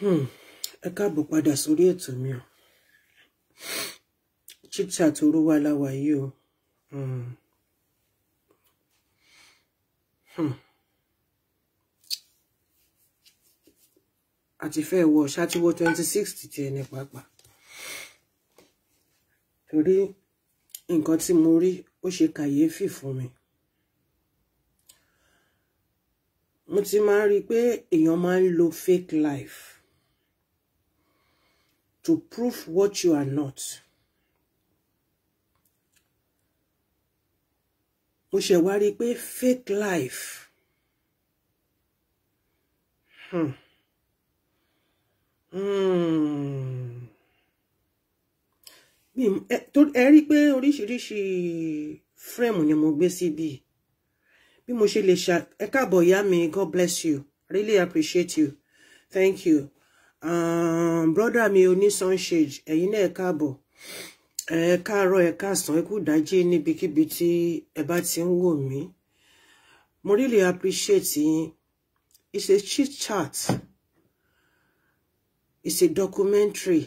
Hmm, ẹ káàbọ̀ padà sórí ètò mi o chip chat oró wà láwa yìí o àti hmm. hmm. fẹ́ wọ ṣátiwọ́ twenty six ti ẹni pàápàá torí nǹkan tí mo rí ó ṣe kàyéfì fún mi mo ti máa ń rí i pé èèyàn máa ń lo fake life to prove what you are not. Mo ṣe wá rí i fake life. Hmm. Hmm. To rí i pé oríṣiríṣi frame ni mo gbé síbí. Bí mo ṣe lè ṣà ẹ káàbọ̀ ìyá mi God bless you I really appreciate you thank you um, brọ́dà mi oní sunshade ẹ̀yin náà ẹ káàbọ̀ ẹ káàárọ̀ ẹ káàsán ẹ kú dájí níbikíbi tí ẹ bá ti ń wò mí mo really appreciate yín it's a chit chat it's a documentary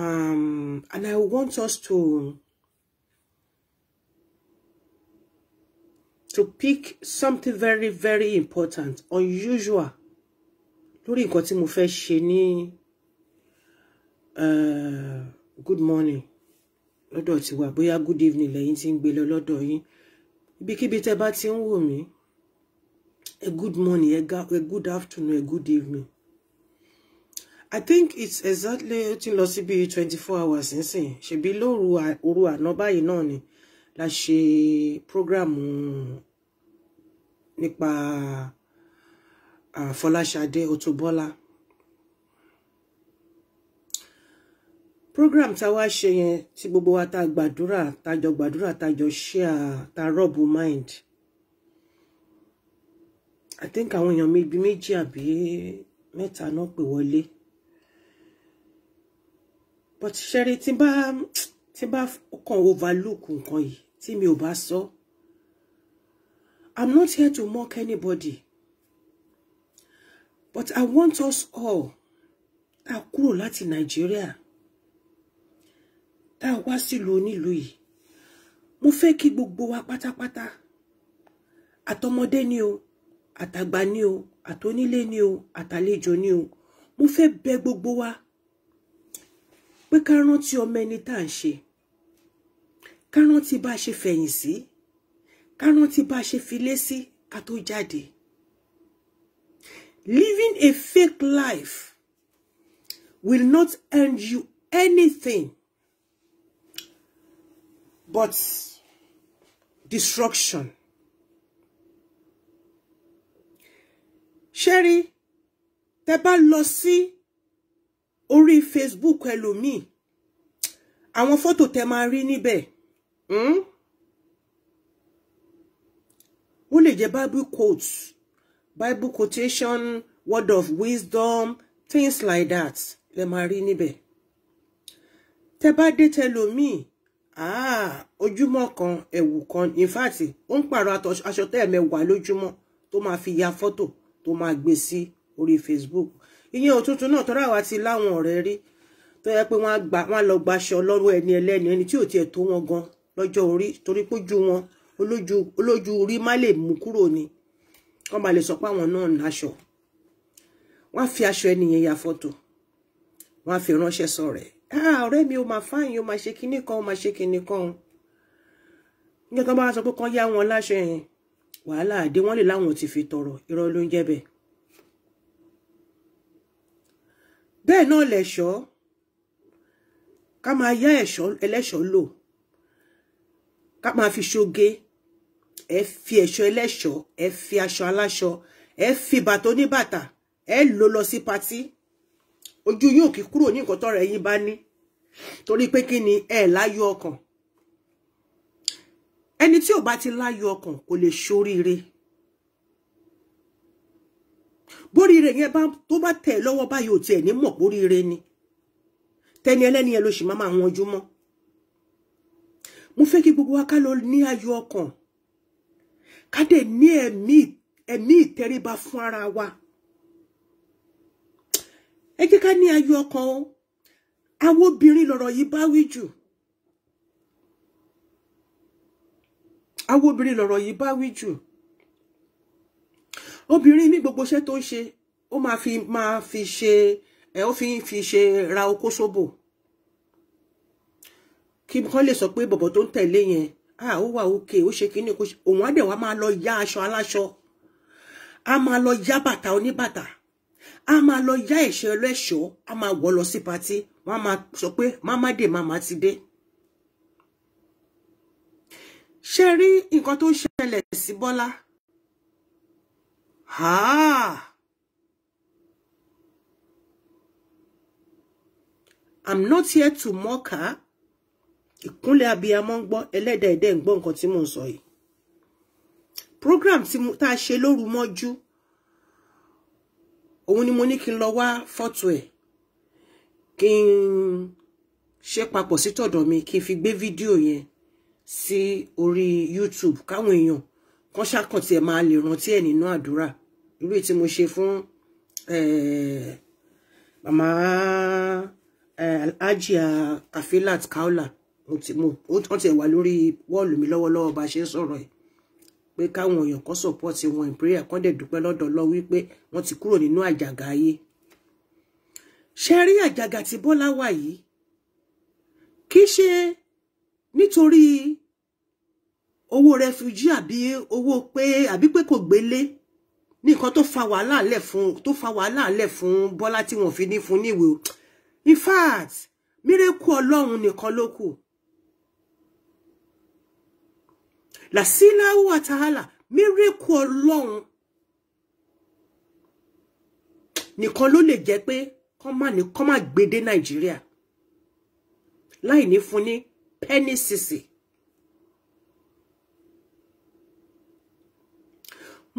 um, and I want us to to pick something very very important unusual lórí nǹkan tí mo fẹ́ ṣe ní good morning lọ́dọ̀ tiwa bóyá good evening lẹ́yìn tí ń gbé lọ lọ́dọ̀ yín ibikíbi tẹ́ bá ti ń wò mí a good morning a, a good afternoon a good evening I think it's exactly ó ti lọ sí bíi twenty four hours nísìnyí ṣèbí lóru òru àná báyìí náà ni la ṣe prógráàmù nípa uh, Fọláṣadé Ọ̀túnbọ́lá program tá wá ṣe yẹn tí gbogbo wa tá gbàdúrà tá jọ gbàdúrà tá jọ share tá rub mind i think àwọn èèyàn mi bí méjì àbí mẹ́ta náà pè wọlé but ṣẹ́rí tí bá tí bá kàn overlook nǹkan yìí tí mi ò bá sọ i'm not here to mock anybody but I want us all tá a kúrò láti Nàìjíríà tá a wá sílùú onílùú yìí mo fẹ́ kí gbogbo wa pátápátá àtọmọdé ni o àtàgbà ni o àtonílé ni o àtàlejò ni o mo fẹ́ bẹ̀ gbogbo wa pé ká rántí ọmọ ẹni tá à ń ṣe ká rántí bá a ṣe fẹ̀yìn sí ká rántí bá a ṣe filé Living a fake life will not earn you anything but destruction. Sherry, rí, tẹ́ ori lọ sí orí Facebook ẹlòmíì, àwọn fọ́tò tẹ́ máa rí Hmm? Ó lè jẹ́ Bible quotes bible quotation word of wisdom things like that lẹ máa rí níbẹ̀ tẹ bá dé tẹlòmíì ojúmọ́ kan ẹ̀wù kan in fact ó ń pààrọ̀ aṣọ tẹ́ẹ̀mẹ́wàá lójúmọ́ tó máa fi ya fọ́tò tó máa gbé sí orí facebook ìyẹn òtuntun náà tọ́ra àwa ti láwọn ọ̀rẹ́ rí tó yẹ pé wọ́n lọ gbaṣọ lọ́rọ̀ ẹni ẹlẹ́ni ẹni tí ò tiẹ̀ tó wọn gan lọ́jọ́ orí torí pójú wọn olójú orí má lè mú kúrò ni wọ́n bá lè sọ pé àwọn náà náṣọ wọ́n á fi aṣọ ẹnìyẹn ya fọ́tò wọ́n á fi ránṣẹ́ sọ̀rẹ́ ọ̀rẹ́ mi ò máa fáyín o máa ṣe kinní kan o máa ṣe kinní kan o nígbà tó bá wá sọ pé kán yá wọn láṣọ yẹn wàhálà àdé wọn lè láwọn ti fi tọrọ irọ́ ló ń jẹ́ bẹ́ẹ̀ bẹ́ẹ̀ náà lẹ̀ṣọ́ ká máa yá ẹ̀ṣọ́ lò ká máa fi ṣoge ẹ fi ẹ̀ṣọ́ ẹlẹ́ṣọ́ ẹ fi aṣọ aláṣọ ẹ fi bàtà oníbàtà ẹ lò lọ sí patí ojú yóò kí kúrò ní nǹkan tọrọ ẹ̀yin bá ní torí pé kí ni ẹ láyọ̀ ọkàn ẹni tí ò bá ti láyọ̀ ọkàn kò lè ṣoríire bóríire yẹn bá tó bá tẹ̀ lọ́wọ́ báyìí ò tiẹ̀ ní mọ̀ bóríire ni tẹni ẹlẹ́ni ẹ ló sì máa máa wọn ojú mọ́ mo fẹ́ kí gbogbo wa ká lọ ní ayọ̀ ọkàn ká dẹ̀ ní ẹ̀mí ẹ̀mí ìtẹríba fún ara wa ẹ jẹ́ ká ní ayọ̀ ọkàn o àwọn obìnrin lọ̀rọ̀ yìí wiju. wí jù àwọn obìnrin lọ̀rọ̀ yìí bá wí gbogbo iṣẹ́ tó ń ṣe ó fi ma fi ṣe E o fi fi ṣe ra okó sóbò kí le lè sọ pé bọ̀bọ̀ tó ń tẹ̀lé ah ó wà òkè ó ṣe kíní kó ṣe òun á dẹ̀ wá máa lọ ya aṣọ aláṣọ a máa lọ ya bàtà oníbàtà a máa lọ ya ẹ̀ṣọ́ ẹlẹ́ṣọ́ a máa wọ̀ lọ sí patí wọ́n á máa sọ mama de, mama ti de. ṣe rí nǹkan tó si bola. sí I'm not here to mock her ìkúnlẹ̀ abiyamọ ń gbọ́ ẹlẹ́dàá ẹ̀dẹ́ ń gbọ́ nǹkan tí mò ń sọ yìí program tí mo tá a ṣe lóru mọ́jú òun ni mo ní kí n lọ wá fọ́tò ẹ̀ kí n ṣe papọ̀ sí tọ̀dọ̀ mi kí n fi gbé fídíò yẹn sí orí YouTube káwọn èèyàn kan ṣàkàn tiẹ̀ máa lè rántí ẹ̀ nínú àdúrà irú tí mo ṣe fún màmá alhaji afilat kaula wọ́n ti wà lórí wọ́ọ̀lù mi lọ́wọ́lọ́wọ́ bá a ṣe ń sọ̀rọ̀ ẹ̀ pé káwọn èèyàn kan support wọn in prayer kan dẹ̀ dúpẹ́ lọ́dọ̀ lọ wípé wọ́n ti kúrò nínú àjàgà ayé ṣe rí àjàgà tí Bọ́lá wà yìí kì í ṣe nítorí owó refugee àbí owó pé àbí pé kò gbélé ní nǹkan tó fa wàhálà lẹ̀ fún tó fa wàhálà lẹ̀ fún Bọ́lá tí wọ́n fi ní fún níwèé in fact mírèkù Ọlọ́run nìkan ló kù làsíláwù àtàhálà mírèkù ọlọ́run nìkan ló lè jẹ́ pé kọ́ má gbèdé nàìjíríà láì ní fún ní pẹ́ẹ́nì sísì.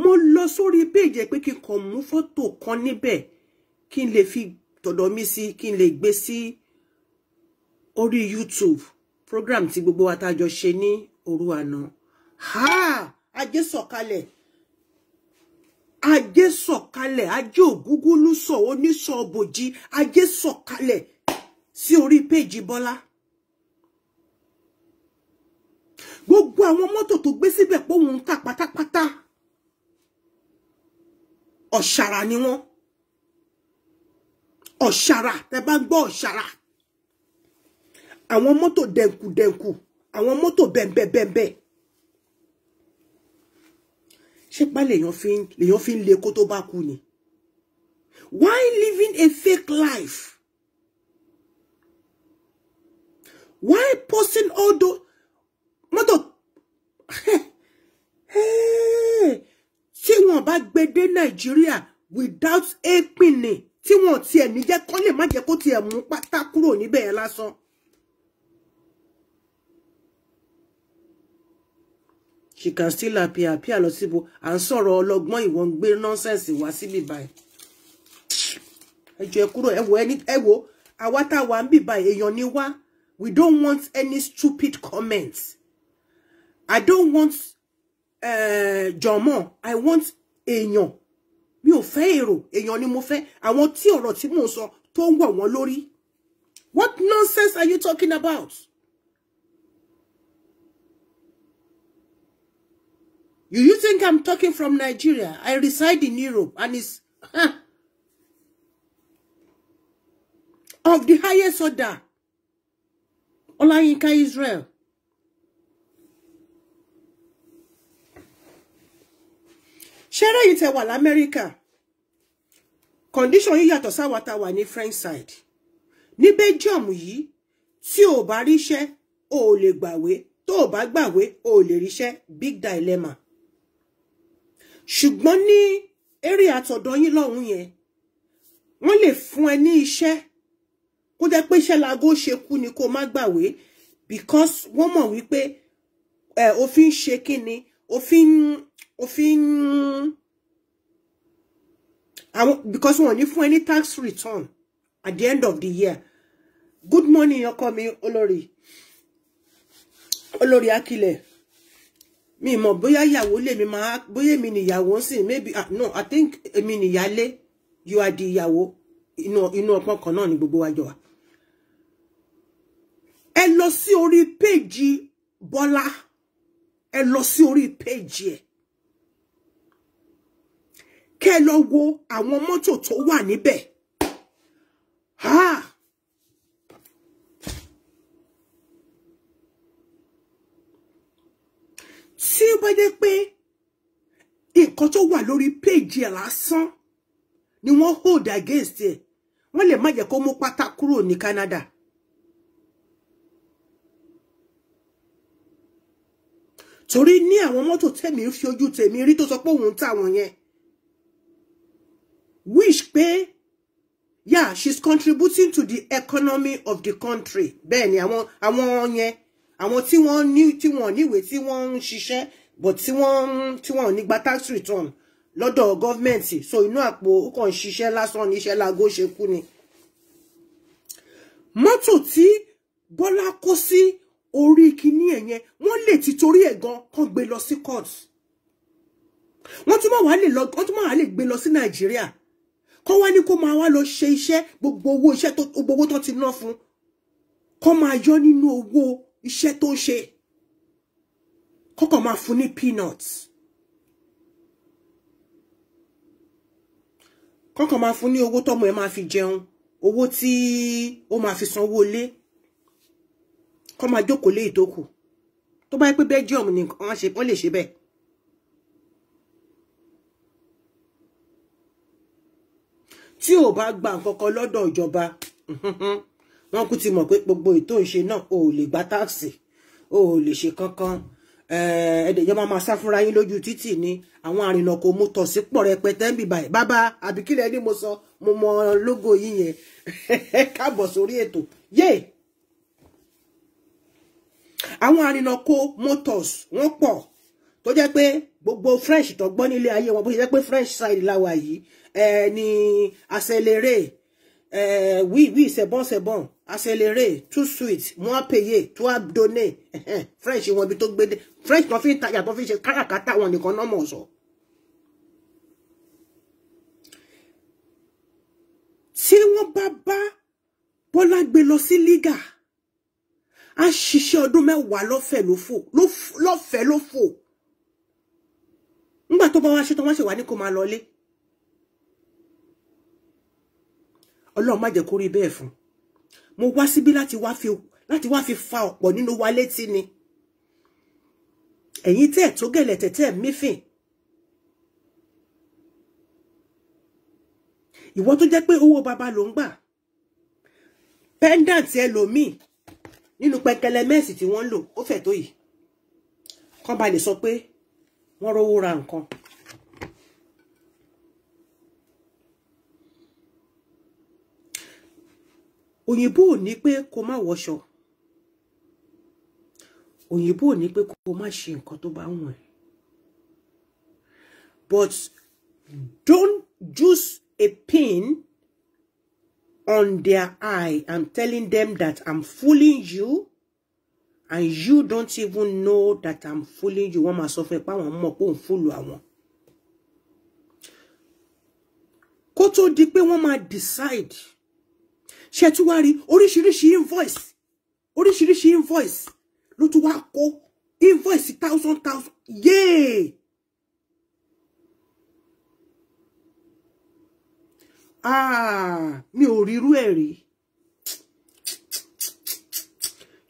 mo lọ sórí péjẹ pé kí n kàn mú fọ́tò kan níbẹ̀ kí n lè fi tọ̀dọ̀ mi sí kí n lè gbé sí YouTube program tí gbogbo wa tá a jọ ṣe ní òru ha ajé sọ̀kalẹ̀ ajé sọ̀kalẹ̀ ajé ògúngúlú sọ oníṣọ òbòjì ajé sọ̀kalẹ̀ sí orí péjì Bọ́lá gbogbo àwọn mọ́tò tó gbé síbẹ̀ pé òun ń tà pátápátá ọ̀ṣàrà ni wọ́n ọ̀ṣàrà tẹ bá ń gbọ́ ọ̀ṣàrà àwọn mọ́tò dẹ̀nkù dẹ̀nkù àwọn mọ́tò bẹ̀m̀bẹ̀bẹ̀m̀bẹ̀ ṣé pa lèèyàn fi ń lèèyàn fi ń le kó tó bá kú ni why living a fake life why posting all those mọ́tò tí wọ́n bá gbé dé nàìjíríà without a pinni tí wọ́n tiẹ̀ ní jẹ́ kọ́ lè má jẹ́ kó tiẹ̀ mú pátá kúrò níbẹ̀ yẹn lásán. she can still appear appear lọ síbo à ń sọ̀rọ̀ ọlọ́gbọ́n ìwọ ń gbé nọ́ńsẹ̀nsì wá síbì báyìí ẹ jọ̀ọ́ ẹ kúrò ẹ wò ẹni ẹ wò àwa tá ni wá we don't want any stupid comments i don't want uh, eh, jọmọ i want èèyàn mi ò fẹ́ èrò èèyàn ni mo fẹ́ àwọn tí ọ̀rọ̀ tí mò ń sọ tó ń wọ̀ what nonsense are you talking about? You, you think I'm talking from Nigeria? I reside in Europe and it's huh, of the highest order. Olayinka Israel. ṣẹ́rẹ́ yìí tẹ America. condition yìí yàtọ̀ sáwa ta wà french side Ni belgium yìí tí ò bá ríṣẹ́ ò lè To o ò o gbàwé ò big dilemma ṣùgbọ́n ní eré àtọ̀dọ̀ yín lọ́hùn yẹn wọ́n lè fún ẹ ní iṣẹ́ kó jẹ́ pé iṣẹ́ lago ṣe kú ni kó má gbàwé because wọ́n mọ̀ wípé ẹ òfin ṣe kí ni òfin òfin àwọn because wọ́n ní fún ẹ ní tax return at the end of the year good morning ọkọ mi olórí olórí akilẹ mi mọ̀ bóyá ìyàwó lè mi máa bóyá èmi nìyàwó ń sìn maybe ah no i think èmi nìyálé you are the ìyàwó inú inú ọpọ́n kan náà ni gbogbo wa jọ wà. ẹ lọ sí orí péjì Bọ́lá ẹ lọ sí orí péjì ẹ̀ kẹ́ ẹ lọ wo àwọn mọ́tò tó wà níbẹ̀. Ah! tí ó bá jẹ́ pé nǹkan tó wà lórí péèjì ẹ̀ lásán ni wọ́n hold against ẹ̀ wọ́n lè má jẹ́ kó mú pátá kúrò ní Canada. torí ní àwọn mọ́tò tẹ̀mí ń fi ojú tèmi rí tó sọ pé òun ń tà yẹn wish pé yeah she's contributing to the economy of the country bẹ́ẹ̀ ni àwọn àwọn yẹn àwọn tí wọ́n ní tí wọ́n níwèé tí wọ́n ń ṣiṣẹ́ but tí wọ́n tí wọ́n ní gba tax return lọ́dọ̀ gọ́ọ̀mẹ̀ntì so inú àpò ó kàn ń ṣiṣẹ́ lásán ní iṣẹ́ láago ṣe kú ni. mọ́tò tí Bọ́lá kó sí orí kinní ẹ̀ yẹn wọ́n lè ti torí ẹ̀ gan kán gbé lọ sí court wọ́n tún máa wá lè lọ wọ́n tún máa wá lè gbé lọ sí Nàìjíríà kọ́ wá ní kó máa wá lọ ṣe iṣẹ́ gbogbo owó iṣẹ́ gbogbo owó tó ti ná fún kọ́ máa yọ nínú owó iṣẹ́ tó ń ṣe kọ́kàn máa fún ní peanuts kọ́kàn máa fún ní owó tọ́mọ ẹ̀ máa fi jẹun owó tí ó máa fi sanwó ilé kọ́ máa jókòó lé ìtókù tó bá yẹ pé Belgium ni wọ́n lè ṣe bẹ́ẹ̀. tí ò bá gba nǹkan kan lọ́dọ̀ ìjọba wọ́n kú ti mọ̀ pé gbogbo ètò ìṣe náà ò lè gba táàsì ò lè ṣe kankan eh, ẹ̀ẹ́dẹ̀jọba máa sá fúnra yín lójú títì ni àwọn àrìnà kò mú tọ̀ sí pọ̀ rẹpẹtẹ ń bìbà ẹ̀ bàbá àbíkílẹ̀ ni mo sọ mo mọ lógo yín yẹn káàbọ̀ sórí ètò yé àwọn àrìnà kò motors wọ́n pọ̀ tó jẹ́ pé gbogbo french tó gbọ́ nílé ayé wọn bó ṣe jẹ́ pé french side láwa yìí ẹ̀ ní accelerate ẹ̀ wí wí ṣẹ̀bọ̀n ṣẹ̀bọ̀n accéléré tout suite. Moi payé toi donné french wọn ibi tó gbé dé french tó fi ń tajà tó fi ṣe káràkátà wọn nìkan náà mọ̀ sọ. tí wọ́n bá bá bọ́lá gbé lọ sí liga a ṣiṣẹ́ ọdún mẹ́wàá lọ́fẹ̀ẹ́ ló fò lọ́fẹ̀ẹ́ ló fò nígbà tó bá wá ṣe tán wọ́n ṣe wà ní kó máa lọlé ọlọ́run má jẹ́ kó rí bẹ́ẹ̀ fún un mo wá síbí láti wá fi láti wá fi fa ọ̀pọ̀ nínú wa létí ni ẹ̀yin tẹ́ ẹ̀ tó gẹ̀lẹ̀ tẹ̀tẹ́ mífìn ìwọ tó jẹ́ pé owó baba ló ń gbà pendant ẹlòmíì nínú pẹ̀kẹ̀lẹ̀ mẹ́sì tí wọ́n ń lò ó fẹ̀ tó yìí kán lè sọ pé wọ́n rówó ra nǹkan òyìnbó ò ní pé kó má wọṣọ òyìnbó ò ní pé kó má ṣe nǹkan tó bá wùn ẹ́ but don't use a pin on their eye and telling them that I'm fooling you and you don't even know that I'm fooling you wọ́n máa sọ fún ẹ pé àwọn mọ̀ pé òun fúlù àwọn kó tó di pé wọ́n máa decide ṣe tún wá rí oríṣiríṣi invoice oríṣiríṣi invoice ló tún wá kó invoice thousand thousand yéè ah mi ò rírú ẹ̀ rí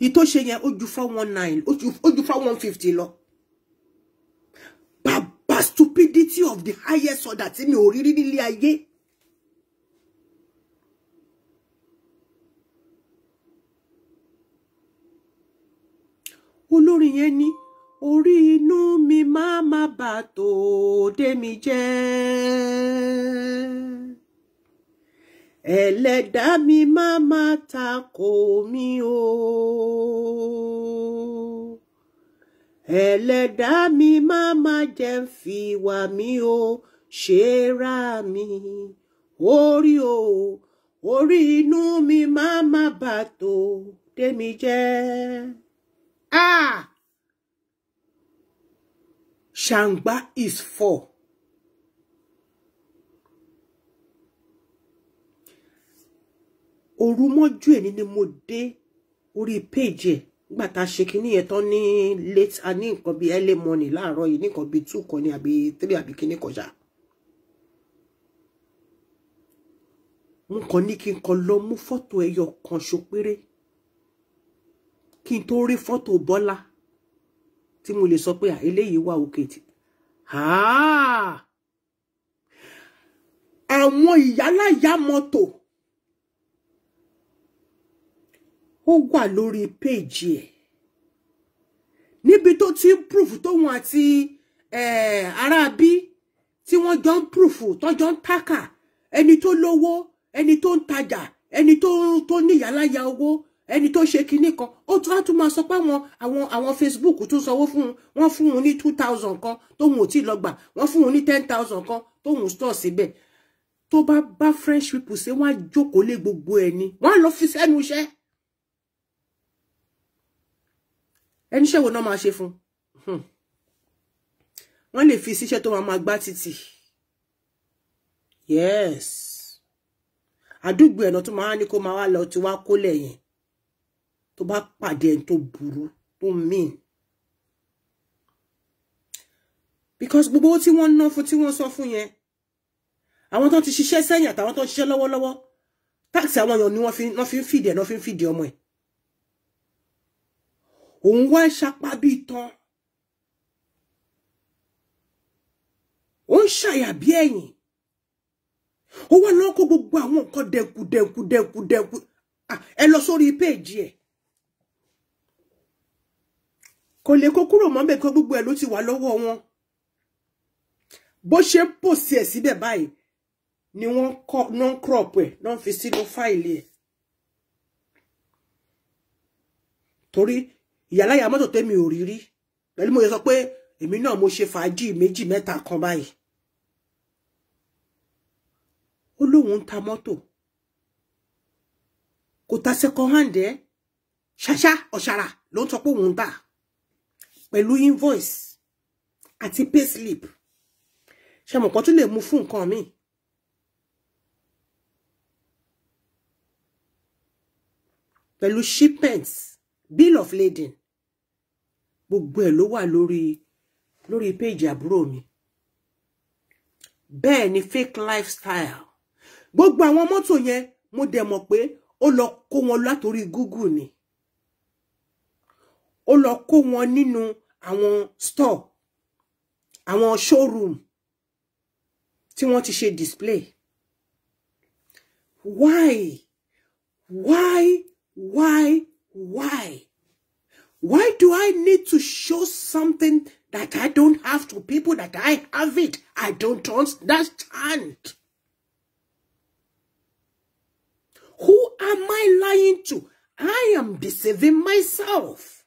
ìtò ṣe yẹn ó four one nine ó ju four one fifty lọ bàbá stupidity of the highest order tí mi ò rí rí nílé ayé. yẹn ni orí inú mi máa má bà tòde mi jẹ́. ẹlẹ́dà mi máa má takò mí o. ẹlẹ́dà mi máa má jẹ́ fi wà mí o ṣe ra mi orí o orí inú mi máa má bà tòde mi jẹ́. Ah! Shangba is four. Orumoju eni èní ni mo dé orí péjì ẹ̀ nígbà tá a ṣe kinní yẹn late a ní bi bíi early morning láàárọ̀ yìí ní nǹkan bíi two kan ní àbí three àbí kinní kọjá. Mo kàn ní kin n kàn lọ mú fọ́tò ẹyọ kan ṣo péré kí n tó rí tí mo lè sọ pé eléyìí wà òkè tí àwọn ìyáláyà mọ́tò ó wà lórí péèjì ẹ̀ níbi tó ti ń proof tóun àti aráabí tí wọ́n jọ ń proof tọ́jọ́ ń tákà ẹni tó lówó ẹni tó ń tajà ẹni tó níyàláyà owó ẹni tó ṣe kinní kan ó tún á tún máa sọ pé àwọn àwọn àwọn Facebook tún sanwó fún un wọ́n fún un ní two thousand kan tóun ò tí ì lọ gbà wọ́n fún un ní ten thousand kan tóun store síbẹ̀ tó bá bá French people ṣe wọ́n á jókòó lé gbogbo ẹ̀ ni wọ́n á lọ fi sẹ́nu iṣẹ́ ẹni ṣẹ́ wo náà máa ṣe fún un hmm. wọ́n lè fi síṣẹ́ tó máa máa gbá títì yes àdúgbò ẹ̀nà tó máa ní kó máa wá lọ tí wá kó lẹ́yìn tó bá pàdé ẹni tó burú tó mean because gbogbo tí wọ́n ná fún tí wọ́n sọ fún yẹn àwọn tó ti ṣiṣẹ́ sẹ́yìn àtàwọn tó ń ṣiṣẹ́ lọ́wọ́lọ́wọ́ táàsì àwọn èèyàn ni wọ́n fi ń fìdí ẹ̀ náà fi ń fìdí ọmọ ẹ̀ òun wá ṣapá bíi tán ó ń ṣàyà bí ẹ̀yìn ó wà lọ́kọ́ gbogbo àwọn nǹkan dẹ̀kùdẹ̀kùdẹ̀kùdẹ̀kù ẹ lọ sórí péèjì ẹ̀ kò lè kó kúrò mọ́ bẹ́ẹ̀ kó gbogbo ẹ̀ ló ti wà lọ́wọ́ wọn bó ṣe ń pò sí ẹ̀ síbẹ̀ báyìí ni wọ́n kọ́ non crop ẹ̀ non fi sínú fáìlì ẹ̀ torí ìyàláyà mọ́tò tẹ́mi ò rí rí pẹ̀lú mo yẹ sọ pé èmi náà mo ṣe fàájì méjì mẹ́ta kan báyìí ó lóun ń ta mọ́tò kò ta second hand ẹ̀ ṣáṣá ọ̀ṣàrà ló ń sọ pé òun ń tà pẹ̀lú invoice àti payslip ṣe mọ̀ kan tún lè mú fún nǹkan míì pẹ̀lú shipments bill of lading gbogbo ẹ̀ ló wà lórí lórí péjì àbúrò mi bẹ́ẹ̀ ni fake lifestyle gbogbo àwọn mọ́tò yẹn mo dẹ̀ mọ̀ pé ó lọ kó wọn látòrí Google ni ó lọ kó wọn nínú àwọn store àwọn showroom tí wọ́n ti ṣe display why why why why why do I need to show something that I don't have to people that I have it I don't understand. Who am I lying to? I am deceiving myself.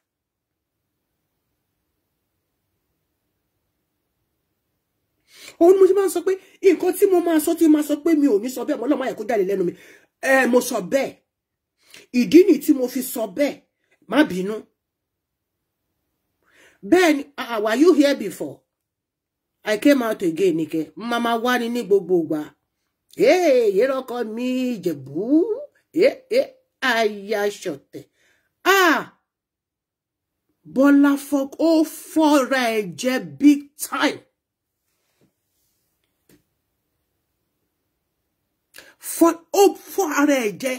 òun ni mo ti máa ń sọ pé nǹkan tí mo máa sọ tí mo máa sọ pé mi ò ní sọ bẹ́ẹ̀ mọ́ lọ́mọ ayẹ̀kú jáde lẹ́nu mi ẹ mo sọ bẹ́ẹ̀ ìdí nì tí mo fi sọ bẹ́ẹ̀ má bínú bẹ́ẹ̀ ni ah, were you here before I came out again nìkẹ́ mama wá ní ní gbogbo ìgbà ee yẹ́rọ̀kọ mi ìjẹ̀bú ee aya ṣọ̀tẹ̀ ah Bọ́lá fọ́ ó fọ́ra ẹ̀ jẹ́ big time. ó fọ́ ara ẹ̀ jẹ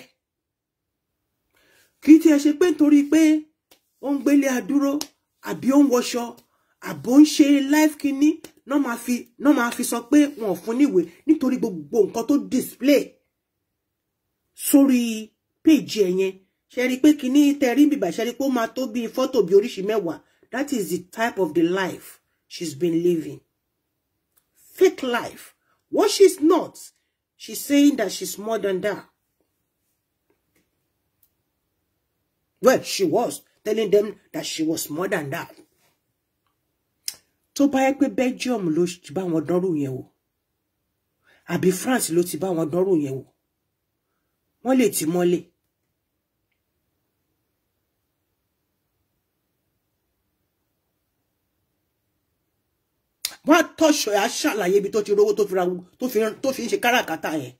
kì í tiẹ̀ ṣe pé nítorí pé ó ń gbélé adúró àbí ó ń wọṣọ àbò ń ṣe life kínní náà máa fi náà máa fi sọ pé wọn ò fún níwèé nítorí gbogbo nǹkan tó display sórí péjì ẹ̀ yẹn ṣe rí i pé kínní tẹ̀rí bìbà ṣe rí i pé ó máa tó bíi fọ́tò bíi oríṣi mẹ́wàá that is the type of the life she's been living fake life what she's not She's saying that she's more than that. Well, she was telling them that she was more than that. Tó bá yẹ pé Belgium ló ti bá wọn dánrò yẹn wò. Àbí France ló ti bá wọn dánrò yẹn wò. Wọ́n lè ti mọ́lé. ṣọ ẹ á ṣàlàyé ibi tó ti rówó tó fi ń ṣe káràkátà yẹn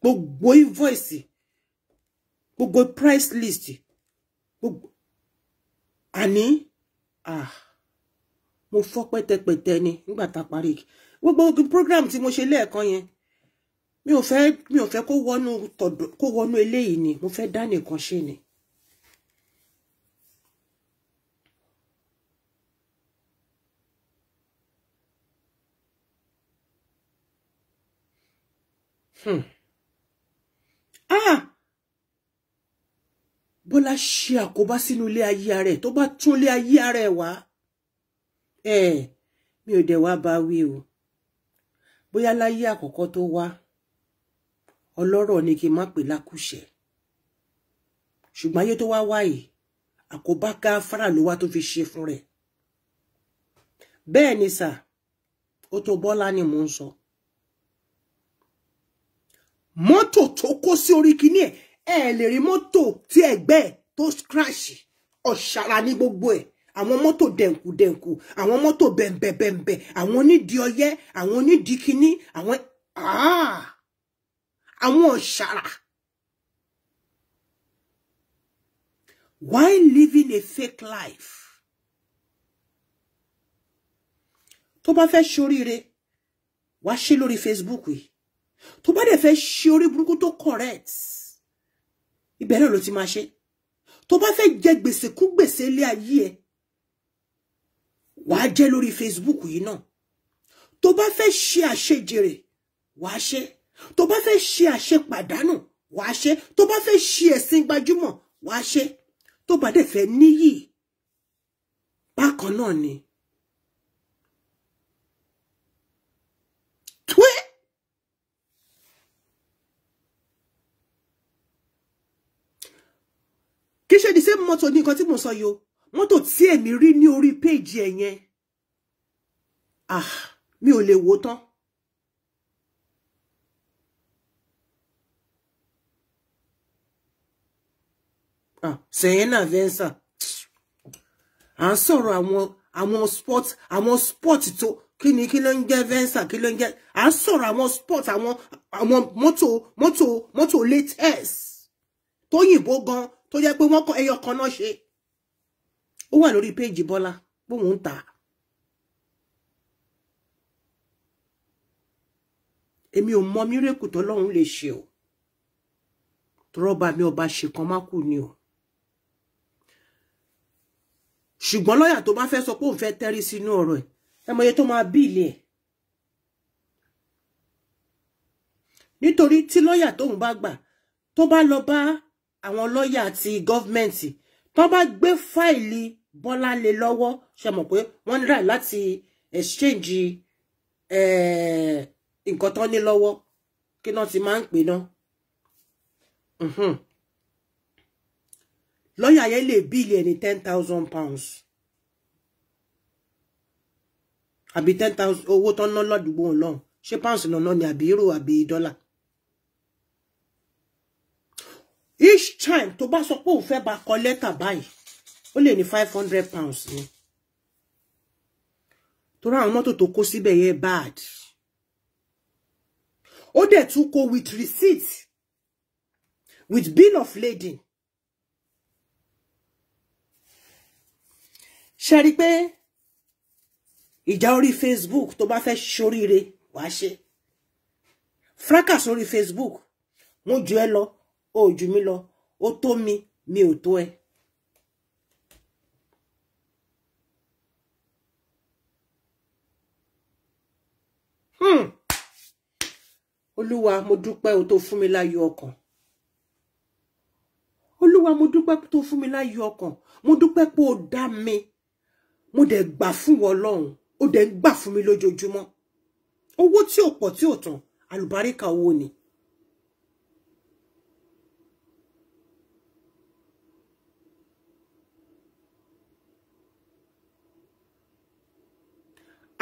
gbogbo invoice gbogbo price list gbogbo àní ah mo fọ́ pẹ́tẹpẹ́tẹ ni nígbà tá a parí gbogbo program tí mo ṣe lẹ́ẹ̀kan yẹn mi ò fẹ́ mi ò fẹ́ kó wọnú tọ̀dọ̀ kó wọnú eléyìí ni mo fẹ́ dá nìkan ṣe ni Hmm. Ah! Bọ́lá ṣe àkóbá sínú ilé ayé ara ẹ̀ tó bá tún ilé ayé ara ẹ̀ wá. Ẹ mi ò dẹ̀ wá bá wí o. Bóyá láyé àkọ́kọ́ tó wá, ọlọ́rọ̀ ni kí n má pè lákùṣẹ̀. Ṣùgbọ́n ayé tó wá wáyìí, àkóbá gáfárà ló wá tó fi ṣe fún rẹ̀. Bẹ́ẹ̀ ni sà, ó tó Bọ́lá ni mò ń sọ mọ́tò tó kó sí orí kíní ẹ̀ ẹ̀ lè rí mọ́tò tí ẹ̀gbẹ́ ẹ̀ tó scratch ọ̀ṣàrà ní gbogbo ẹ̀ àwọn mọ́tò dẹ̀nkù dẹ̀nkù àwọn mọ́tò bẹ̀m̀bẹ̀ bẹ̀m̀bẹ̀ àwọn onídìí ọyẹ́ àwọn onídìí kíní àwọn àwọn ọ̀ṣàrà. Why living a fake life? tó bá fẹ́ ṣoríire wá ṣe lórí Facebook yìí tó bá dẹ̀ fẹ́ ṣe orí burúkú tó correct ibẹ̀ náà ló ti máa ṣe tó bá fẹ́ jẹ gbèsè kú gbèsè ilé ayé ẹ wàá jẹ lórí Facebook yìí náà tó bá fẹ́ ṣe àṣejèrè wàá ṣe tó bá fẹ́ ṣe àṣepàdánù wàá ṣe tó bá fẹ́ ṣe ẹ̀sìn gbajúmọ̀ wàá ṣe tó bá dẹ̀ fẹ́ níyì bákan náà ni moto ní nǹkan tí mo sọ yo mọ́tò tí èmi rí ní orí péjì ẹ̀ yẹn ah mi ò lè wò tán ah Sienna Venza à ń sọ̀rọ̀ àwọn àwọn sport àwọn sport tó kí ni kí ló ń jẹ́ Venza kí ló ń jẹ́ à ń sọ̀rọ̀ moto moto àwọn àwọn mọ́tò mọ́tò mọ́tò gan tó jẹ́ pé wọ́n kọ ẹyọ kan náà ṣe ó wà lórí péèjì Bọ́lá bóun ń tà á èmi ò mọ mírèkù tọ́lọ́run lè ṣe o tọrọba mi ọba ṣèkan má kú ni o ṣùgbọ́n lọ́yà tó bá fẹ́ sọ pé òun fẹ́ tẹ́rí sínú ọ̀rọ̀ ẹ̀ ẹ mọ iye tó máa bí ilé ẹ̀ nítorí tí lọ́yà tóun bá gbà tó bá lọ bá àwọn lọ́ọ̀yà àti gọ́ọ̀mẹ̀ntì tó bá gbé fáìlì Bọ́lá lé lọ́wọ́ ṣe mọ̀ pé wọ́n rà láti exchange eh, nǹkan tán ní lọ́wọ́ kí náà ti máa ń pè náà lọ́ọ̀yà yẹn lè bíìlì ẹni ten thousand pounds àbí ten thousand owó tán ná lọ́dùgbò ọlọ́run ṣé pounds náà náà ni àbí euro àbí dọ́là. each time tó bá sọ pé òun fẹ́ bá kọ lẹ́tà báyìí ó lè ní five hundred pounds ni torí àwọn mọ́tò tó kó síbẹ̀ yẹn bad ó dẹ̀ tún kó with receipt with bill of lading ṣe rí pé ìjà orí Facebook tó bá fẹ́ ṣoríire wàá ṣe fracas orí Facebook Mo ju ẹ lọ o ò jù mí lọ ó tó mi mi ò tó ẹ. Hmm. olúwa mo dúpẹ́ o tó fún mi láyọ̀ ọkàn olúwa mo dúpẹ́ tó fún mi láyọ̀ ọkàn mo dúpẹ́ pé o dá mi mo dẹ̀ gbà fún wọn lọ́hùn ó dẹ̀ ń gbà mi lójoojúmọ́ owó tí ò pọ̀ tí ò tán àlùbáríkà owó ni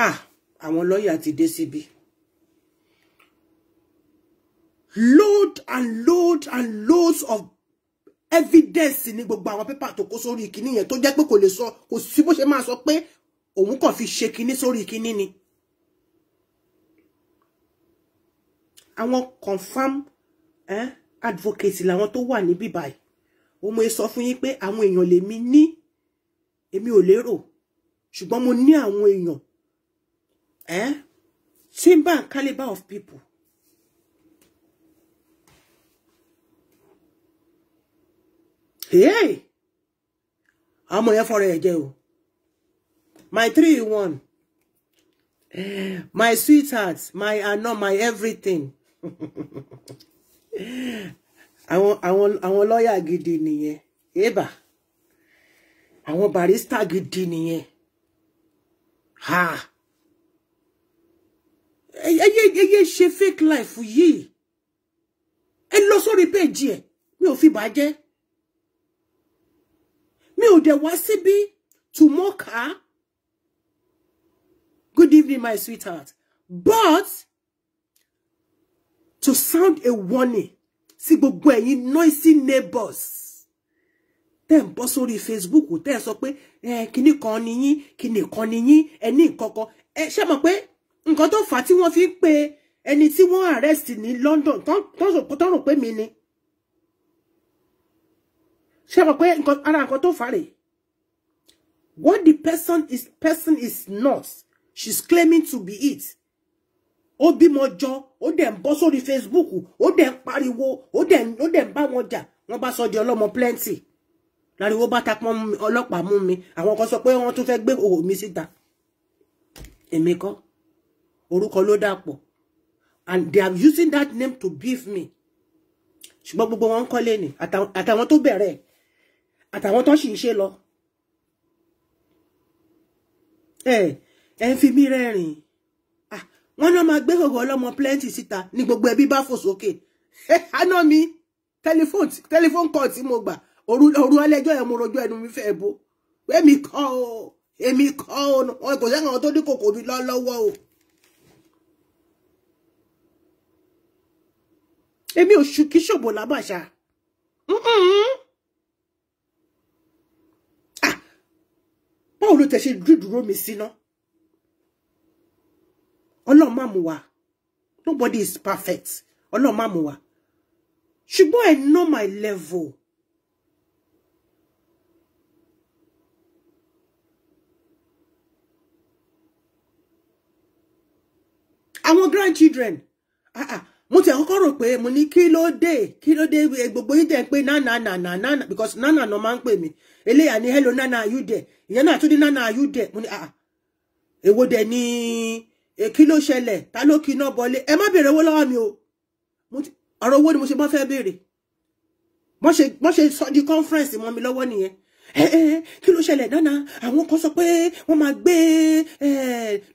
ah àwọn lọ́ọ̀yà ti dé síbi load and load and loads of evidence ní gbogbo àwọn pépà tó kó sórí ìkíní yẹn tó jẹ́ pé kò lè sọ kò sí bó ṣe máa sọ pé òun kàn fi ṣe kíní sórí ìkíní ni àwọn confam eh, advocate làwọn tó wà níbí báyìí ó mọ̀ sọ fún yín pé àwọn èèyàn lèmi ní èmi ò lérò ṣùgbọ́n mo ní àwọn èèyàn eh? Timber and caliber of people. Hey! Àmọ́ yẹn fọ́rọ̀ ẹ̀ jẹ́ My three one. Eh, my sweetheart, my àna, my everything. I I want, Àwọn àwọn àwọn lọ́ọ̀yà gidi nìyẹn. Ébà. Àwọn barista gidi nìyẹn. Ha! ẹyẹ ẹyẹ ṣe fake life yìí ẹ lọ sórí péjì ẹ mi ò fi bà jẹ́ mi ò dẹ̀ wá síbí to mock her good evening my sweetheart but to sound a warning sí gbogbo ẹ̀yin noisy neighbors tẹ́ ń bọ́ sórí Facebook tẹ́ sọ pé eh kíní kan ni yín kíní kan ni yín ẹni nǹkan kan ẹ ṣe mọ̀ pé nǹkan tó fà á tí wọ́n fi ń pe ẹni tí wọ́n arrest ní London tó pé mi ni ṣe rò pé ara nǹkan tó fà rèé what the person is person is not she's claiming to be it ó bímọ jọ ó dẹ̀ ń bọ́ sórí Facebook ó dẹ̀ ń pariwo ó dẹ̀ ó dẹ̀ ń bá wọn jà wọ́n bá sọ di ọlọ́mọ plenty láriwo bá tapọ́n ọlọ́pàá mú mi àwọn kan sọ pé wọ́n tún fẹ́ gbé òwò mi síta èmi kọ́ orúkọ ló dàpọ̀ and they are using that name to beef me ṣùgbọ́n gbogbo wọn ń kọ́lé ni àtàwọn tó bẹ̀rẹ̀ àtàwọn tó sì ń ṣe lọ ẹ ẹ ń fi mí rẹ́rìn ah, wọ́n náà máa gbé gbogbo ọlọ́mọ plenty síta ní gbogbo ẹbí bá fò sókè àná mi tẹlifóònù kọ́ tí mo gbà òru ọlẹ́jọ́ ẹ̀ mo rojọ́ ẹnu mi fẹ́ bo èmi kọ́ o èmi kọ́ o kò sẹ́kàn tó dín kòkò lọ́wọ́ o. èmi ò ṣùkí Ah, lábàṣà báwo ló tẹ ṣe dúdúró mi síná ọlọ́run má mú wa nobody is perfect ọlọ́run má mú wa ṣùgbọ́n I know my level. àwọn grandchildren ah ah mo ti àkọ́kọ́ rò pé mo ní kí ló dé kí ló dé gbogbo yín tẹ̀ ń pé nana nana nana because nana náà máa ń pè mí eléyà ni hello nana are you there ìyẹn náà tún ní nana are you there mo ah, ah. ni kí ló ṣẹlẹ̀ ta ló kí iná bọlé ẹ má mi o ọ̀rọ̀ owó ni mo ṣe fẹ́ ṣe sọ di conference mọ́ mi lọ́wọ́ nìyẹn ẹ eh, ẹ eh, eh, kí ló ṣẹlẹ̀ nánà àwọn kan sọ pé wọ́n máa gbé ẹ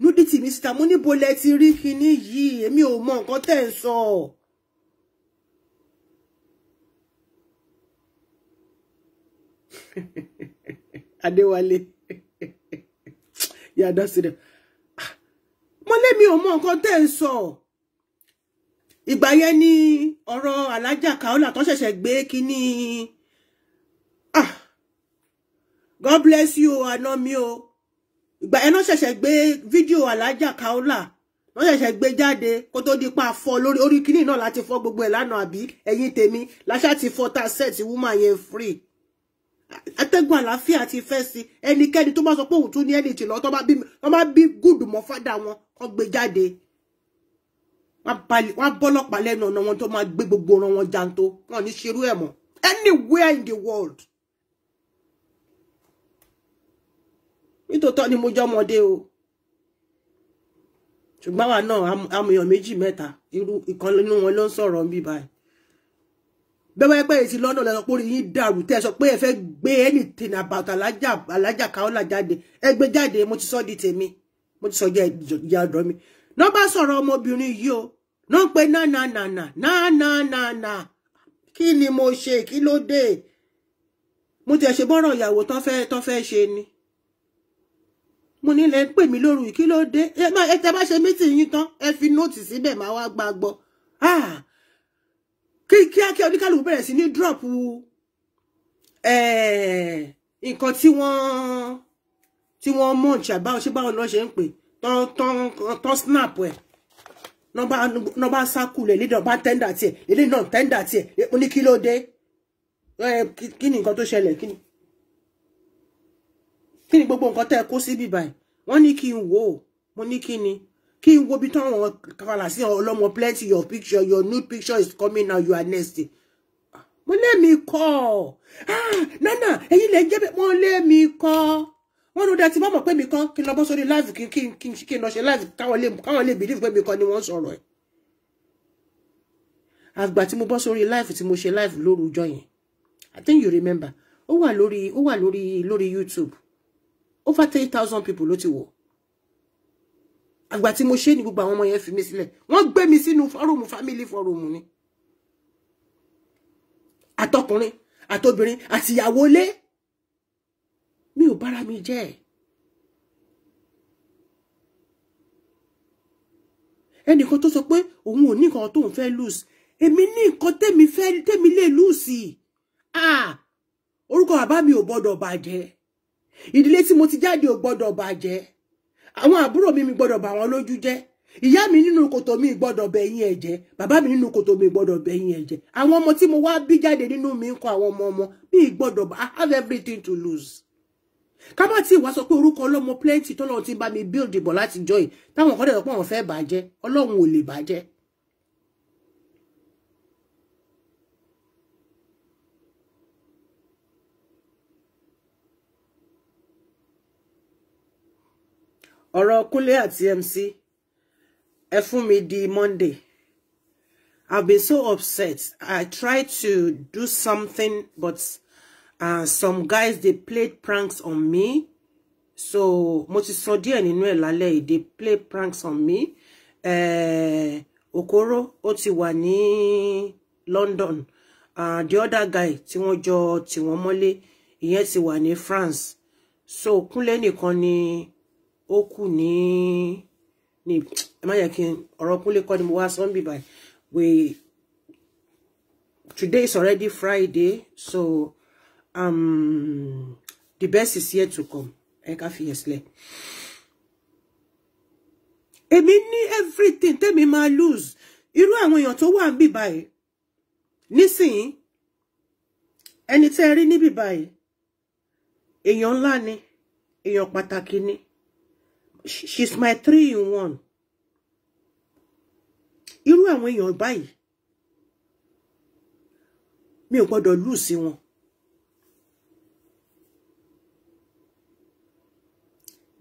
nudity mi síta mo níbo lẹ ti rí kinní yìí èmi ò mọ nǹkan tẹ́ ń sọ. Adéwálé yàda sílẹ̀ ah, mo lémi ò mọ nǹkan tẹ́ ń sọ ìgbà yẹn ni ọ̀rọ̀ alájà Kaola tó ṣẹ̀ṣẹ̀ gbé kinní. God bless you àná mi o ìgbà yẹn náà ṣẹ̀ṣẹ̀ gbé fídíò alájà Kaola wọ́n ṣẹ̀ṣẹ̀ gbé jáde kó tó di pa fọ́ lórí orí kínní náà láti fọ́ gbogbo ẹ̀ lánàá àbí ẹ̀yìn tèmi láṣà ti fọ́ ta set woman yẹn free atẹ́gùn àlàáfíà ti fẹ́ sí ẹnikẹ́ni tó bá sọ pé òun tún ní ẹni ìtìlọ tó bá bí wọn bá bí gùdù mọ́ fádà wọn kó gbé jáde wọn bọ́lọ́pàá lẹ́nu ọ̀nà wọn tó máa gbé gbogbo ọ̀ràn wọn janto wọn ní ṣerú ẹ̀ mọ́ anywhere in the world nítòótọ́ ni mo jọ́mọdé o ṣùgbọ́n wa náà amòyàn méjì mẹ́ta irú ìkan nínú wọn ló ń sọ̀rọ̀ bí báyìí bẹ́ẹ̀ pẹ́ èsì lọ́nà lọ́sọ pé yín dàrú tẹ́ ẹ sọ pé ẹ fẹ́ gbé anything about alájà alájà Kaola jáde ẹ gbé jáde mo ti sọ di tèmi mo ti sọ jẹ́ ìyá ọ̀dọ́ mi náà bá sọ̀rọ̀ ọmọbìnrin yìí o náà pé náà náà náà náà náà náà náà kí ni mo ṣe kí ló dé mo tiẹ̀ ṣe bọ́rọ̀ ìyàwó tán fẹ́ tán fẹ́ ṣe ni mo ní lẹ́ ń pè mí lóru kí ló dé ẹ tẹ bá ṣe mítìn yín tán ẹ fi nóòtì síbẹ̀ máa wá gba gbọ́ ah! kí kíákíá oníkàlùkù bẹ̀rẹ̀ sí ní drop nǹkan tí wọ́n tí wọ́n munch àbáwọn ṣé báwọn lọ ṣe ń pè tán tán tán snap ẹ̀ nọba sákùlẹ̀ lédè ọba tẹ́ndà tiẹ̀ lédè náà tẹ́ndà tiẹ̀ mo ní kí ló dé kí ni nǹkan tó ṣẹlẹ̀ kí ni kí ni gbogbo nǹkan tẹ́ ẹ kó síbí báyìí wọ́n ní kí n wò ó mo ní kí ni kí n wo bí táwọn kàfàlà sí ọlọ́mọ plenty your picture your nude picture is coming now you are next ah, mo lé mi kọ́ ah, nana ẹ̀yin lè jẹ́ bẹ́ẹ̀ mo lé mi kọ́ wọ́n ló dá ti bá mọ̀ pé mi kọ́ kí n lọ bọ́ sórí láìfù kí n kí n kí n lọ ṣe láìfù káwọn lè káwọn lè bìlífù pé mi kọ́ ni wọ́n sọ̀rọ̀ ẹ̀ àgbà tí mo bọ́ sórí láìfù tí mo ṣe láìfù lóru ọjọ́ yẹn I think you remember ó wà lórí ó wà lórí lórí YouTube over three thousand people ló ti wò àgbà tí mo ṣe ni gbogbo àwọn ọmọ yẹn fi mí sílẹ̀ wọ́n gbé mi sínú fọ́rùmù family fọ́rùmù ni àtọkùnrin àtobìnrin àtìyàwó lé mi ò bára mi jẹ́ ẹnìkan to sọ pé òun ò ní nǹkan tóun fẹ́ lose èmi ní nǹkan tèmi fẹ́ tèmi lè lose ah orúkọ bàbá mi ò gbọ́dọ̀ bàjẹ́ ìdílé tí mo ti jáde ò gbọ́dọ̀ bàjẹ́ àwọn àbúrò mi mi gbọ́dọ̀ bà wọ́n lójú jẹ́ ìyá mi nínú kòtò mi gbọ́dọ̀ bẹ̀yìn ẹ̀jẹ̀ bàbá mi nínú kòtò mi gbọ́dọ̀ bẹ̀yìn ẹ̀jẹ̀ àwọn ọmọ tí mo wá bí jáde nínú mi ń awon àwọn ọmọ ọmọ mi gbọ́dọ̀ I have everything to lose ká má tí ìwà sọ pé orúkọ plenty tọ́lọ́run ti bá mi build ìbọ̀ láti joy. táwọn kan dẹ̀ sọ pé wọ́n fẹ́ bàjẹ́ ọlọ́run ò lè bàjẹ́ ọ̀rọ̀ Kúnlé àti MC ẹ fún mi di Monday I've been so upset I tried to do something but uh, some guys they played pranks on me so mo ti sọ díẹ̀ nínú ẹ̀ lálẹ́ yìí they play pranks on me uh, Okoro ó ti wà ní London uh, the other guy tí wọ́n jọ tí wọ́n mọ́lé ìyẹn ti wà ní France so Kúnlé nìkan ni. Koni, ó kù ní ní ẹ má yẹ kí n ọ̀rọ̀ kúnlé kọ́ ni mo wá sunday by we today is already friday so um, the best is yet to come ẹ ká fi yẹn sílẹ̀ èmi ní everything tẹ́mi máa lose irú àwọn èèyàn tó wà ń bì báyìí nísìnyí ẹni tẹ́ rí níbì báyìí èèyàn ńlá ni èèyàn pàtàkì ni she's my three in one irú àwọn èèyàn báyìí mi ò gbọ́dọ̀ lù sí wọn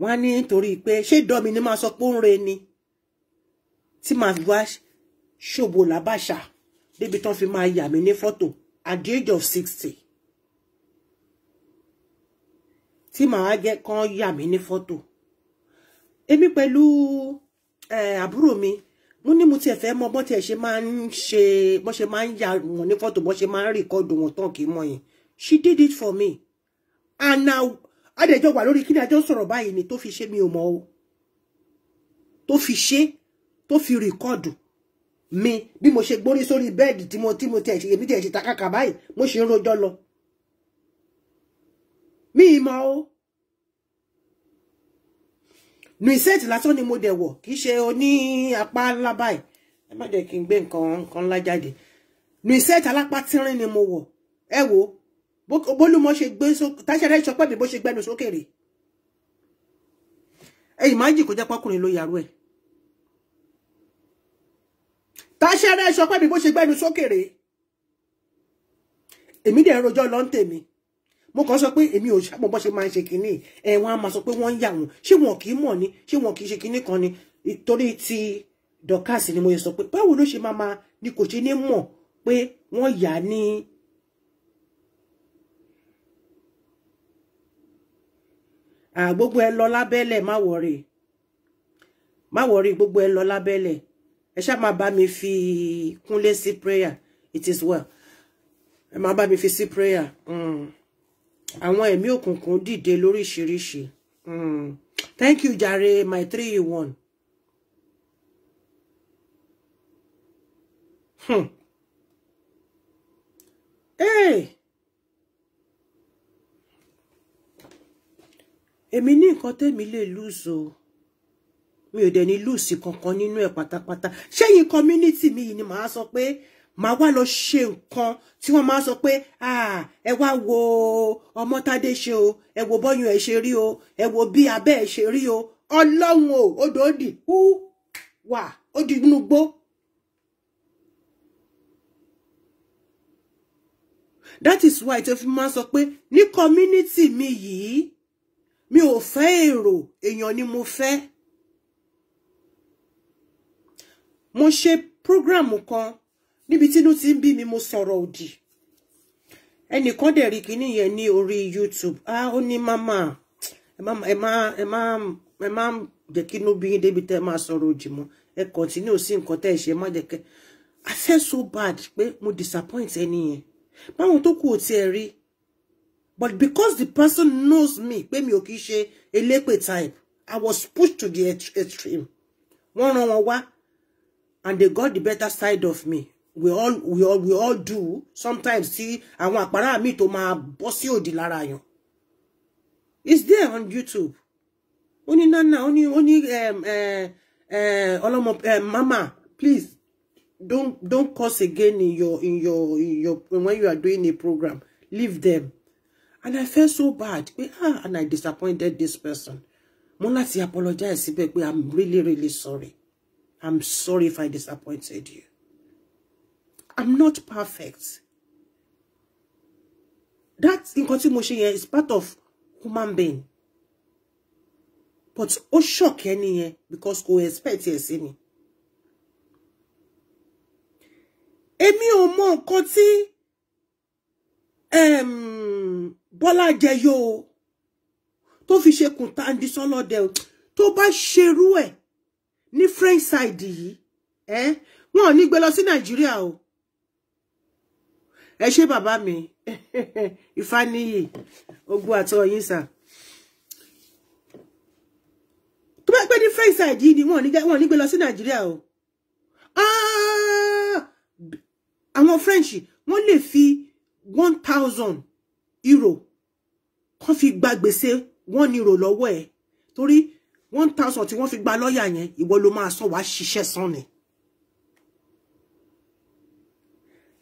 wọ́n ní nítorí pé ṣé dọmi ni máa sọ pé ó ń re ni tí màá fi wá ṣòbò làbàṣà débi tán fi máa yà mí ní fọ́tò at the age of sixty tí màá jẹ́ kán yà mí ní photo èmi pẹ̀lú àbúrò mi mo ní mo tiẹ̀ fẹ́ mọ bọ́n tiẹ̀ ṣe máa ń ṣe bọ́n ṣe máa ń ya wọn ní fọ́tò bọ́n ṣe máa ń rìkọ́dù wọn tán kì í mọ̀ yẹn she did it for me and now adẹjọ wà lórí kíni adẹjọ sọ̀rọ̀ báyìí ni tó fi ṣe mi ò mọ̀ o tó fi ṣe tó fi rìkọ́dù mi bí mo ṣe gbórí sórí bẹ́ẹ̀dì tí mo tí mo tiẹ̀ ṣe èmi tiẹ̀ ṣe takaka báyìí mo ṣe ń rojọ́ lọ mi ì mọ̀ o nuisette lásán ni mo dẹ̀ wọ̀ kì í ṣe oní apá ńlá báyìí ẹ má dẹ̀ kí n gbé nǹkan nǹkan ńlá jáde nuisette alápá tínrín ni mo wọ̀ ẹ wo bólúmọ ṣe gbé sókè táṣẹrẹ ìṣọpẹ mi bó ṣe gbẹnu sókè rè ẹ ìmájì kò jẹ pọkùnrin ló yàrá ẹ táṣẹrẹ ìṣọpẹ mi bó ṣe gbẹnu sókè rè èmi dẹ̀ rojọ́ lọ́ntèmi mo kàn sọ pé èmi ò ṣàpọ̀ bọ́ ṣe máa ń ṣe kinní ẹ̀ wọ́n á máa sọ pé wọ́n ń yà wọ́n ṣé wọn kì í mọ̀ ni ṣé wọn kì í ṣe kinní kan ni torí ti Dorkas ni mo yẹ sọ pé báwo ló ṣe máa máa ni kò ṣe ní mọ̀ pé wọ́n yà á ní gbogbo ẹ lọ lábẹ́lẹ̀ má wọ̀rì má wọ̀rì gbogbo ẹ lọ lábẹ́lẹ̀ ẹ ṣáà máa bá mi fi kúnlé sí prayer it is well ẹ máa bá mi fi sí prayer. Mm àwọn ẹ̀mí òkùnkùn dìde lóríṣiríṣi hmm. thank you jàre my three in one. Hmm. Hey. èmi ní nǹkan tẹ́mi lè lùsò mi ò dẹ̀ ní lùsì kankan nínú ẹ̀ pátápátá ṣẹ́yìn community mi yìí ni màá sọ pé màá wá lọ ṣe nǹkan tí wọ́n máa sọ pé ẹ wá wo ọmọtádé ṣe o ẹ wo bọ́yùn ẹ ṣe rí o ẹ wo bí abẹ́ ẹ ṣe rí o ọlọ́run o odò ó hú wà ó inú gbó. that is why tó fi máa sọ pé ní community mi yìí mi ò fẹ́ èrò èèyàn ni mo fẹ́. mo ṣe program kan níbi tínú ti ń bí mi mo sọ̀rọ̀ òdì ẹnìkan dẹ̀ rí kíní yẹn ní orí YouTube ah ó ní mama ẹ má ẹ má ẹ má jẹ́ kí inú bí yín débi tẹ́ máa sọ̀rọ̀ òdì mọ́ ẹ kọ̀ntínú sí nǹkan tẹ́ ẹ ṣe má jẹ́ kẹ́ I feel so bad pé mo disappoint ẹni yẹn báwọn tó kù ò tiẹ̀ rí but because the person knows me pé mi ò kì í ṣe elépè type I was pushed to the extreme wọ́n rán wọn wá and they got the better side of me we all we all we all do sometimes tí àwọn àpárá mi tó máa bọ́ sí òdì Lara. yàn is there on youtube oni ní nana ó ní ó ní um, eh, eh, ọlọ́mọ eh, mama please don't don't curse again in your in your in your when you are doing a program leave them and i felt so bad pé ah and i disappointed this person mo láti apologize síbẹ̀ pé i'm really really sorry i'm sorry if i disappointed you I'm not perfect that nǹkan tí mo is part of human being but oh, shock ẹni yẹn because go expect ẹ see me. èmi ò mọ nǹkan tí um, Bọ́lá Jẹyọ tó fi ṣe kùntà ndisán lọ́dẹ o tó bá ṣerú ẹ̀ ní French side yìí eh? wọn ò ní gbé lọ sí o ẹ ṣé bàbá mi ìfàníyì ogun àtọ yín sà tó bá pẹ ní fẹsà yìí ni wọn ò ní gbé lọ sí nàìjíríà o ah! àwọn french wọn lè fi one thousand euro kan fi gba gbèsè one euro lọ́wọ́ ẹ torí one thousand tí wọn fi gba lọ́ọ̀yà yẹn ìwọ ló máa sọ wàá ṣiṣẹ́ san ni.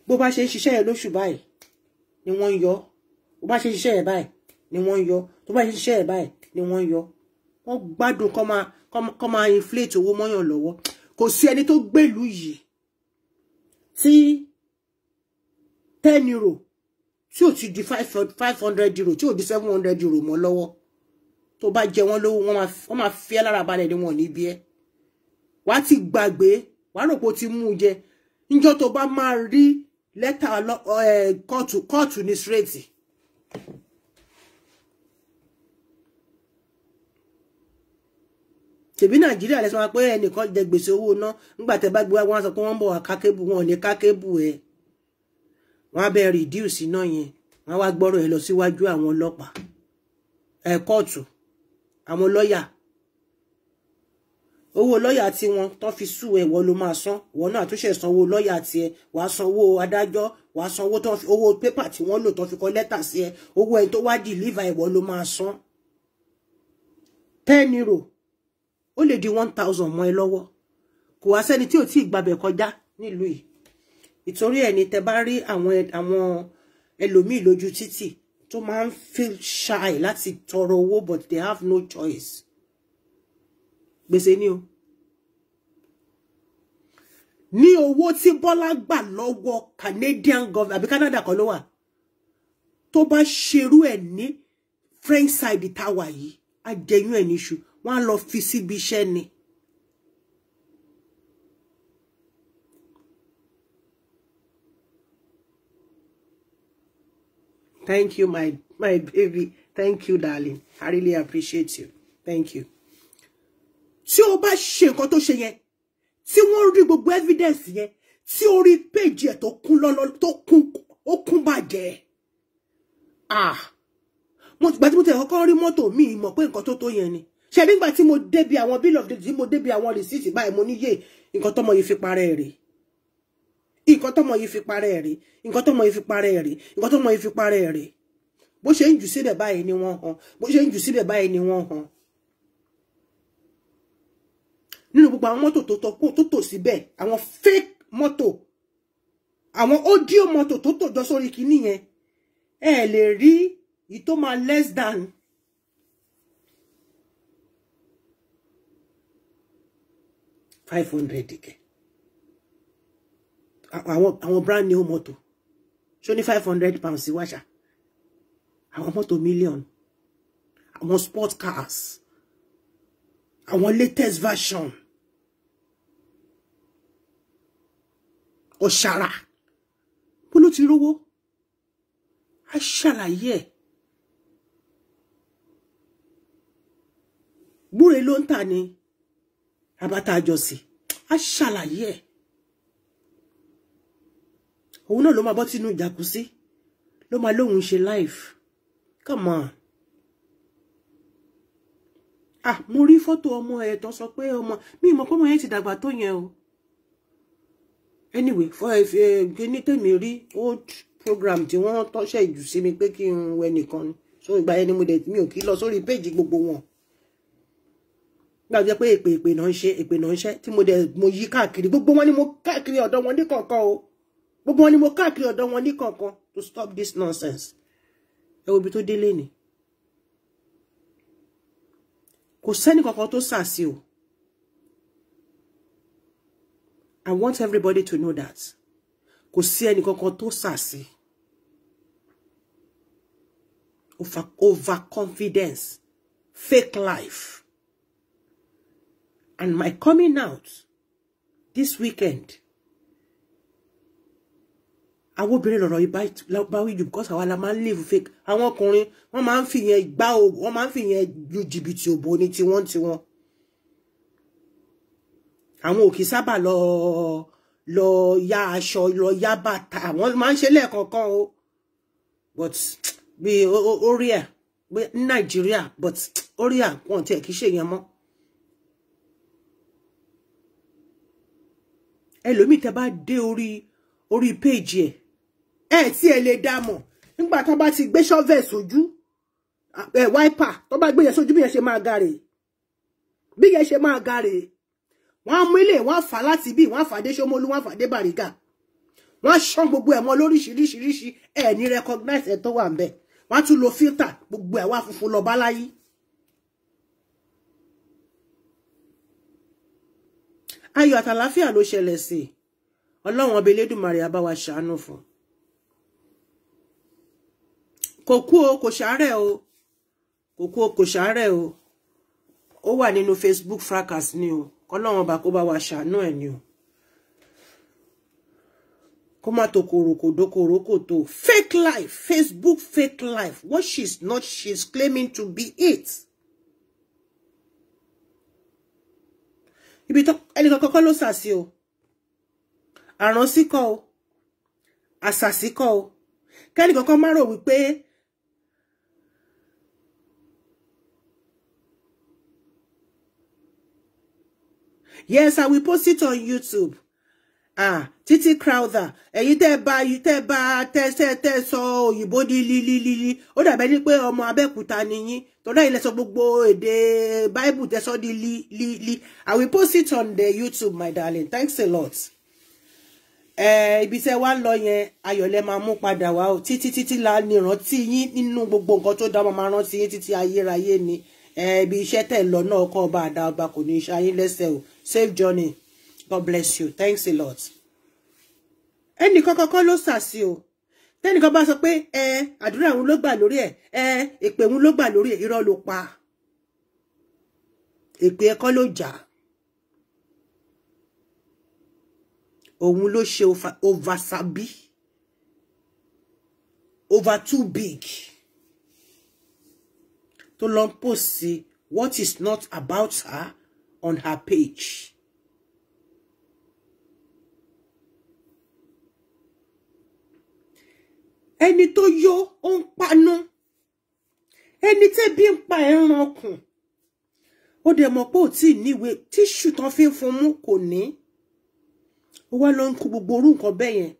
bó bá ṣe ń ṣiṣẹ́ yẹn lóṣù báyìí ni wọ́n ń yọ bó bá ṣe ń ṣiṣẹ́ yẹn báyìí ni wọ́n ń yọ tó bá ṣe ń ṣiṣẹ́ yẹn báyìí ni wọ́n ń yọ wọ́n gbádùn kọ́ máa inflate owó mọ́yàn lọ́wọ́ kò sí ẹni tó gbèlú yìí tí ten euro tí ò ti di five hundred euro tí ò di seven hundred euro mọ́ lọ́wọ́ tó bá jẹ wọ́n lówó wọ́n máa fi ẹ́ lára balẹ̀ ni wọ́n níbi ẹ́ wàá ti gbàgbé wàá rò pé o ti mú un jẹ níjọ́ tó bá máa rí lẹ́tà kóòtù kóòtù ní straight. tèbí nàìjíríà lẹ́sọ̀ wá pé ẹnìkan jẹ gbèsè owó ná nígbà tẹ́ bá gbé wá wọn sọ pé wọ́n ń bọ̀ wá kákébù wọn ò ní kákébù ẹ̀ wọ́n á bẹ̀rẹ̀ reduce iná yẹn wọ́n á wá gbọ́rọ̀ ẹ̀ lọ síwájú àwọn ọlọ́pàá ẹ̀ kóòtù àwọn lọ́ọ̀yà owó lọ́ọ̀yà tí wọn tán fi sú ẹ wọ́n ló máa san wọ́n náà àtúnṣe sanwó lọ́ọ̀yà tiẹ̀ wàá sanwó adájọ́ wàá sanwó tán fi owó pépà tí wọ́n lò tán fi kọ lẹ́tà sí ẹ owó ẹ tó wá dìlíva ẹ wọ́n ló máa san ten euro ó lè di one thousand mọ́ ẹ lọ́wọ́ kò wá sẹ́ni tí ò tí ì gbabẹ̀ kọjá nílùú yìí ìtorí ẹni tẹ bá rí àwọn àwọn ẹlòmíì lójú títì tó máa ń feel shy láti tọrọ owó but they have no choice gbèsè ni o ní owó tí Bọ́lá gbà lọ́wọ́ Canadian government àbí Canada kan ló wà tó bá ṣerú ẹ̀ ní French side táwa yìí á jẹyún ẹ̀ níṣu wọ́n á lọ fi síbi iṣẹ́ ni. Thank you, my my baby. Thank you, darling. I really appreciate you. Thank you tí o bá ṣe nǹkan tó ṣe yẹn tí wọ́n rí gbogbo evidence yẹn tí o rí page ẹ̀ tó kún lọ́lọ́ tó kún ó kún bàjẹ́ ah mo gbà tí mo tẹ̀ kọ́kọ́ rí mọ́tò mi mọ̀ pé nǹkan tó tó yẹn ni ṣe nígbà tí mo débi àwọn bill of duty mo débi àwọn receipt báyìí mo níyè nǹkan tọ́mọ yìí fi parẹ́ rèé nǹkan tọ́mọ yìí fi parẹ́ rèé nǹkan mo yìí fi parẹ́ rèé nǹkan tọ́mọ yìí fi parẹ́ rèé bó ṣe ń jù síbẹ̀ báyìí ni wọ́n hàn bó ṣe ń jù síbẹ̀ ni wọ́n hàn nínú gbogbo àwọn mọ́tò tó tò síbẹ̀ àwọn fake mọ́tò àwọn audio mọ́tò tó tò jọ sórí kinní yẹn ẹ lè rí èyí máa less than five hundred kẹ àwọn àwọn brand new mọ́tò ṣó ní five hundred pounds sí wáṣà àwọn mọ́tò million àwọn sports cars àwọn latest version. ọ̀ṣàrà bó ló ti rówó á ṣàlàyé ẹ̀ gbúre ló ń tà ní abata àjọsìn á ṣàlàyé ẹ̀ òun náà ló máa bọ́ sínú jàkúsí ló máa lóun ṣe live come on ah mo rí fọ́tò ọmọ ẹ̀ tó sọ pé ọmọ mi ìmọ̀ pé ọmọ yẹn ti dàgbà tó yẹn o anyway fún ẹni eh, eh, tèmi rí old program tí wọ́n tọ́ṣẹ̀ jù sí mi pé kí n wẹ nìkan ni so ìgbà yẹn ni mo dẹ̀ mi ò kí lọ sórí péjì gbogbo wọn gbàgbé pé èpè èpè náà ń ṣe èpè náà ń ṣe tí mo dẹ̀ mo yí káàkiri gbogbo wọn ni mo káàkiri ọ̀dọ̀ wọn ní kọ̀ọ̀kan o gbogbo wọn ni mo káàkiri ọ̀dọ̀ wọn ní kọ̀ọ̀kan to stop this nonsense ẹ wo ibi tó délé ni kò sẹ́ni kankan tó sàṣì o I want everybody to know that. Kò sí ẹni kankan tó sàsí. Overconfidence, fake life. And my coming out this weekend. I Àwọn obìnrin bite yìí báwí jù because àwa la máa ń live fake. Àwọn ọkùnrin wọ́n máa ń fìyẹn gbá wọ́n máa ń fìyẹn lu jìbìtì òbò ní tiwọn tiwọn àwọn òkè sábà lọ lọ ya aṣọ lọ ya bàtà àwọn máa ń ṣe lẹ́ẹ̀kọ̀ọ̀kan o but bí orí ẹ̀ pé nàìjíríà but orí ẹ̀ wọn tiẹ̀ kì í ṣe yẹn mọ́. ẹlòmíì tẹ́ bá dé orí orí péèjì ẹ̀ ẹ̀ tí ẹ lè dá mọ̀ nígbà tó bá ti gbé ṣọ́vẹ̀ sójú wáìpà tó bá gbé yẹn sójú bí yẹn ṣe máa ga rèé bí yẹn ṣe máa ga rèé wọ́n á mú ilé wọ́n á fà láti bí wọ́n á fà dé Ṣómólú wọ́n á fà dé Bàrígà wọ́n á gbogbo ẹ̀ lóríṣiríṣiríṣi ẹ̀ ní recognize ẹ̀ tó wà ń bẹ̀ wọ́n tún lo filter gbogbo ẹ̀ wá funfun lọ báláyé. ayọ̀ àtàláfíà ló ṣẹlẹ̀ sí ọlọ́run ọba elédùnmarè á bá wa ṣàánú fún kò kú o kò ṣàárẹ̀ o kò kú o kò ṣàárẹ̀ o ó wà nínú Facebook fracas ni o kọ́lọ́run ba kó bá wa ṣàánú ẹ̀ ni o kó má tó kòròkò dókòrò kò tó fake life Facebook fake life what she is not she is claiming to be it. ibi tó ẹnì kankan kọ́ ló sàsí o àránsí kọ́ o àsàsí kọ́ o kẹ́nì kankan má rò wípé Yes, I will post it on YouTube. Ah, Titi Crowther, you you ẹ̀yin tẹ́ bá yìí tẹ́ bá tẹ́sẹ̀ li, li, li. di lílílílí. Ó dàbẹ́ ní pé ọmọ Abẹ́òkúta ni yín. Tọ́lá ilẹ̀ sọ gbogbo èdè Bible tẹ́ sọ di li. I will post it on the YouTube, my darling. Thanks a lot. Eh, ibi tẹ́ wá ń lọ yẹn, ayọ̀lẹ̀ máa mú padà Titi, o. Títí títí la ní ìrántí yín nínú gbogbo nǹkan tó dá ọmọ máa rántí yín títí ayérayé ni. Eh, ibi iṣẹ́ tẹ̀ lọ no, ọkọ̀ ọba àdá ọba kò ní í ṣayín lẹ́sẹ̀ safe journey god bless you thanks a lot ẹnì kọ́kọ́ kọ́ ló sà sí o tẹ́nìkan bá sọ pé ẹ àdúrà òun ló gbà lórí ẹ ẹ èpè òun ló gbà lórí ẹ irọ́ ló pa èpè ẹ̀kọ́ ló jà òun ló ṣe oversabi over too big To long pò sí what is not about her on her page. Ẹni tó yó ó ń paná. Ẹni tẹ́bí ń pa ẹran ọkùn. Ó dẹ̀ mọ̀ pé ò tí ì níwèé tíṣù tán fi ń fún mú kò ní. Ó wá gbogbo orú nǹkan bẹ́ẹ̀ yẹn.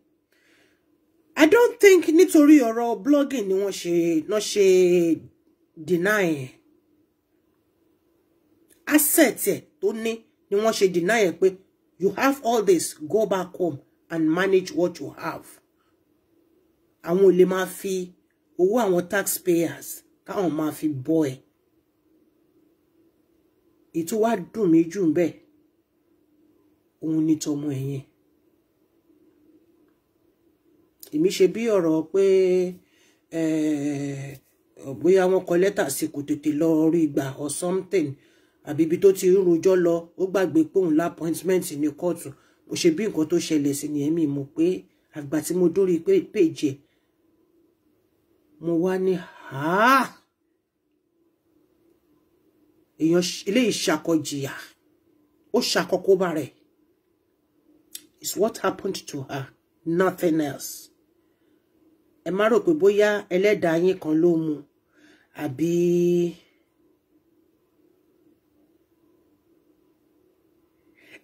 I don't think Nitori ọ̀rọ̀ blogging ni wọ́n ṣe náà ṣe deny yẹn asset tó ní ni wọ́n ṣe deny ẹ̀ pé you have all this go back home and manage what you have. àwọn ò lè máa fi owó àwọn taxpayers káwọn máa fi bọ́ ẹ̀. ètò wa dùn mí jù bẹ́ẹ̀ òun ni tọmọ ẹ̀yìn èmi ṣe bí ọ̀rọ̀ pé eh, bóyá wọ́n kọ lẹ́tà sí kò tètè lọ rí gbà or something àbí ibi tó ti rúnrojọ́ lọ ó gbàgbé póun lápọ́ìntmẹ́ǹt ní kóòtù mo ṣe bí nǹkan tó ṣẹlẹ̀ sí ni ẹ̀mí mo pé àgbà tí mo dórí péjì ẹ̀ mo wá ní èèyàn eléyìí ṣàkọjìyà ó ṣàkọkóbá rẹ̀ is what happened to her nothing else ẹ má rò pé bóyá ẹlẹ́dàá yín kan ló mú àbí. Àbí...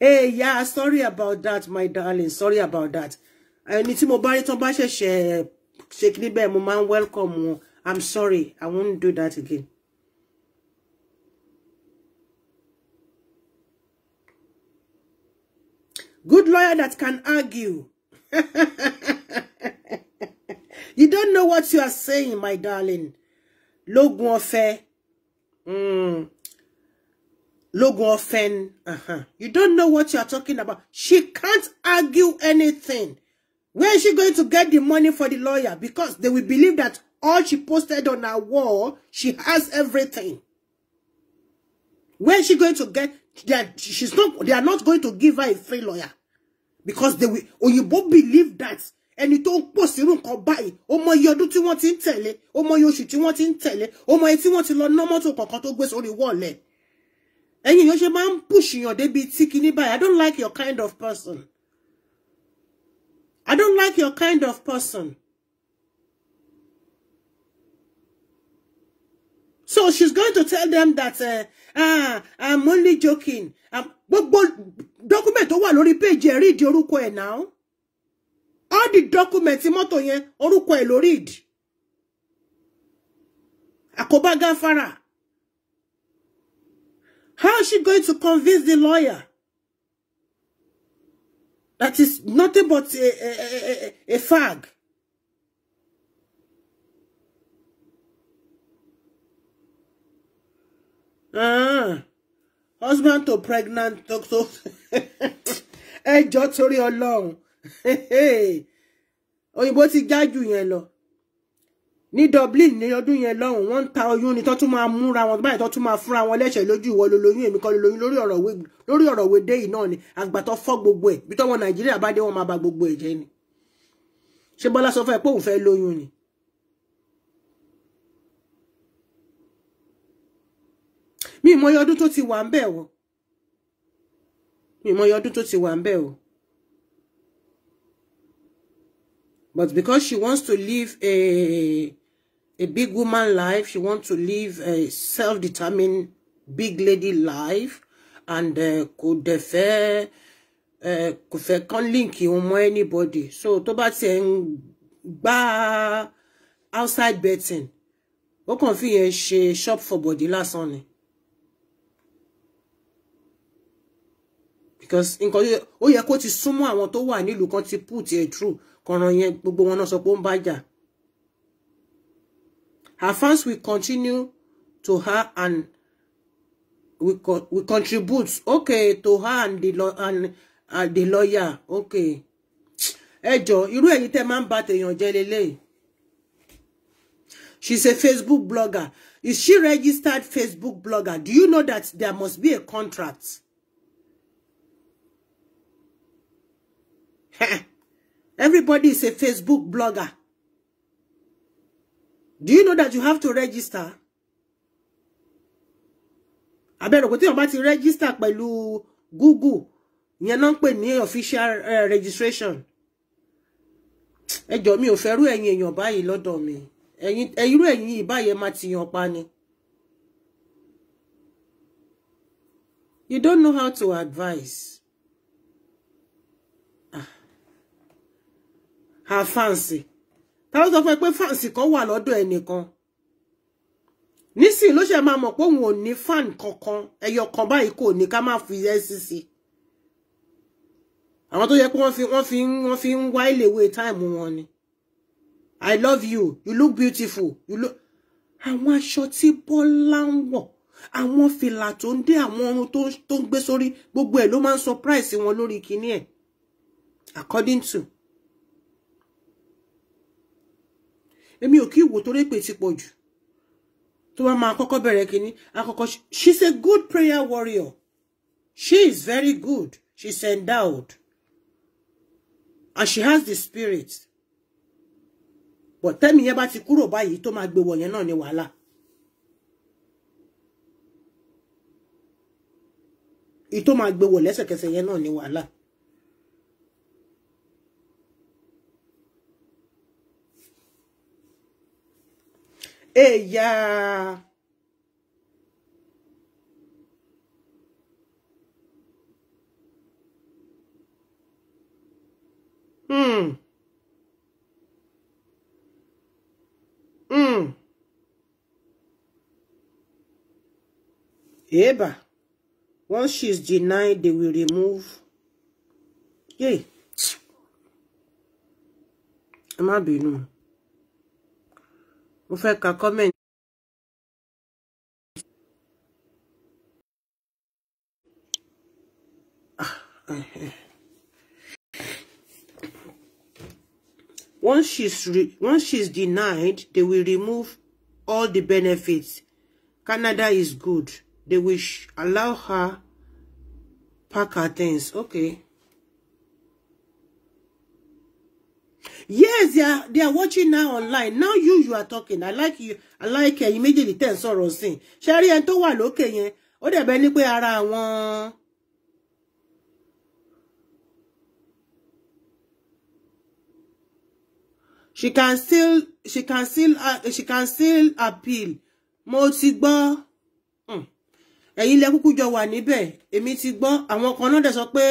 Hey, yeah, sorry about that, my darling. Sorry about that. Ẹni tí mo mobile, rí tán bá ṣẹ̀ṣẹ̀ ṣe kíní bẹ́ẹ̀ mo máa welcome I'm sorry. I won't do that again. Good lawyer that can argue. You don't know what you are saying, my darling. Lógún ọ̀fẹ́. Mm. Logo often. Uh-huh. You don't know what you are talking about. She can't argue anything. Where is she going to get the money for the lawyer? Because they will believe that all she posted on her wall, she has everything. Where is she going to get that? She's not. They are not going to give her a free lawyer because they will. you both believe that ẹni tó ń pò sírù nǹkan báyìí ó mọ iye ọdún tí wọ́n ti ń tẹ̀lé ó mọ iye oṣù tí wọ́n ti ń tẹ̀lé ó mọ iye tí wọ́n ti lọ ná mọ́tò kọ̀ọ̀kan tó gbé sórí wọ́ọ̀lẹ̀ ẹ̀yin èèyàn ṣe máa ń push yàn débi tí kinní báyìí i don't like your kind of person i don't like your kind of person so she's going to tell them that uh, ah i'm only joking gbogbo document tó wà lórí page ẹ̀ read orúkọ ẹ̀ now all the document mọ́tò yẹn orúkọ ẹ̀ ló read àkóbá gáfárà. How is she going to convince the lawyer? That is nothing but a, a, a, a fag. Ah, husband to pregnant doctor. along. Hey, oh, you Òyìnbó ti jájú you lọ ní Dublin ní ọdún yẹn lọ́hùn wọ́n ń ta oyún ni tó tún máa múra wọn báyìí tó tún máa fúnra wọn lẹ́sẹ̀ lójú ìwọ lolóyún èmi kọ́ lolóyún lórí ọ̀rọ̀ wé lórí ọ̀rọ̀ wé dé yìí náà ni àgbà tó fọ́ gbogbo ẹ̀ bí tọ́wọ́ Nàìjíríà bá dé wọn máa ba gbogbo ẹ̀ jẹ́ ni ṣé Bọ́lá sọ fún ẹ pé òun fẹ́ lóyún ni. mi ì mọyọ ọdún tó ti wà ń bẹ̀ o mi ì mọyọ ọdún tó ti wà ń bẹ̀ o but because she wants to live a a big woman life. She want to live a self-determined big lady life. And uh, could defer kò can uh, link líǹkì òun anybody so tó bá tiẹ̀ ń outside betting ó kàn she shop for body last only? because in nǹkan ó yẹ kó is súnmọ́ to tó wà nílùú kan ti put ẹ̀ true kọ̀ọ̀ràn yẹn gbogbo wọn náà sọ pé ó ń bá jà Her fans will continue to her and we co we contribute okay to her and the law and uh, the lawyer okay ẹjọ irú ẹ̀yin tẹ́ máa ń bà your jẹ́ she's a Facebook blogger is she registered Facebook blogger do you know that there must be a contract everybody is a Facebook blogger do you know that you have to register abẹ́rẹ́ kò tí wọ́n bá ti register pẹ̀lú google ìyẹn náà ń pè ní official uh, registration ẹjọ́ mi ò fẹ́rú ẹ̀yin èèyàn báyìí lọ́dọ̀ mi irú ẹ̀yin yìí báyìí ẹ máa ti yan pa ni. You don't know how to advise. Ah. Her fancy ta ló sọ fún ẹ fans kan wà lọ́dọ̀ ẹnìkan nísìn ló ṣe máa mọ̀ pé òun ò fan kankan ẹyọ kan báyìí kò ní ká má fi SCC àwọn tó yẹ pé wọ́n fi wọ́n fi wọ́n fi ń wá ìléwé táìmù ni I love you you look beautiful you look àwọn aṣọ tí Bọ́lá ń wọ̀ àwọn fìlà tó ń dé àwọn ohun tó ń gbé sórí gbogbo ẹ̀ ló máa ń surprise wọn lórí kinní according to èmi ò kí wò torí pé ti pọ̀ jù tó bá máa kọ́kọ́ bẹ̀rẹ̀ kínní àkọ́kọ́ she's a good prayer warrior she is very good she's endowed and she has the spirit but tẹ́mi yẹn bá ti kúrò báyìí tó máa gbé wọ̀ yẹn náà ní wàhálà. ìtó máa gbé wọ̀ lẹ́sẹ̀kẹsẹ̀ yẹn náà ní wàhálà. eya hmm hmm eba once she is denied they will remove yay ẹ má bínú. Mo fẹ́ ka comment. Ah, eh, eh. Once she's re once she's denied, they will remove all the benefits. Canada is good. They will allow her pack her things. Okay. yes they are they are watching now online now you you are talking i like you i like ẹ̀yin eh, méjèèjì tẹ́ ń sọ̀rọ̀ sin ṣe rí ẹni tó wà lókè yẹn ó dẹ̀ bẹ́ẹ̀ ní ara àwọn. she can still she can still uh, she can still appeal mo ti gbọ́ hmm. ẹ̀yin lẹ kúkú jọ wà níbẹ̀ èmi ti gbọ́ àwọn kan náà dẹ̀ sọ pé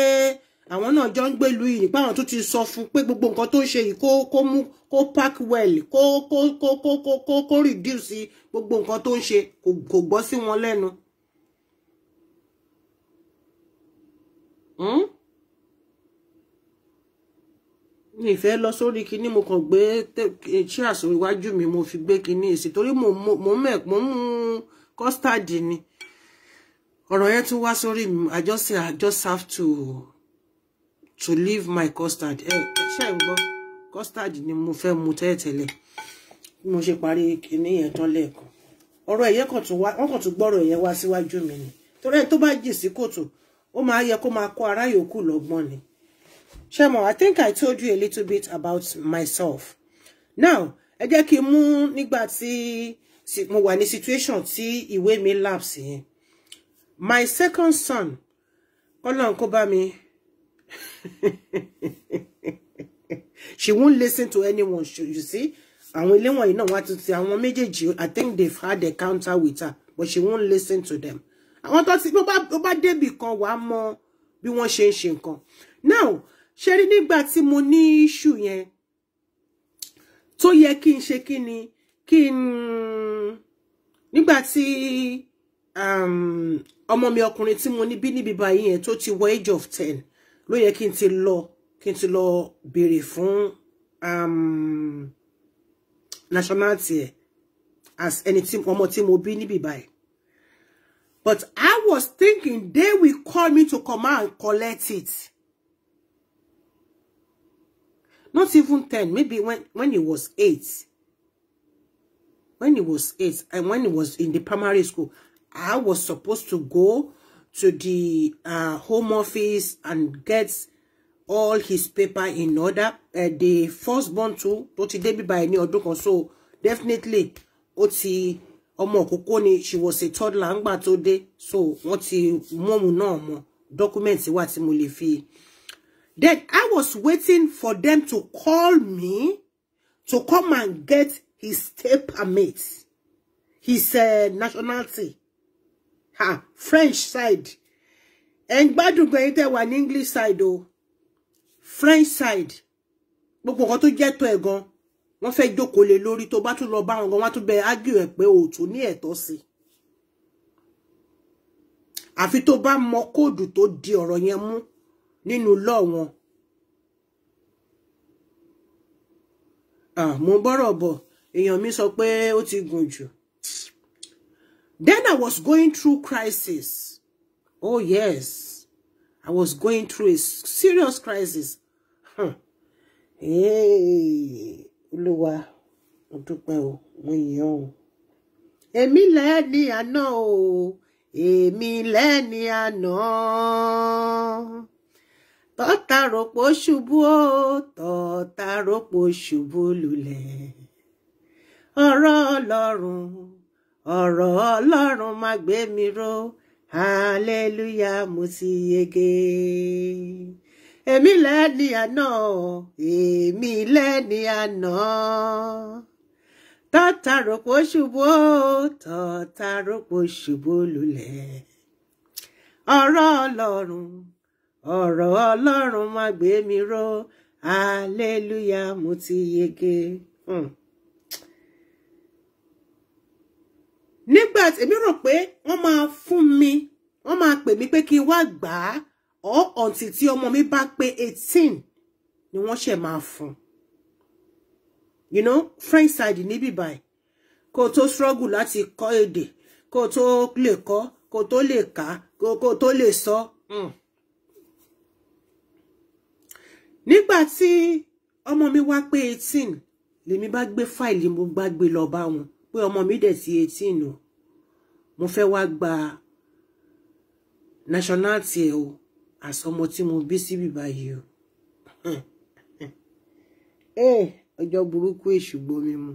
àwọn náà jọ ń gbèlú yìí nípa àwọn tó ti sọ fún pé gbogbo nǹkan tó ń ṣe yìí kó mú kó pack well kó kó kó kó kó kó reduce gbogbo nǹkan tó ń ṣe kò gbọ́ sí wọn lẹ́nu. Hmm? mi ìfẹ́ lọ sórí kinní mo kàn gbé chairs iwájú mi mo fi gbé kinní èsì torí mo mẹ̀ mo mú custard ni ọ̀rọ̀ yẹn tún wá sórí mi I just I just have to to leave my custard eh, ẹ ṣe ń gbọ́ custard ni mo fẹ́ mu tẹ́lẹ̀tẹ́lẹ̀ bí mo ṣe parí kíní yẹn tán lẹ́ẹ̀kan ọ̀rọ̀ ẹ̀yẹ kan tún wá wọ́n kàn tún gbọ́rọ̀ ẹ̀yẹ wá síwájú mi ni torí ẹni tó bá jì sí kòtò ó máa yẹ kó máa kọ́ ará yòókù lọ́gbọ́n ni ṣẹ́mo I think I told you a little bit about myself now ẹ jẹ́ kí n mú nígbà tí mo wà ní situation tí ìwé mi lapse yẹn my second son ọlọ́run kó bá mi she won't listen to anyone you see àwọn ilé wọ̀nyí náà wá ti ti àwọn méjèèjì i think they've had a counter with her but she won't listen to them I want to see. bá bó bá débì kan wàá mọ bí wọ́n ṣe ń ṣe now Sherry, ni nígbà tí mo ní issue yẹn tó yẹ kin. n ṣe kí ni kí um. nígbà tí um, ọmọ mi ọkùnrin tí mo ní bí níbi báyìí yẹn tó ti wọ of ten ló yẹ kí n ti lọ kí n ti lọ béèrè fún um, nationality ẹ̀ as ẹni tí ọmọ tí mo bí níbí báyìí but I was thinking they will call me to come out and collect it not even ten maybe when when he was eight when he was eight and when he was in the primary school I was supposed to go to the uh, home office and gets all his paper in order uh, the firstborn too tó ti débi báyìí ní ọdún kan so definitely ó Omo Kokoni she was a toddler ńgbà tó dé so wọ́n ti mú òun náà mọ document wà then I was waiting for them to call me to come and get his state permit his uh, nationality ha French side ẹ ń gbádùn gan yín tẹ́ English side o French side gbogbo nǹkan tó jẹ́ tó ẹ̀ gan wọ́n fẹ́ jókòó lé lórí tó bá tún lọ bá wọn gan wọ́n tún bẹ ágìrò ẹ̀ pé òòtú ní ẹ̀tọ́ sí i àfi tó bá mọ kóòdù tó di ọ̀rọ̀ yẹn mú nínú lọ́ wọn. Ah, mo bọ́rọ̀ bọ̀ èèyàn mi sọ pé ó ti gùn Then I was going through crisis. Oh, yes. I was going through a serious crisis. Huh. Hey, Olúwa, mo dúpẹ́ o, mo yìn ọ́ o. Èmi lẹ́ni àná o, èmi lẹ́ni àná. Tọ́ta ròpò ṣubú o, tọ́ta ròpò ọ̀rọ̀ ọlọ́run má gbé mi ró hallelujah mo ti yege èmi lẹ́ni àná èmi lẹ́ni àná tọ́ta rògbò ṣubú tọ́ta rògbò ṣubú lulẹ̀ ọ̀rọ̀ ọlọ́run ọ̀rọ̀ ọlọ́run má gbé mi ró hallelujah mo ti yege. Mm. nígbà tí èmi rò pé wọ́n máa fún mi wọ́n máa pè mí pé kí n wá gbà á ọ ọ̀ǹtì tí ọmọ mi bá pé eighteen ni wọ́n ṣẹ̀ máa fún you know French side níbí báyìí kó tó struggle láti kọ́ èdè kó tó lè kọ́ kó tó lè kà kó tó lè sọ. Hmm. nígbà tí ọmọ mi wá pé eighteen lèmi bá gbé fáìlì mo bá gbé lọ bá wọn pé ọmọ mi dẹ̀ ti eighteen o mo fẹ́ wá gba nationality ẹ̀ o àsọmọ tí mo bí síbí báyìí o eh, ọjọ́ burúkú èṣù gbomi mu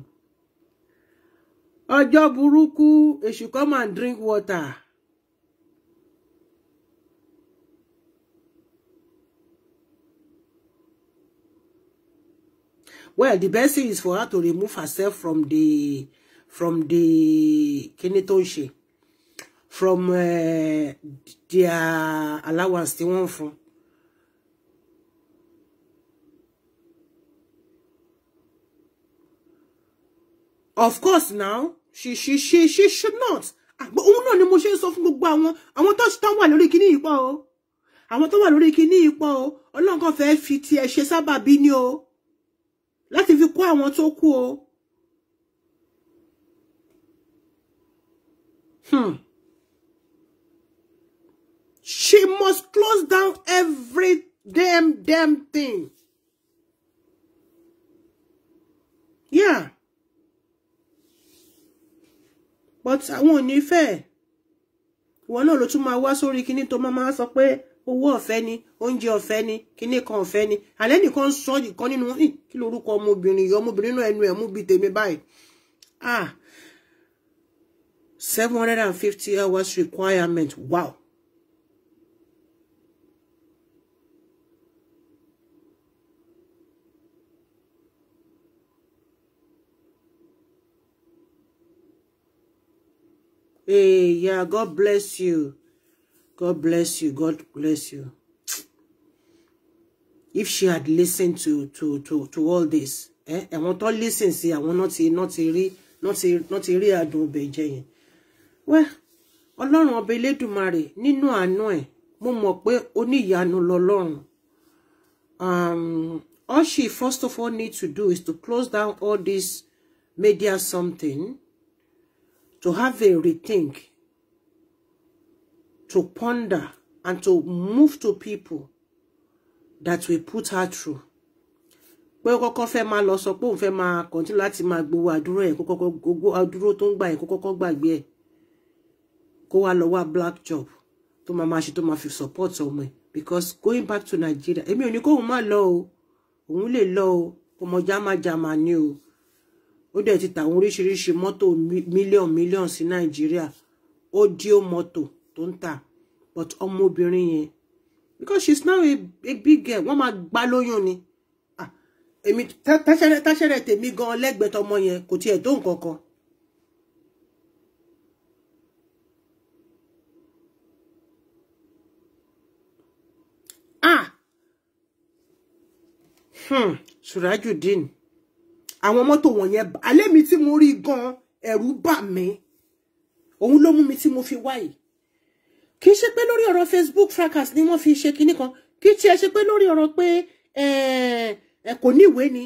ọjọ́ burúkú èṣù come and drink water. Well, the best thing is for her to remove herself from the from the kíní from uh, their allowance tí wọ́n ń of course now she she she she should not àgbọ̀ òun náà ni mo ṣe ń sọ fún gbogbo àwọn àwọn tó ṣe tán wà lórí kíní yìí pọ̀ o àwọn tó wà lórí kíní yìí pọ̀ o ọlọ́run kan fẹ́ẹ́ fi tiẹ̀ ṣe sábàbí ni o láti fi kó àwọn tó kú o. Hmm. She must close down every damn damn thing. Yeah. But àwọn ò ní fẹ́ ìwọ náà ló tún máa wá sórí kinní tó máa máa sọ pé owó ọ̀fẹ́ ni oúnjẹ ọ̀fẹ́ ni kinní kan ọ̀fẹ́ ni àlẹ́ nìkan sọ ìkan nínú kí lorúkọ ọmọbìnrin yọ ọmọbìnrin náà ẹnu ẹ̀ mú bi tèmi báyìí ah 750 hours requirement. Wow. Hey, yeah, God bless you. God bless you. God bless you. If she had listened to to to to all this, eh? Àwọn tó listen sí àwọn náà ti not ti rí náà ti náà ti rí àdùn ọbẹ̀ jẹ yẹn wẹ́ ọlọ́run ọba elédùnmarè nínú àánú ẹ̀ mo mọ̀ pé oníyanu lọ́lọ́run um, all she first of all need to do is to close down all this media something to have a rethink to ponder and to move to people that will put her through pé ó kọ́kọ́ fẹ́ máa lọ sọ pé òun fẹ́ máa kọ̀ntínú láti máa gbowó àdúró ẹ̀ kó kọ́kọ́ gbogbo àdúró tó ń gbà ẹ̀ kó kọ́kọ́ gbàgbé ẹ̀ Go a lower black job To my máa ṣe tó máa fi support ọmọ me because going back to Nigeria I mean, you go má low, only low. lè lọ o ọmọ jámájámá ni o ó dẹ̀ ti tàwọn oríṣiríṣi mọ́tò mílíọ̀n mílíọ̀n sí Nàìjíríà ó dí ó mọ́tò tó But tà but ọmọbìnrin because she's now a, a big girl wọ́n máa gbá lóyún ni ah, èmi táṣẹ́rẹ́ tèmi gan lẹ́gbẹ̀ẹ́ tọmọ yẹn kò tiẹ̀ tó nǹkan kan hmm Surajudeen àwọn mọ́tò wọ̀nyẹn alẹ́ mi tí mo rí gan ẹ̀rù bà mí òun ló mú mi tí mo fi wáyìí kì í ṣe pé lórí ọ̀rọ̀ Facebook fracas ni wọ́n fi ṣe kinní kan kì í tiẹ̀ ṣe pé lórí ọ̀rọ̀ pé eh, ẹ kò ní ìwé ni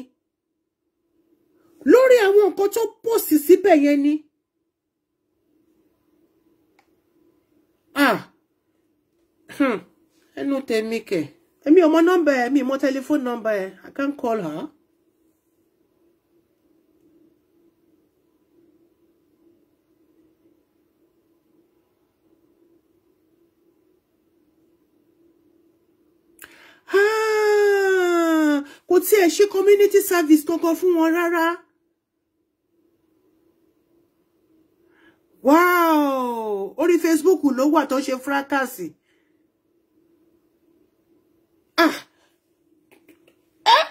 lórí àwọn nǹkan tó pòsì síbẹ̀ yẹn ni ah hmm. ẹnu tèmi kẹ̀ èmi ò mọ number. ẹ̀ mi ò telephone number ẹ̀ I can't call her. Ah, kò tí ẹ ṣe community service kankan fún wọn rárá. wow orí Facebook ló wà tó ṣe fracasi. Ah, ah.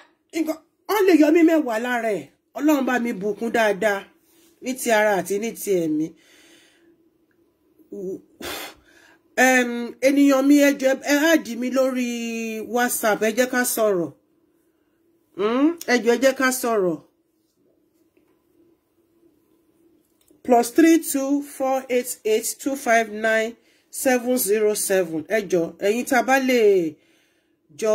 wọ́n lè yọ mí mẹ́wàá lára ẹ̀ ọlọ́run bá mi bùkún dáadáa ní ti ara àti ní ti ẹ̀mí ènìyàn mi ẹjọ ẹ áàdì mi lori whatsapp ẹ jẹ́ ká sọ̀rọ̀ hmm? ẹjọ ẹ jẹ́ ká plus three two four eight eight two five nine seven zero seven ejo ẹ̀yin tá a bá jọ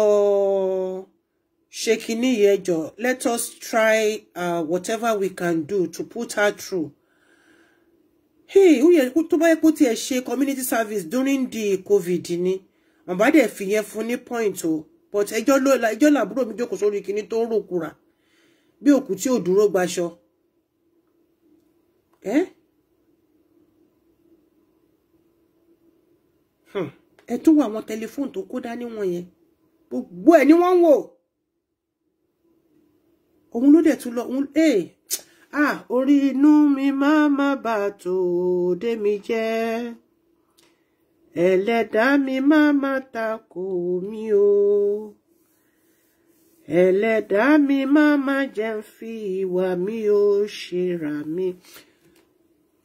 ṣe kinní yẹn jọ let us try uh, whatever we can do to put her through. hey ó yẹ tó bá yẹ kó tiẹ̀ ṣe community service during the covid ni wọ́n bá dẹ̀ fìyẹn fún ní point o but ẹjọ́ ló ẹjọ́ làbúrò mi jókòó sórí kinní tó ń ròkùrà bí òkú tí ò dúró gbaṣọ. ẹ hmm. ẹ tún wọ àwọn tẹlifóònù tó kó dání wọn gbogbo ẹ̀ ni wọ́n ń wò òun ló dẹ̀ tún lọ òun ẹ̀ ah eh, orí inú mi máa má bà tòde mi jẹ́ ẹlẹ́dàá mi máa má takò mí o ẹlẹ́dàá mi máa má jẹ́ ń fi ìwà mi ó ṣe rà mí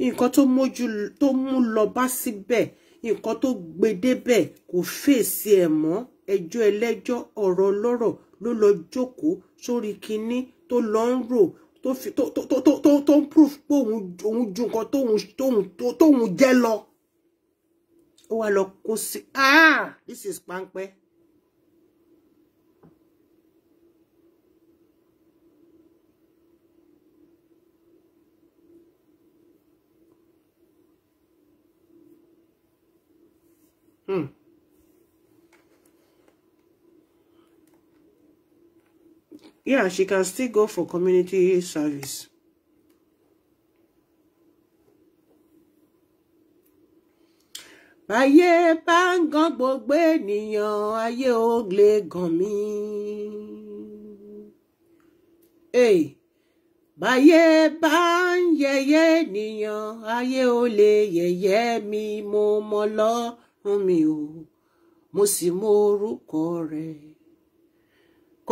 nǹkan tó mójú tó mú lọ bá síbẹ̀ nǹkan tó gbedébẹ̀ kò fèsì ẹ̀ mọ́ ẹjọ́ ẹlẹ́jọ́ ọ̀rọ̀ ọlọ́rọ̀ ló lọ jókòó sórí kinní tó lọ ń rò tó ń proof pé òun ju nǹkan tóun jẹ́ lọ ó wá lọ kó sí ah this is páńpẹ́. Hmm. yeah she can still go for community service ayé bá ń gan gbogbo ènìyàn ayé ó lè gàn mí. báyé bá ń yẹ̀yẹ́ ènìyàn ayé ó lè yẹ̀yẹ́ mi mo mi o mo sì mọ orúkọ rẹ̀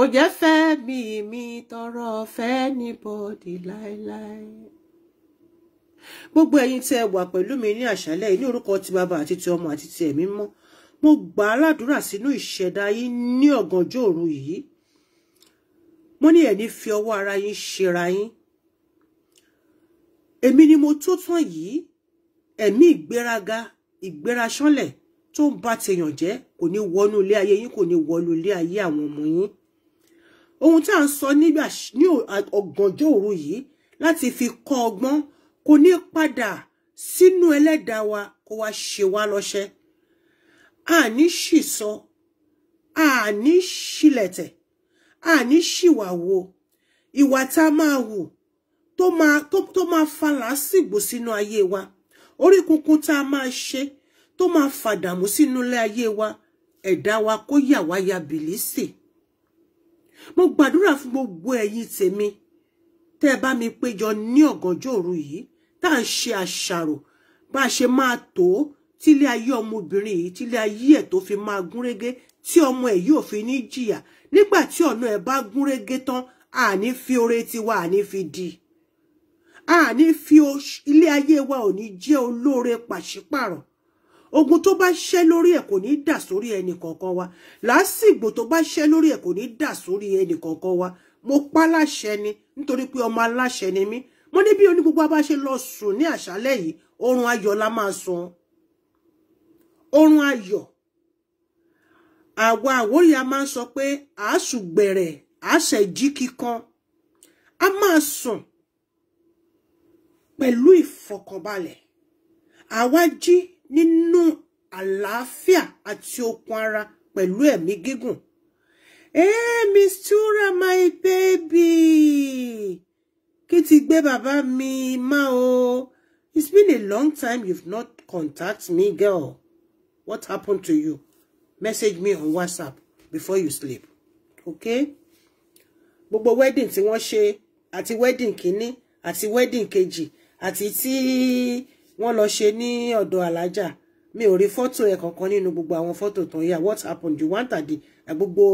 kò jẹ́ fẹ́mi mi tọrọ fẹ́nibọ́dì láéláé gbogbo ẹ̀yin tí ẹ wà pẹ̀lú mi ní àṣálẹ́ ní orúkọ ti bàbá àti ti ọmọ àti ti ẹ̀mí mọ́ mo gbà á ládùúrà sínú ìṣẹ̀dá yín ní ọ̀gànjọ́ òru yìí mo ní ẹni fi ọwọ́ ara yín ṣera yín èmi ni mo tó tán yìí ẹ̀mí ìgbéraga ìgbéraṣánlẹ̀ tó ń ba tèèyàn jẹ́ kò ní wọnú ilé ayé yín kò ní wọnú ilé ayé àwọn ọmọ yín ohun tá à ń sọ nígbà ní ọ̀gànjọ́ òru yìí láti fi kọ́ ọgbọ́n kò ní padà sínú ẹlẹ́dàá wa kó wá ṣe wá lọ́ṣẹ́ àní ṣì sọ àní ṣìlẹ̀tẹ̀ àní ṣìwàwo ìwà tá a máa hù tó máa tó máa fa làásìgbò sínú ayé wa orí kunkun tá a máa ṣe tó máa fàdàmú sínú ilé ayé wa ẹ̀dá wa kó yà wá ya bìlísì mo gbàdúrà fún gbogbo ẹ̀yin tèmi tẹ́ ẹ bá mi péjọ ní ọ̀gànjọ́ òru yìí tá à ń ṣe àṣàrò bá a ṣe máa tó tílé ayé ọmọbìnrin yìí tílé ayé ẹ̀ tó fi máa gúnrégé tí ọmọ ẹ̀ yóò fi ní jìyà nígbà tí ọ̀nà ẹ̀ bá gúnrégé tán àní fi oore tiwa àní fi di àní fi ilé ayé wa ò ní jẹ́ olóore ogun tó bá ṣẹ́ lórí ẹ̀ kò ní dà sórí ẹnì kọ̀ọ̀kan wa làásìgbò tó bá ṣẹ́ lórí ẹ̀ kò ní dà sórí ẹnì kọ̀ọ̀kan wa mo pa láṣẹ ni nítorí pé ọmọ aláṣẹ ni mí mo ní bí oní gbogbo bá ṣe lọ sùn ní àṣálẹ́ yìí oorun ayọ̀ la máa sùn oorun ayọ̀ àwa àwòrì a máa ń sọ pé àásùgbẹ̀rẹ̀ àṣẹjí kíkan a máa sùn pẹ̀lú ìfọ̀kànbalẹ̀ àwa jí nínú àlàáfíà àti okun ara pẹ̀lú ẹ̀mí gígùn. Hey, Mistura my baby! Kí ti gbé bàbá mi má o? It's been a long time you've not contact me, girl. What happened to you? Message me on WhatsApp before you sleep. Okay? Gbogbo wedding tí wọ́n ṣe àti wedding kìíní àti wedding kejì àti tí. Tí wọ́n lọ ṣe ní ọ̀dọ̀ alájà mi ò rí fọ́tò ẹ̀ kankan nínú gbogbo àwọn fọ́tò tó yà what happened you want àdé gbogbo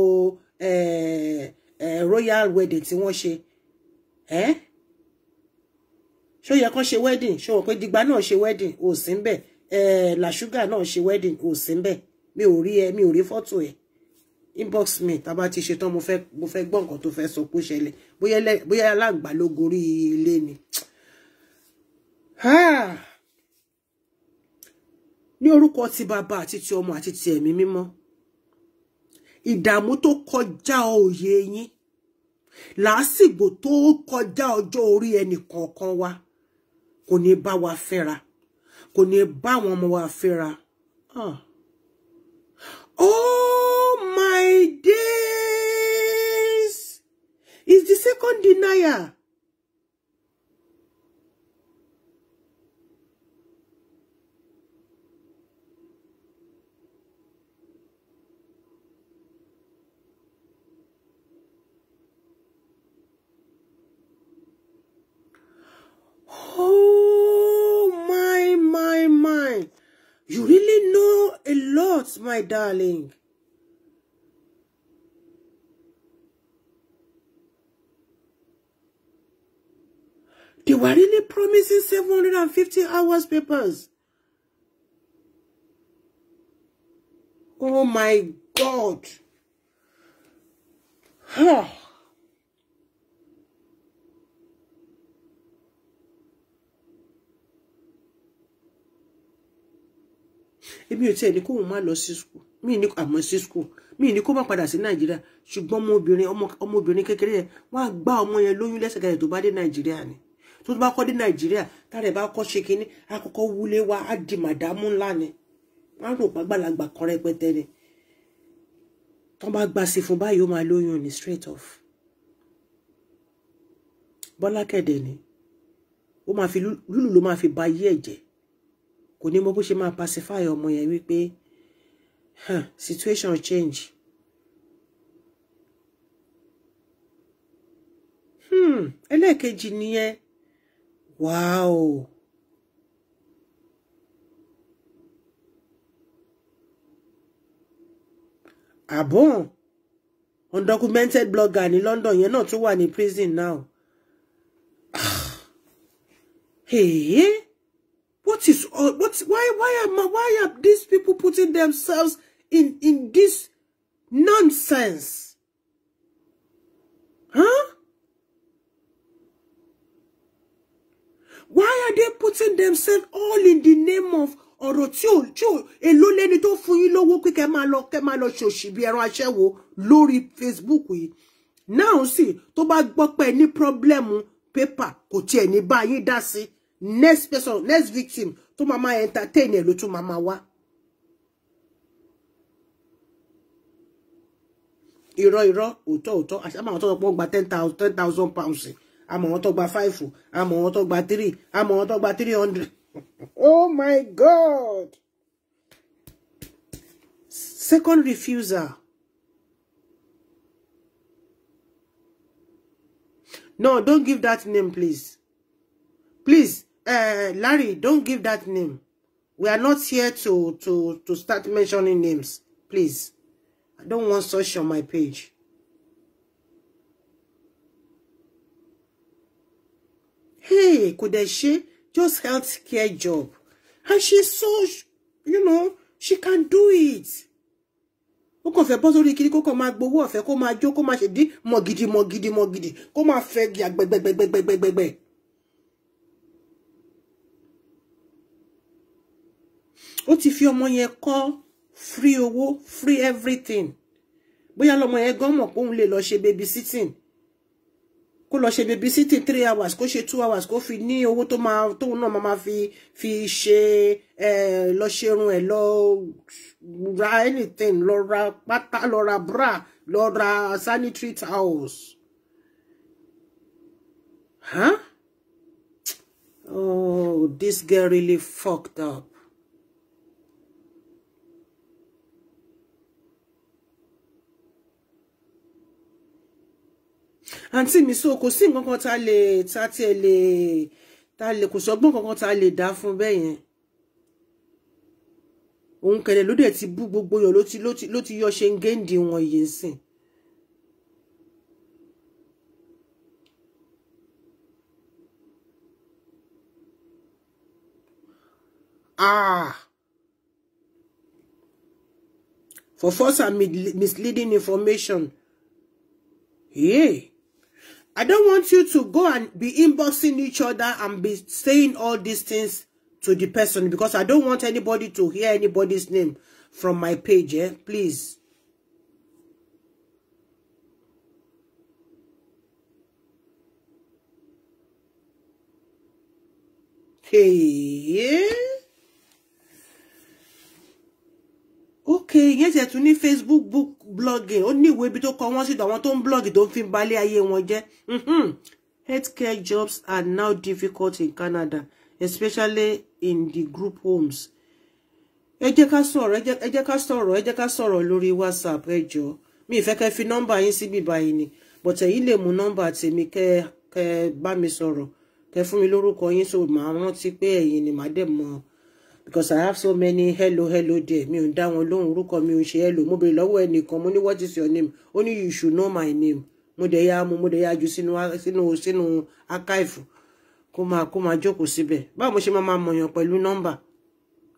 eh, eh, royal wedding tí wọ́n ṣe eh? ṣó yẹ kán ṣe wedding ṣó wọ́n pé dìgbà náà ṣe wedding ò sí ń bẹ̀ làṣúgà náà ṣe wedding ò sí ń bẹ̀ mi ò rí ẹ mi ò rí fọ́tò ẹ̀ inbox mi tàbá ti ṣetán mo fẹ́ mo fẹ́ gbọ́ nǹkan tó fẹ́ sọ pé ṣẹlẹ̀ bóyá alágbà ilé ni. Ah ní orúkọ ti bàbá àti ti ọmọ àti ti ẹ̀mí mímọ́ ìdààmú tó kọjá òye yín làásìgbò tó kọjá ọjọ́ orí ẹnì kọ̀ọ̀kan wa kò ní bá wa fẹ́ra kò ní bá àwọn ọmọ wa fẹ́ra ah. oh my days is the second denier. Oh, my, my, my. You really know a lot, my darling. They were really promising 750 hours papers. Oh my God. Huh. èmi ò tiẹ̀ ní kó òun má lọ sí skul mi ní àmọ́ sí skul mi ní kó má padà sí nàìjíríà ṣùgbọ́n ọmọbìnrin ọmọbìnrin kékeré yẹn wọ́n á gbá ọmọ yẹn lóyún lẹ́sẹ̀kẹsẹ̀ tó bá dé nàìjíríà ni tó bá kọ́ dé nàìjíríà tára ẹ̀ bá kọ́ ṣe kínní akọ́kọ́ wúlé wa á di màdámù ni wọ́n á rò pàgbàlagbà kan rẹpẹtẹ ni tó bá gba sí fún báyìí ó máa lóyún ni straight off bọ́lá kẹ̀dẹ̀ ni ó máa fi lúlù ló máa fi ba ayé ẹ̀ jẹ́ kò ní mọ bó ṣe máa pacify ọmọ yẹn wípé situation change. Hmm, ẹlẹ́ẹ̀kejì nìyẹn wow. àbọ̀n undocumented blogger ní London yẹn náà tún wà ní prison now. Ah. Hey. What is all? Uh, what? Why? Why am? Why are these people putting themselves in in this nonsense? Huh? Why are they putting themselves all in the name of ọ̀rọ̀ tí ò tí ò èló lẹ́ni tó fún yín lówó pé kẹ́ máa lọ kẹ́ máa lọ ṣòṣì bí ẹran aṣẹ́wó lórí Facebook yìí náà sì tó bá gbọ́ pé ní pírọ́blẹ́mù pépà kò tiẹ̀ ní bá dá sí i next person next victim To mama entertain ẹ̀ ló mama wa. máa wá. irọ́ irọ́ I'm on top of tó ten thousand pounds I'm on top of five I'm on top of three I'm on top of three hundred. oh my god second refuser. No, don't give that name, please. Please, uh, Larry, don't give that name. We are not here to, to, to start mentioning names. Please. I don't want such on my page. Hey, could I she just healthcare job? And she's so, you know, she can do it. ó kàn fẹ́ bọ́ sórí kiri kó kàn máa gbowó ọ̀fẹ́ kó máa jó kó máa ṣèdí mọ̀gidi mọ̀gidi mọ̀gidi kó máa fẹ́ gbẹ̀gbẹ̀gbẹ̀gbẹ̀gbẹ̀gbẹ̀. ó ti fi ọmọ yẹn kọ́ free owó free everything bóyá lọmọ yẹn gan mọ̀ pé òun lè lọ ṣe baby sitting kó lọ ṣe baby sitting three hours kó ṣe two hours kó fi ní owó tó máa tóun náà máa fi fi ṣe ẹ lọ ṣerun ẹ lọ ra anything lọ ra pátá lọ ra bra lọ ra sanitary towels. Huh? Oh, this girl really fucked up. àǹtí mi so kò sí nǹkan kan tá lè tá tiẹ̀ lè tá lè kò sọ́gbọ́n kankan tá lè dá fún bẹ́ẹ̀ yẹn òun kẹ̀lẹ̀ ló dẹ̀ ti bú gbogbo yàn ló ti yọ ṣe ń géǹdì wọn yìí sìn Ah. For false and misleading information. Yeah. I don't want you to go and be inboxing each other and be saying all these things to the person because I don't want anybody to hear anybody's name from my page, eh? Please. Hey, yeah. okay ìyẹn tiẹ̀ tún ní facebook book blogging ó ní ìwé ibi tó kọ wọ́n sí àwọn tó ń blog tó ń fi balẹ̀ ayé wọn jẹ́ mm-hmm. healthcare jobs are now difficult in Canada especially in the group homes ẹ jẹ́ ká sọ̀rọ̀ ẹ jẹ́ ká sọ̀rọ̀ ẹ jẹ́ ká sọ̀rọ̀ lórí whatsapp ẹ jọ mi ìfẹ́ kẹ́ fi nọ́mbà yín síbi báyìí ni but ẹ̀yin lè mú nọ́mbà tèmi kẹ́ kẹ́ bá mi sọ̀rọ̀ kẹ́ fún mi lórúkọ yín so màá rántí pé ẹ̀yin ni màá dẹ̀ mọ́ ọ because I have so many hello hello there mi ò dá wọn lóhùn orúkọ mi ò ṣe hello mo bèrè lọ́wọ́ ẹnìkan mo ní what is your name Only you should know my name mo dẹ̀ yá mu mo dẹ̀ yá ju sínú sínú sínú archive kó máa kó máa jókòó síbẹ̀ báwo mo ṣe máa máa mọ̀yàn pẹ̀lú nọ́mbà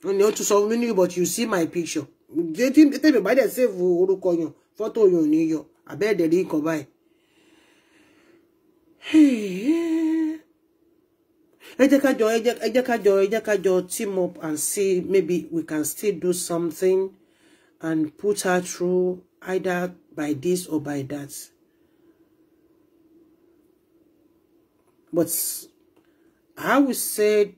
ó ní ó tún sọ mí ní but you see my picture tèmi bá dẹ̀ save orúkọ yàn fọ́tò yàn ò ní yọ àbẹ́ẹ̀dẹ̀ rí nǹkan báyìí ẹ jẹ́ ká jọ ẹ jẹ́ ká team up and see maybe we can still do something and put her through either by this or by that but I would say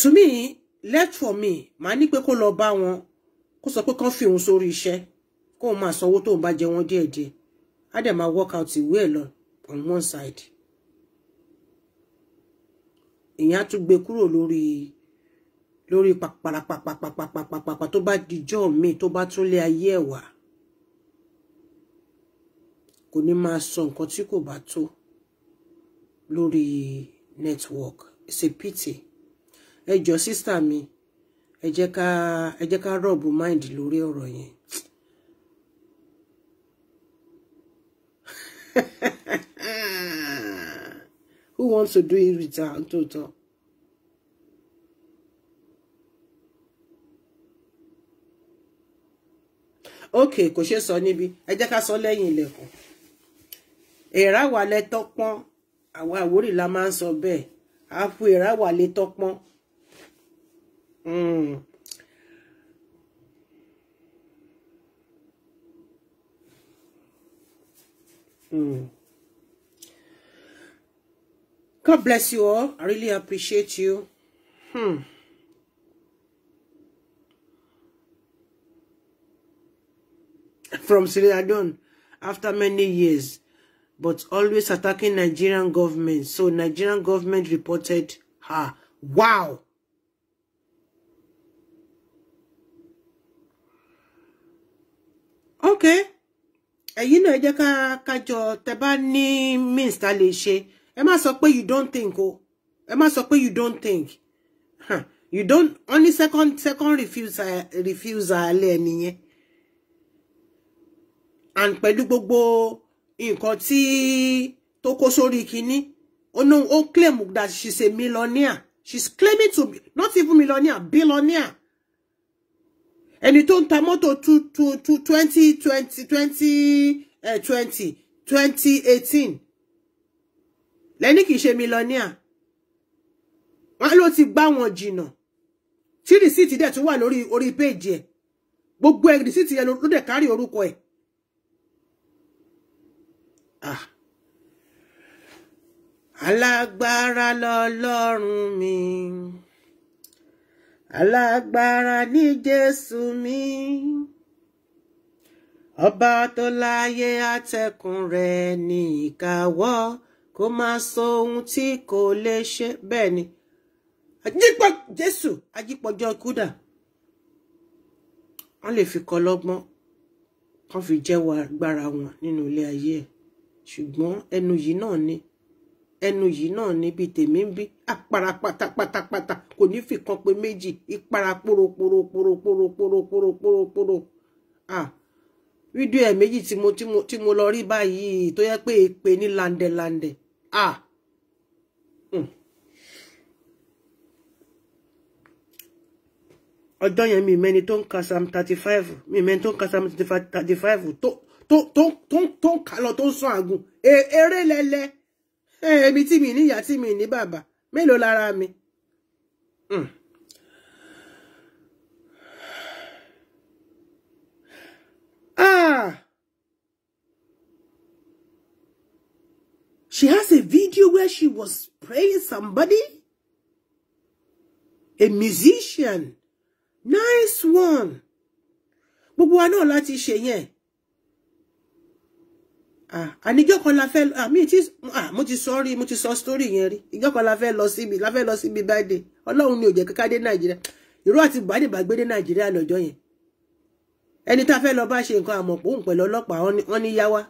to me left for me màá ní pé kó lọ bá wọn kó sọ pé kán fi òun sórí iṣẹ́ kóun máa sanwó tóun bá jẹ wọn díẹ̀díẹ̀ á dẹ̀ máa work out ìwé ẹ̀ lọ on one side In ìyẹn á tún gbé kúrò lórí lórí pàpàràpàpàpàpàpàpà tó bá dijọ́ mi tó bá tún lé ayé ẹ̀ wá kò ní máa sọ nǹkan tí kò bá tó Lori network It's a pity ẹ your sister me. ẹ jẹ́ ká ẹ jẹ́ mind lori ọ̀rọ̀ yẹn wants to do it with her tóòtọ́. ok kò ṣe sọ níbi ẹ jẹ́ ká sọ lẹ́yìn ilẹ̀kùn èèrà wà lẹ tọ́pọ́n àwọn àwórì la máa ń sọ bẹ́ẹ̀ àfu èèrà wà lẹ tọ́pọ́n. Mm. God bless you all. I really appreciate you. Hmm. From Sierra Leone, after many years, but always attacking Nigerian government. So Nigerian government reported her. Wow. Okay. Ẹ̀yin náà jẹ́ ká kájọ tẹ́ bá ní means ẹ má sọ pé you don't think o ẹ má sọ pé you don't think you don't only second second refuser refuser alẹ́ ẹ nìyẹn and pẹ̀lú gbogbo nǹkan tí tó kó sórí kínní ó no ó claim that she's a millionaire she's claiming to be not even millionaire billionaire ẹni tó ń ta mọ́tò two two two twenty twenty twenty eh, twenty twenty eighteen lẹ́ni kìí ṣe mílíọ̀nìà wọ́n ló ti gbá wọn jìnà tí rìsíìtì dẹ̀ tún wà lórí orí péèjì ẹ̀ gbogbo ẹ̀ rìsíìtì yẹn ló dẹ̀ kárí orúkọ ẹ̀. Ah. alágbára lọlọ́run mi alágbára ní Jésù mi ọba tó láyé àtẹ̀kùn rẹ̀ ní ìkáwọ́ kó máa sọ ohun tí kò lè ṣe bẹ́ẹ̀ ni ajípọ̀ jésù ajípọ̀jọ́ kúdà wọ́n lè fi kọ́ lọ́gbọ́n kán fi jẹ́wọ́ agbára wọn nínú ilé ayé ẹ̀ ṣùgbọ́n ẹnu yìí náà ni ẹnu yìí náà ni bíi tèmi ń bí àpárá pátápátápátá kò ní fi kan pé méjì ìpara pòròpòròpòròpòròpòròpòròpòrò ah fídíò ẹ̀ méjì tí mo tí mo lọ rí báyìí tó yẹ pé èpè ní làǹdẹ̀làǹdẹ̀ ah hmm. ọjọ́ yẹn mi mẹ́ni tó ń ka psalm thirty five mi mẹ́ni ton ń ka psalm thirty five Ton, tó tó tó ń kà lọ tó ń sọ àgùn e, eré lẹlẹ ẹbí tí mi níyà tí mi ní bàbá mélòó lára mi. Hmm. ah She has a video where she was praying somebody, a musician. Nice one. Gbogbo wa náà láti ṣe yẹn. Ah, àníjọ́ kan la fẹ́ ah mi ti ah mo ti sọ rí mo ti sọ story yẹn rí. Ìjọ́ kan la fẹ́ lọ síbi la fẹ́ lọ síbi birthday. Ọlọ́run ni ò jẹ́ kíká dé Nàìjíríà. Ìró àti bàdé bàgbé dé Nàìjíríà lọ́jọ́ yẹn. Ẹni tá a fẹ́ lọ bá ṣe nǹkan àmọ̀pọ̀ òun pẹ̀lú ọlọ́pàá wọn ní yá wa.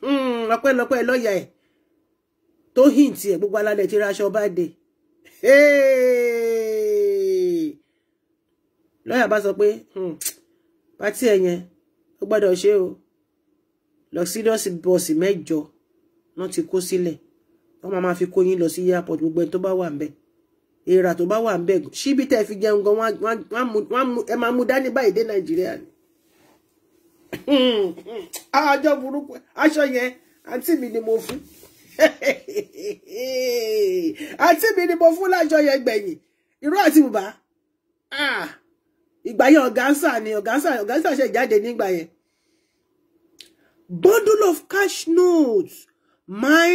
Hmm, ọpẹ́lọpẹ́ lọ́ọ̀yà ẹ̀. To hint ẹ̀ gbogbo alálẹ̀ ti ba de. Hey, lọ́yà bá sọ pé Hmm. ẹ̀ yẹn ó gbọ́dọ̀ ṣe o luxurious bọ́ọ̀sì mẹ́jọ náà ti kó sílẹ̀ wọ́n ma fi kó yín lọ sí airport gbogbo ẹni tó bá wà ńbẹ̀ èèrà tó bá wa ńbẹ̀ síbi tẹ́ fi jẹun gan ẹ máa mú dání báyìí dé nàìjíríà ni àjọ hmm, hmm, hmm. burúkú aṣọ yẹn àǹtí mi ni mo fún àti mi ni mo fún lájọ yẹn gbẹ̀yìn irú àti bùbá ah, ìgbà yẹn ọ̀gánsà ni ọ̀gánsà ọ̀gánsà ṣe jáde nígbà yẹn bundle of cash notes my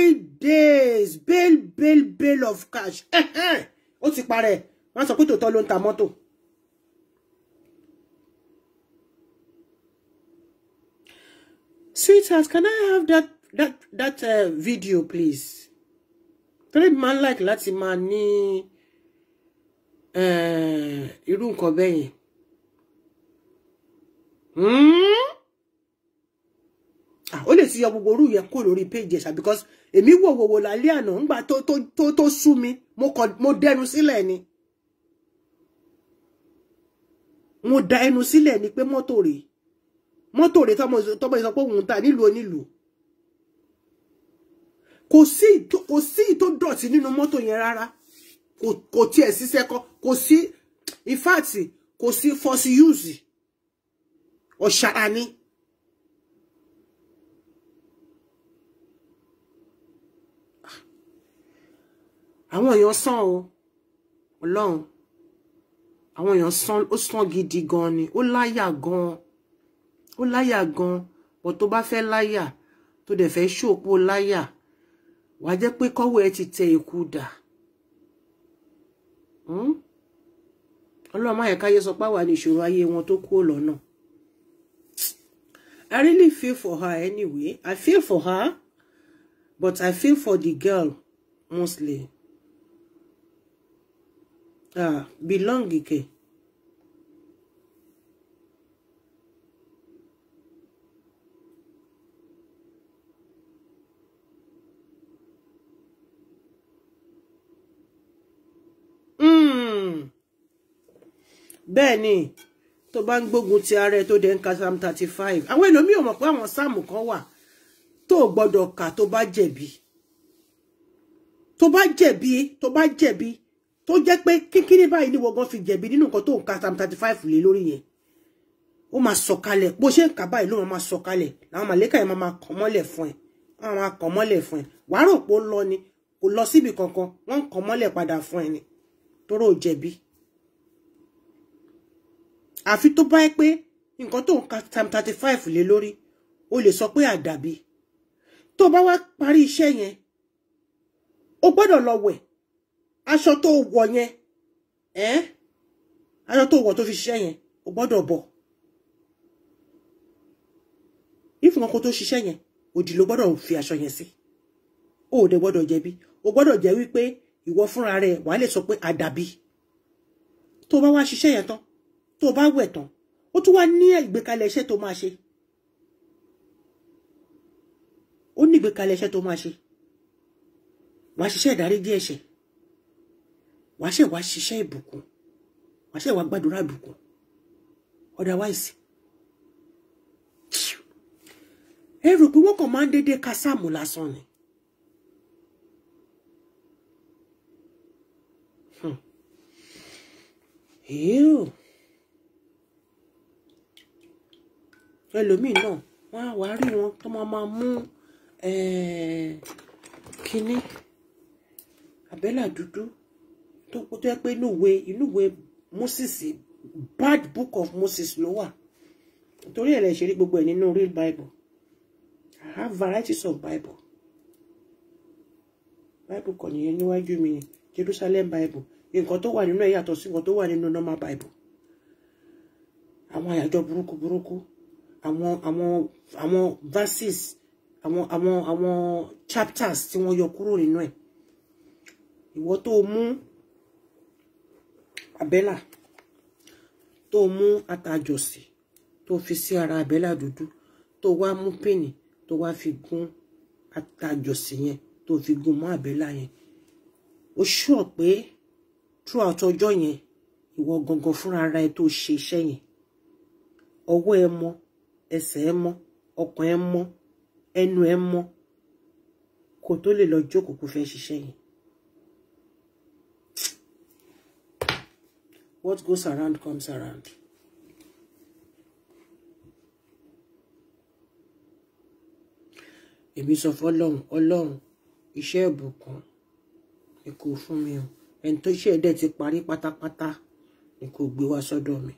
days bail bail bail of cash eh, eh. ó ti parẹ́ wọ́n sọ pé tòótọ́ ló ń ta mọ́tò. Sweetheart, can I have that that that uh, video please torí máa ń like láti máa ní uh, irú nǹkan bẹ́ẹ̀ yẹn hmm? ah, ó lè ti yọ gbogbo orú yẹn kó lórí page ẹ̀ṣà because wo wò wòwò lálẹ́ àná ńgbà to to to tó sú mi mo dẹnu sílẹ̀ ni mo da ẹnu sílẹ̀ ni pé mọ́tò rèé mọ́tò rèé tọ́mọ ìsọpọ̀ òun ta nílùú onílùú kò sí kò sí tó dọ̀tí nínú mọ́tò yẹn rárá kò tiẹ̀ ṣiṣẹ́ kọ́ kò sí in fact kò sí force use ọ̀ṣàrà ni. àwọn èèyàn sàn o ọlọ́run àwọn èèyàn sàn ó sàn gidi gan ni ó láyà gan ó láyà gan bọ̀ tó bá fẹ́ láyà tó dẹ̀ fẹ́ ṣòpó láyà wàá jẹ́ pé kọ́wọ́ ẹ ti tẹ ikú dà hmm? ọlọ́run máyẹ̀ káyé sọ páwà ní ìṣòro ayé wọn tó kú lọ́nà I really feel for her anyway I feel for her but I feel for the girl mostly ah belong ike. Okay. bẹ́ẹ̀ ni tó bá ń gbógun ti ara ẹ tó dẹ̀ ń ka psalm thirty five àwọn ẹlòmíì ò mọ̀ pé àwọn sáàmù kan wà tó o gbọ́dọ̀ kà tó bá jẹ̀bi tó bá jẹ̀bi tó bá jẹ̀bi tó jẹ́ pé kíkíní báyìí ni wọ́n gan fi jẹ̀bi nínú nǹkan tó ń ka psalm thirty five lé lórí yẹn ó máa sọ̀kalẹ̀ bó ṣe ń kà báyìí ló máa sọ̀kalẹ̀ làwọn màlẹ́kà yẹn máa kàn mọ́lẹ̀ fún ẹ wọ́n máa kàn mọ́lẹ̀ fún ẹ wàá rò pé lọ ni kò lọ síbi kankan wọ́n ń kàn mọ́lẹ̀ padà fún ẹ ni toró jẹ̀bi àfi tó bá yẹ pé nǹkan tó ń ka time thirty five lé lórí o lè sọ pé àdàbí tó bá wá parí iṣẹ́ yẹn o gbọ́dọ̀ lọ wẹ̀ aṣọ tó wọ̀ yẹn ẹ́ aṣọ tó wọ̀ tó fi ṣiṣẹ́ yẹn o gbọ́dọ̀ bọ̀ ìfúnkan kó tó ṣiṣẹ́ yẹn òdì ló gbọ́dọ̀ fi aṣọ yẹn sí o ò dẹ̀ gbọ́dọ̀ jẹ̀bi o gbọ́dọ̀ jẹ́ wípé ìwọ fúnra rẹ̀ wàá lè sọ pé àdàbí tó bá wá ṣiṣẹ́ yẹn tán tó bá wẹ̀ tán ó tún wá ní ìgbékalẹ̀ iṣẹ́ tó máa ṣe ó ní ìgbékalẹ̀ iṣẹ́ tó máa ṣe wàá ṣiṣẹ́ ìdáríjì ẹ̀ṣẹ̀ wàá ṣe wàá ṣiṣẹ́ ìbùkún wàá ṣe wàá gbàdúrà ìbùkún otherwise ẹ pé wọ́n kàn máa ń dédé ka sáàmù lásán ni. Hmm. Ew. ẹlòmíì náà wọ́n á wá rí wọn tó máa máa mú kínní àbẹ́là dúdú tó tó yẹ pé inú ìwé inú ìwé Moses bad book of Moses ló wà torí ẹ̀ lẹ̀ ṣe rí gbogbo ẹ̀ nínú real Bible I have varieties of Bible Bible kọ̀ nìyẹn níwájú mi ni Jerusalem Bible nǹkan tó wà nínú ẹ̀ yàtọ̀ sí nǹkan tó wà nínú normal Bible àwọn àyájọ́ burúkú burúkú àwọn àwọn àwọn verses àwọn àwọn àwọn chapters tí wọ́n yọ kúrò nínú ẹ̀ ìwọ tó mú àbẹ́là tó mú atajọsí tó fi sí ara àbẹ́là dúdú tó wá mú pínì tó wá fi gún atajọsí yẹn tó fi gún mọ́ àbẹ́là yẹn ó ṣúọ̀ pé throughout ọjọ́ yẹn ìwọ gangan fúnra ara ẹ tó ṣe iṣẹ́ yẹn ọwọ́ ẹ mọ ẹsẹ̀ ẹ mọ́ ọkàn ẹ mọ́ ẹnu ẹ mọ́ kò tó lè lọ jókòó kó fẹ́ ṣiṣẹ́ yẹn. What goes around comes around. èmi sọ fún Ọlọ́run Ọlọ́run iṣẹ́ ìbùkún ni kò fún mi o ẹni tó ṣe é dẹ̀ ti parí pátápátá ni kò gbé wá sọ́dọ̀ mi.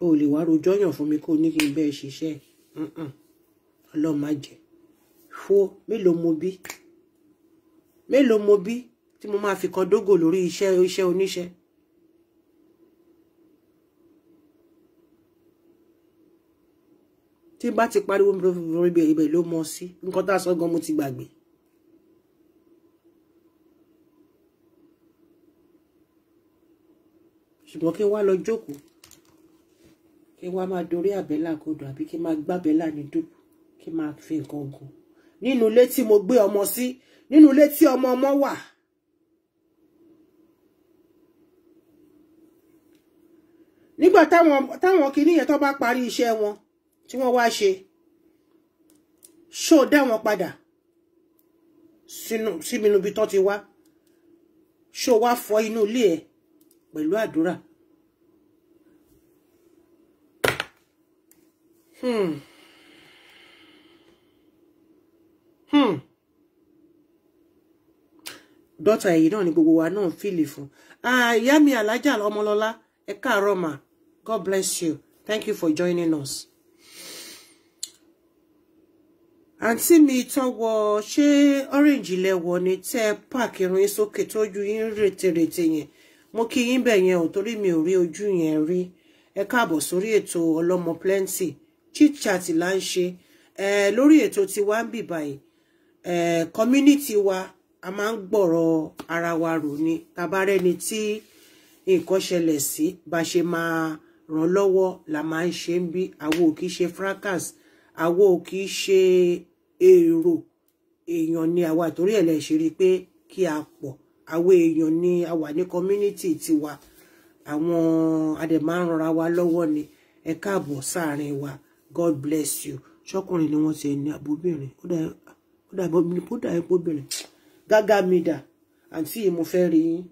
o lè wá rojọ́ yàn fún mi kó ní kí n bẹ́ẹ̀ ṣiṣẹ́ ọlọ́run má jẹ́ fún mélòó mo bí mélòó mo bí tí mo máa fi kan dógò lórí iṣẹ́ iṣẹ́ oníṣẹ́. tí bá ti pariwo ibẹ̀ ibẹ̀ ló mọ sí nǹkan tá a sọ gan mo ti gbàgbé. ṣùgbọ́n kí n wá lọ jókòó kí n wá máa dorí àbẹ́là kodò àbí kí n máa gbábẹ́là ní dùbù kí n máa fi nǹkan gùn nínú ilé tí mo gbé ọmọ sí nínú ilé tí ọmọ ọmọ wà. nígbà táwọn táwọn kinní yẹn tó bá parí iṣẹ́ wọn tí wọ́n wá ṣe ṣó dá wọn padà sínú ibi tó ti wá ṣó wá fọ inú ilé ẹ pẹ̀lú àdúrà. Hmm. Hmm. dọ́tà èyí náà ni gbogbo wa náà fìlì fún ah, ìyá mi alájà ọmọlọ́lá ẹ káàárọ̀ mà God bless you thank you for joining us. àǹtí mi tọwọ ṣé orange ilẹ̀ wọ̀ ni tẹ́ ẹ páàkì irun yín sókè tójú yín rètèrètè yẹn mo kí yín bẹ̀ yẹn ò torí mi ò rí ojú yẹn rí ẹ káàbọ̀ sórí ètò ọlọ́mọ plenty chitchat là ń ṣe lórí ètò tiwa ń bì báyìí community wa a máa ń gbọ̀rọ̀ ara wa rò ni tabarẹ́ni tí nǹkan ṣẹlẹ̀ sí bá ṣe máa ràn lọ́wọ́ la máa ń ṣe ń bí àwo kì í fracas àwo kì í ṣe èrò èèyàn ni àwa torí ẹ̀ lè ṣe rí i pé kí a pọ̀ àwọn èèyàn ni community wà wa community tiwa àwọn adẹ̀márànra wa lọ́wọ́ ni ẹ káàbọ̀ sáàrin wa. God bless you ṣọkùnrin ni wọ́n ti ẹni àbóbìnrin ó dà ó dà ẹ́ bóbìnrin gágá mi dà àǹtí yìí mo fẹ́ rí yín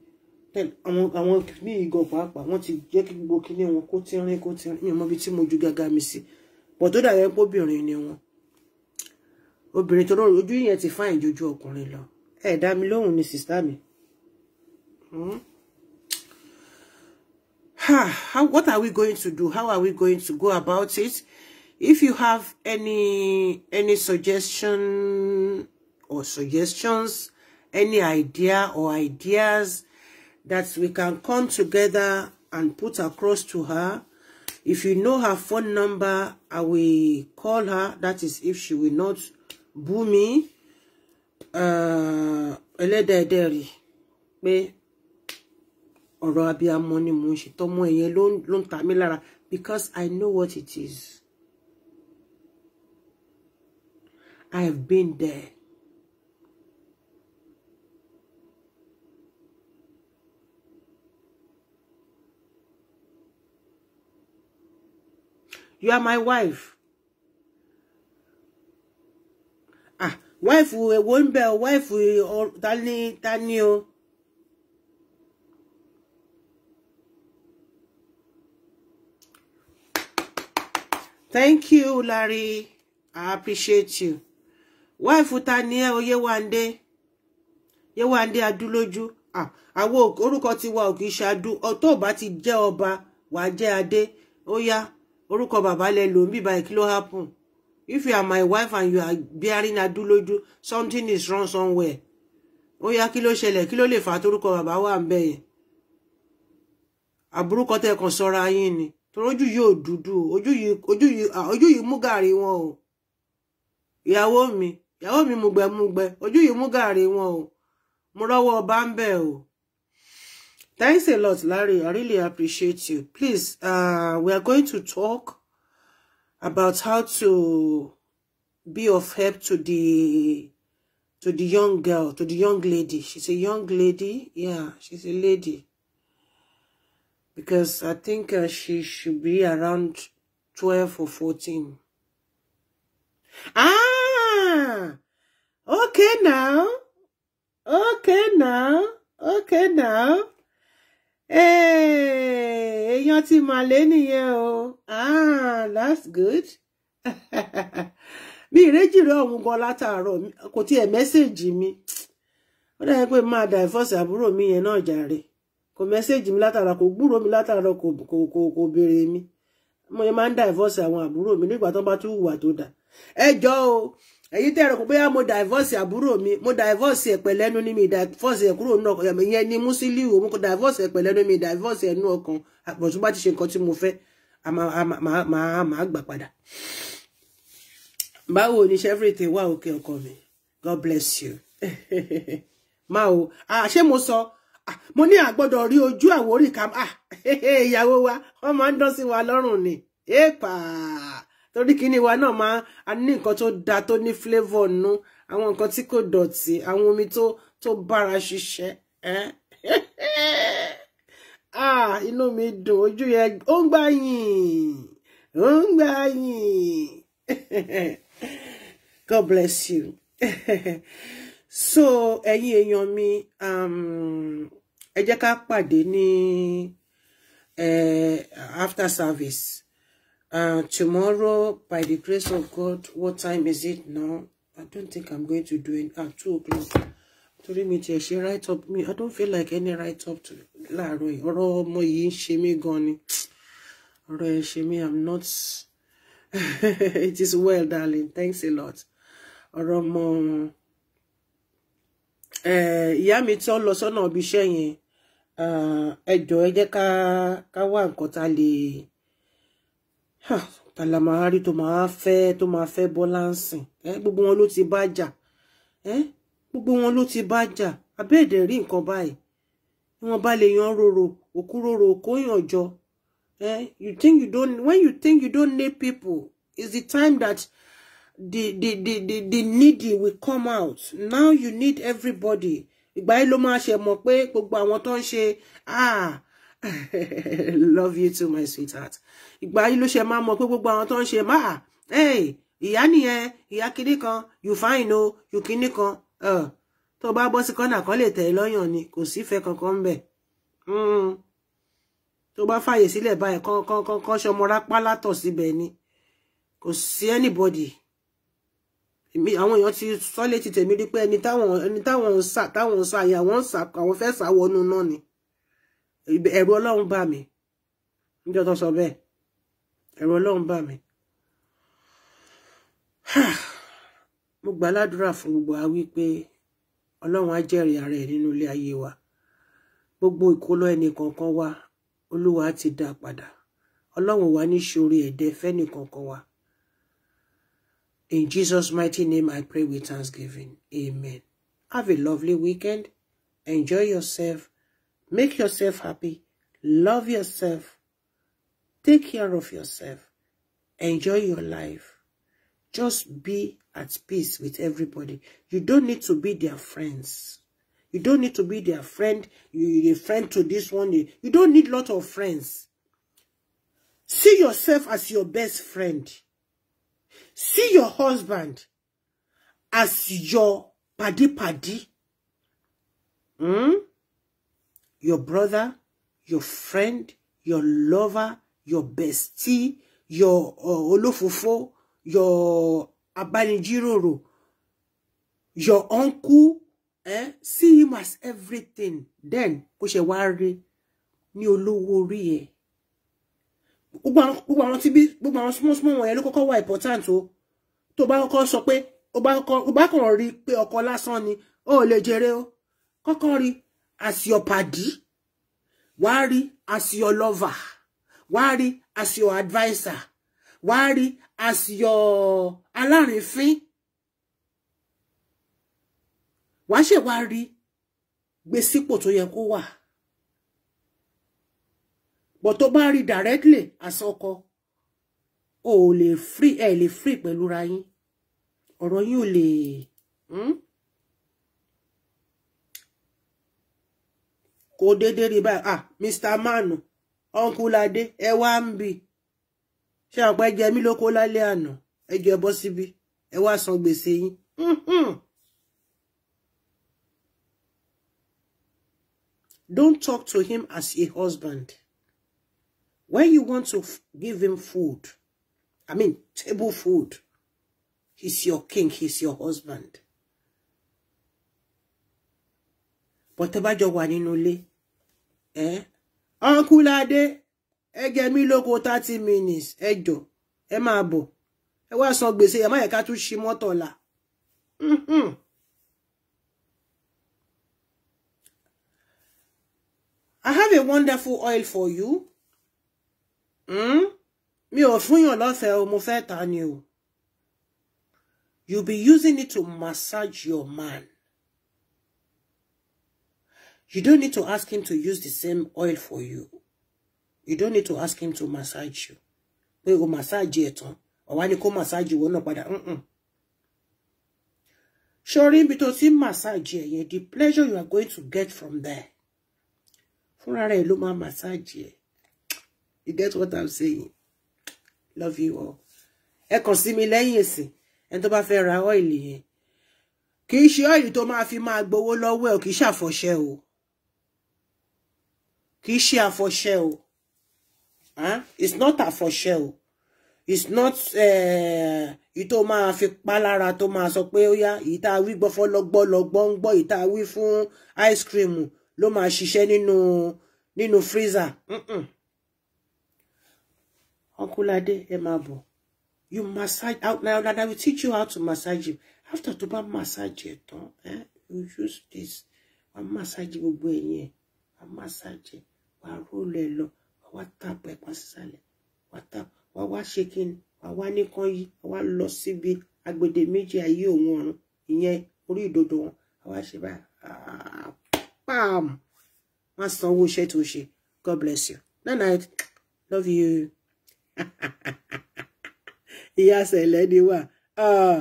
àwọn àwọn ní ìgò pàápàá wọ́n ti jẹ́ kí gbogbo kíní wọn kó ti rin kó ti rin ìyẹn mọ́bi tí mo ju gágá mi sí bọ̀ tó dà ẹ́ bóbìnrin ni wọ́n obìnrin tó lórí ojú yẹn ti fáìn jojú ọkùnrin lọ ẹ dá mi lóhùn ni sìstá mi. Hmm? Ha, how, what are we going to do? How are we going to go about it? if you have any any suggestion or suggestions any idea or ideas that we can come together and put across to her if you know her phone number i will call her that is if she will not boo me uh ẹlẹ́dẹ̀ẹ́dẹ̀rì pé ọ̀rọ̀ abiyamọ ni mo ń ṣe tọ́mọ ẹ̀yẹn ló ń ta mí lára because i know what it is I have been there. You are my wife. Ah, wife wo ń bẹ wife We tani tani o. Thank you, Larry. I appreciate you wáìfù ta ni ẹ o Yéwándé Yéwándé adúlójú àwọn orúkọ tiwa ò kì í ṣáájú ọtọ bá ti jẹ́ ọba wà á jẹ́ adé ó yá orúkọ bàbá lẹ lò ń bíbá kí ló happen if you are my wife and you are bearing adúlójú something is wrong somewhere ó yá kí ló ṣẹlẹ̀ kí ló lè fà á torúkọ bàbá wà ń bẹ yẹn àbúrúkọ tẹ kàn sọra yín ni torójú yóò dúdú ojú yìí ojú yìí ojú yìí mú gàrí wọn o ìyàwó mi ìyàwó mi mugbẹmugbẹ ojú yìí mú wọn o mo rọ́wọ́ ọba ń bẹ o thanks a lot Larry I really appreciate you please uh, we are going to talk about how to be of help to the to the young girl to the young lady she's a young lady yeah she's a lady because I think uh, she should be around twelve or fourteen ah ah okay now okay now okay now èèyàn ti ma le nìyẹn o ah that's good mi ìrẹ́jì rẹ̀ ọ̀hún gan látàárọ̀ kò tiẹ̀ mẹ́sẹ̀jì mi ó pé mi yẹn náà jàre kò mẹ́sẹ̀jì mi látàárọ̀ kò mi látàárọ̀ ko kò kò mi mo ma divorce awon aburo mi nígbà tó bá tún hùwà tó dà èyí tẹ̀rọ kò bóyá mo divorce àbúrò mi mo divorce ẹ̀pẹ̀ lẹ́nu ní mi divorce ẹ̀ kúrò nínú ọkàn ìyẹn ni Musiliu mo kò divorce ẹ̀pẹ̀ lẹ́nu mi divorce ẹ̀nu ọkàn àpọ̀tún bá ti ṣe nǹkan tí mo fẹ́ màá gbà padà. báwo ni everything wà òkè ọkọ mi God bless you máa o àṣé mo sọ mo ní àgbọ́dọ̀ rí ojú àwórì ká ìyàwó wa wọ́n máa ń dán sí wa lọ́rùn ni. Epa! torí kíní wa náà máa a ní nǹkan tó da tó ní flavour nú àwọn nǹkan tí kò dọ̀tí àwọn omi tó tó bára ṣiṣẹ́ ah, inú mi dùn ojú yẹn ó ń gbá yìn ó ń gbá yìn God bless you so ẹ̀yin èèyàn mi um, ẹ jẹ́ ká pàdé ní eh, after service. Uh, tomorrow, by the grace of God, what time is it now? I don't think I'm going to do it at ah, 2 o'clock. Torí mi she write up me. I don't feel like any write up to láàárọ̀ yìí. Ọ̀rọ̀ ọmọ yìí ń ṣe mí I'm not. It is well, darling. Thanks a lot. Ọ̀rọ̀ ọmọ eh, ìyá mi tí ó lọ sọ́nà ibi iṣẹ́ yẹn. Uh, ẹ jọ̀ọ́ ẹ jẹ́ ká wá nǹkan tàlà máa rí tó máa fẹ́ tó máa fẹ́ bọ́lá ń sìn gbogbo wọn ló ti bá jà gbogbo wọn ló ti bá jà abẹ́ẹ̀dẹ̀ rí nǹkan báyìí wọn bá lè yan roro òkú roro òkó you think you don't when you think you don't need people is the time that the the the the, needy will come out now you need everybody ìgbà yìí ló máa ṣe mọ̀ gbogbo àwọn tó ń ah love you too my sweetheart ìgbà yìí ló ṣe máa mọ pé gbogbo àwọn tó ń ṣe máa ìyá nìyẹn ìyá kinní kan you fine no? you kinní kan tó bá bọ́ sí kọ́nà kan lè tẹ̀ ẹ́ lọ́yàn ni kò sífẹ́ kankan ń bẹ̀ hmm. tó bá fàyè sílẹ̀ báyìí kankan ṣọmọra pálátọ̀ síbẹ̀ ni kò sí anybody èmi àwọn èèyàn ti sọ létí tèmi rí pé ẹni táwọn ń sà táwọn ń sà àyà wọn ń sà àwọn fẹ́ sà wọnú ni ẹ̀rù Ọlọ́run bà mí níjọ́ tó sọ bẹ́ẹ̀ ẹ̀rù Ọlọ́run bà mí mo gbà ládùúrà fún gbogbo wa wípé Ọlọ́run á jẹ́rìí ara ẹ̀ nínú ilé ayé wa gbogbo ìkólọ ẹnì kọ̀ọ̀kan wa Olúwa ti dá padà Ọlọ́run wa ní ṣorí ẹ̀dẹ́ fẹ́nì kọ̀ọ̀kan wa in Jesus mighty name I pray with thanksgiving amen have a lovely weekend enjoy yourself. Make yourself happy. Love yourself. Take care of yourself. Enjoy your life. Just be at peace with everybody. You don't need to be their friends. You don't need to be their friend. You're a friend to this one. You don't need a lot of friends. See yourself as your best friend. See your husband as your paddy paddy. Hmm? your brother, your friend, your lover, your bestie, your uh, olófòófó, your abanijíròrò, your uncle, eh? see him as everything. Then, bó ṣe wá rí ní olówó orí ẹ̀. Gbogbo àwọn tí bí gbogbo àwọn small small wọ̀nyẹn ló kọ́kọ́ wà important o. Tó bá kọ́kọ́ sọ pé ó bá kàn rí pé ọkọ lásán ni, ó lè jèrè o. koko rí as your paddy, worry as your lover, worry as your advisor, worry as your alarm. Wàá ṣe wá worry? gbé sípò tó yẹ kó wà. Bọ̀ tó bá rí directly asoko. ọkọ, o ò free ẹ̀ lè free pẹ̀lú ra yín. Ọ̀rọ̀ yín ò lè. Hmm? kò dédé rí báyìí ah mr manu ọ̀nkúladé ẹ wá ń bì ṣé àpá ẹ jẹ mí lóko lálẹ́ àná ẹ jọ ẹ bọ́ síbi ẹ wá san gbèsè yín. Don't talk to him as a husband. When you want to give him food, I mean table food, he's your king, he's your husband. But tẹ́ bá jọ wà nínú ilé, ọ̀nkúládé eh? ẹ jẹ mí lóko thirty minutes ẹ jọ ẹ máa bọ̀ ẹ wá san gbèsè ẹ má yẹ ká tún ṣe mọ́tò la. Mm-hmm. I have a wonderful oil for you. Mm-hmm. Mi ò fún yàn lọ́fẹ̀ẹ́ o, mo fẹ́ ta ni o. You be using it to massage your man. You don't need to ask him to use the same oil for you. You don't need to ask him to massage you. We o massage ẹ̀ or ó wá ní massage you náà padà. Mm-mm. Sure, bí tó ti massage ẹ̀ the pleasure you are going to get from there. Fúnra rẹ̀ ló massage ẹ̀. You get what I'm saying? Love you all. Ẹ kàn sí mi lẹ́yìn ẹ̀sìn, ẹni tó bá fẹ́ ra ọ́ìlì yẹn. Kì í ṣe ọ́ìlì tó máa fi máa gbowó lọ́wọ́ ẹ̀ kì í ṣàfọ̀ṣẹ́ o kì í ṣe àfọ̀ṣẹ o it's not àfọ̀ṣẹ o it's not eh, èyí tó máa fi pa lára tó máa sọ pé ó yá èyí tá a wí gbọ́fọ́ lọ́gbọ́ lọ́gbọ́ ń gbọ́ èyí tá a wí fún ice cream ló máa ṣiṣẹ́ nínú freezer ọkùnládé ẹ máa bọ̀ you massage out now and I will teach you how to massage him after tó bá massage ẹ̀ eh, you use this wọ́n massage you ẹ̀yìn ẹ̀ wà massage ẹ̀ wà roll ẹ̀ lọ wà wá tap ẹ̀ pa sísàlẹ̀ wà tap wà wá ṣe kí ni wà wá nìkan yìí wà wá lọ síbi agbede méjì ayé òun ọ̀run ìyẹn orí ìdodo wọn wà wá ṣe báyìí ah, pam wọn san owó iṣẹ́ tó ṣe God bless you night night love you ìyá sẹ̀lẹ̀ ni wà ah,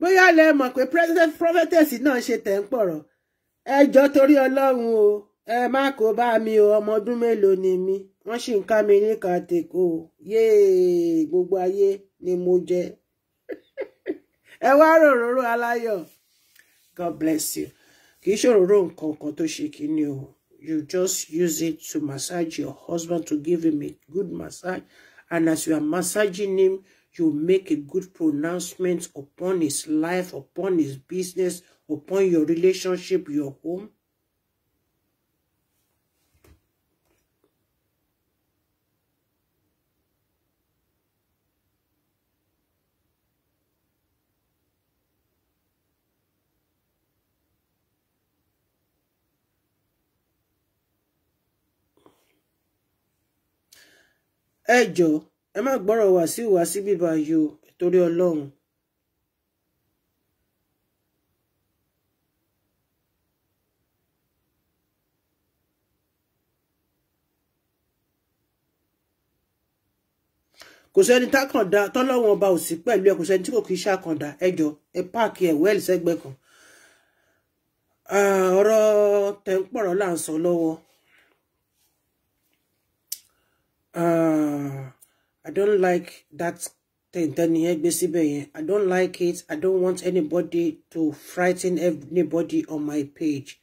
bóyá lẹ mọ̀ pé president prophetess náà ṣe tẹ̀ ń pọ̀rọ̀ ẹjọ́ torí ọlọ́run o ẹ má kó bá mi o ọmọ ọdún mélòó ni mi wọ́n sì ń ká mi níkan tèkó yéè gbogbo ayé ni mo jẹ ẹ wá ròróró aláyọ̀ God bless you kì í ṣòróró nǹkan tó ṣe kíní o you just use it to massage your husband to give him a good massage and as you are massaging him you make a good pronouncement upon his life upon his business upon your relationship your home ẹ jọ ẹ má gbọ́rọ̀ wá sí ìwà sí bíbá yo torí Ọlọ́run kò sẹ́ni tákàndá tọ́lọ́wọ́n ọba ò sí pẹ̀lú ẹ kò sẹ́ni tí kò kì í ṣàkàndá ẹjọ́ ẹ páàkì ẹ̀ wẹ́ẹ̀lì sẹ́gbẹ́ kan ọ̀rọ̀ tẹ̀ ń pọ̀rọ̀ là ń sọ lọ́wọ́ uh, I don't like that thing I don't like it. I don't want anybody to frighten anybody on my page.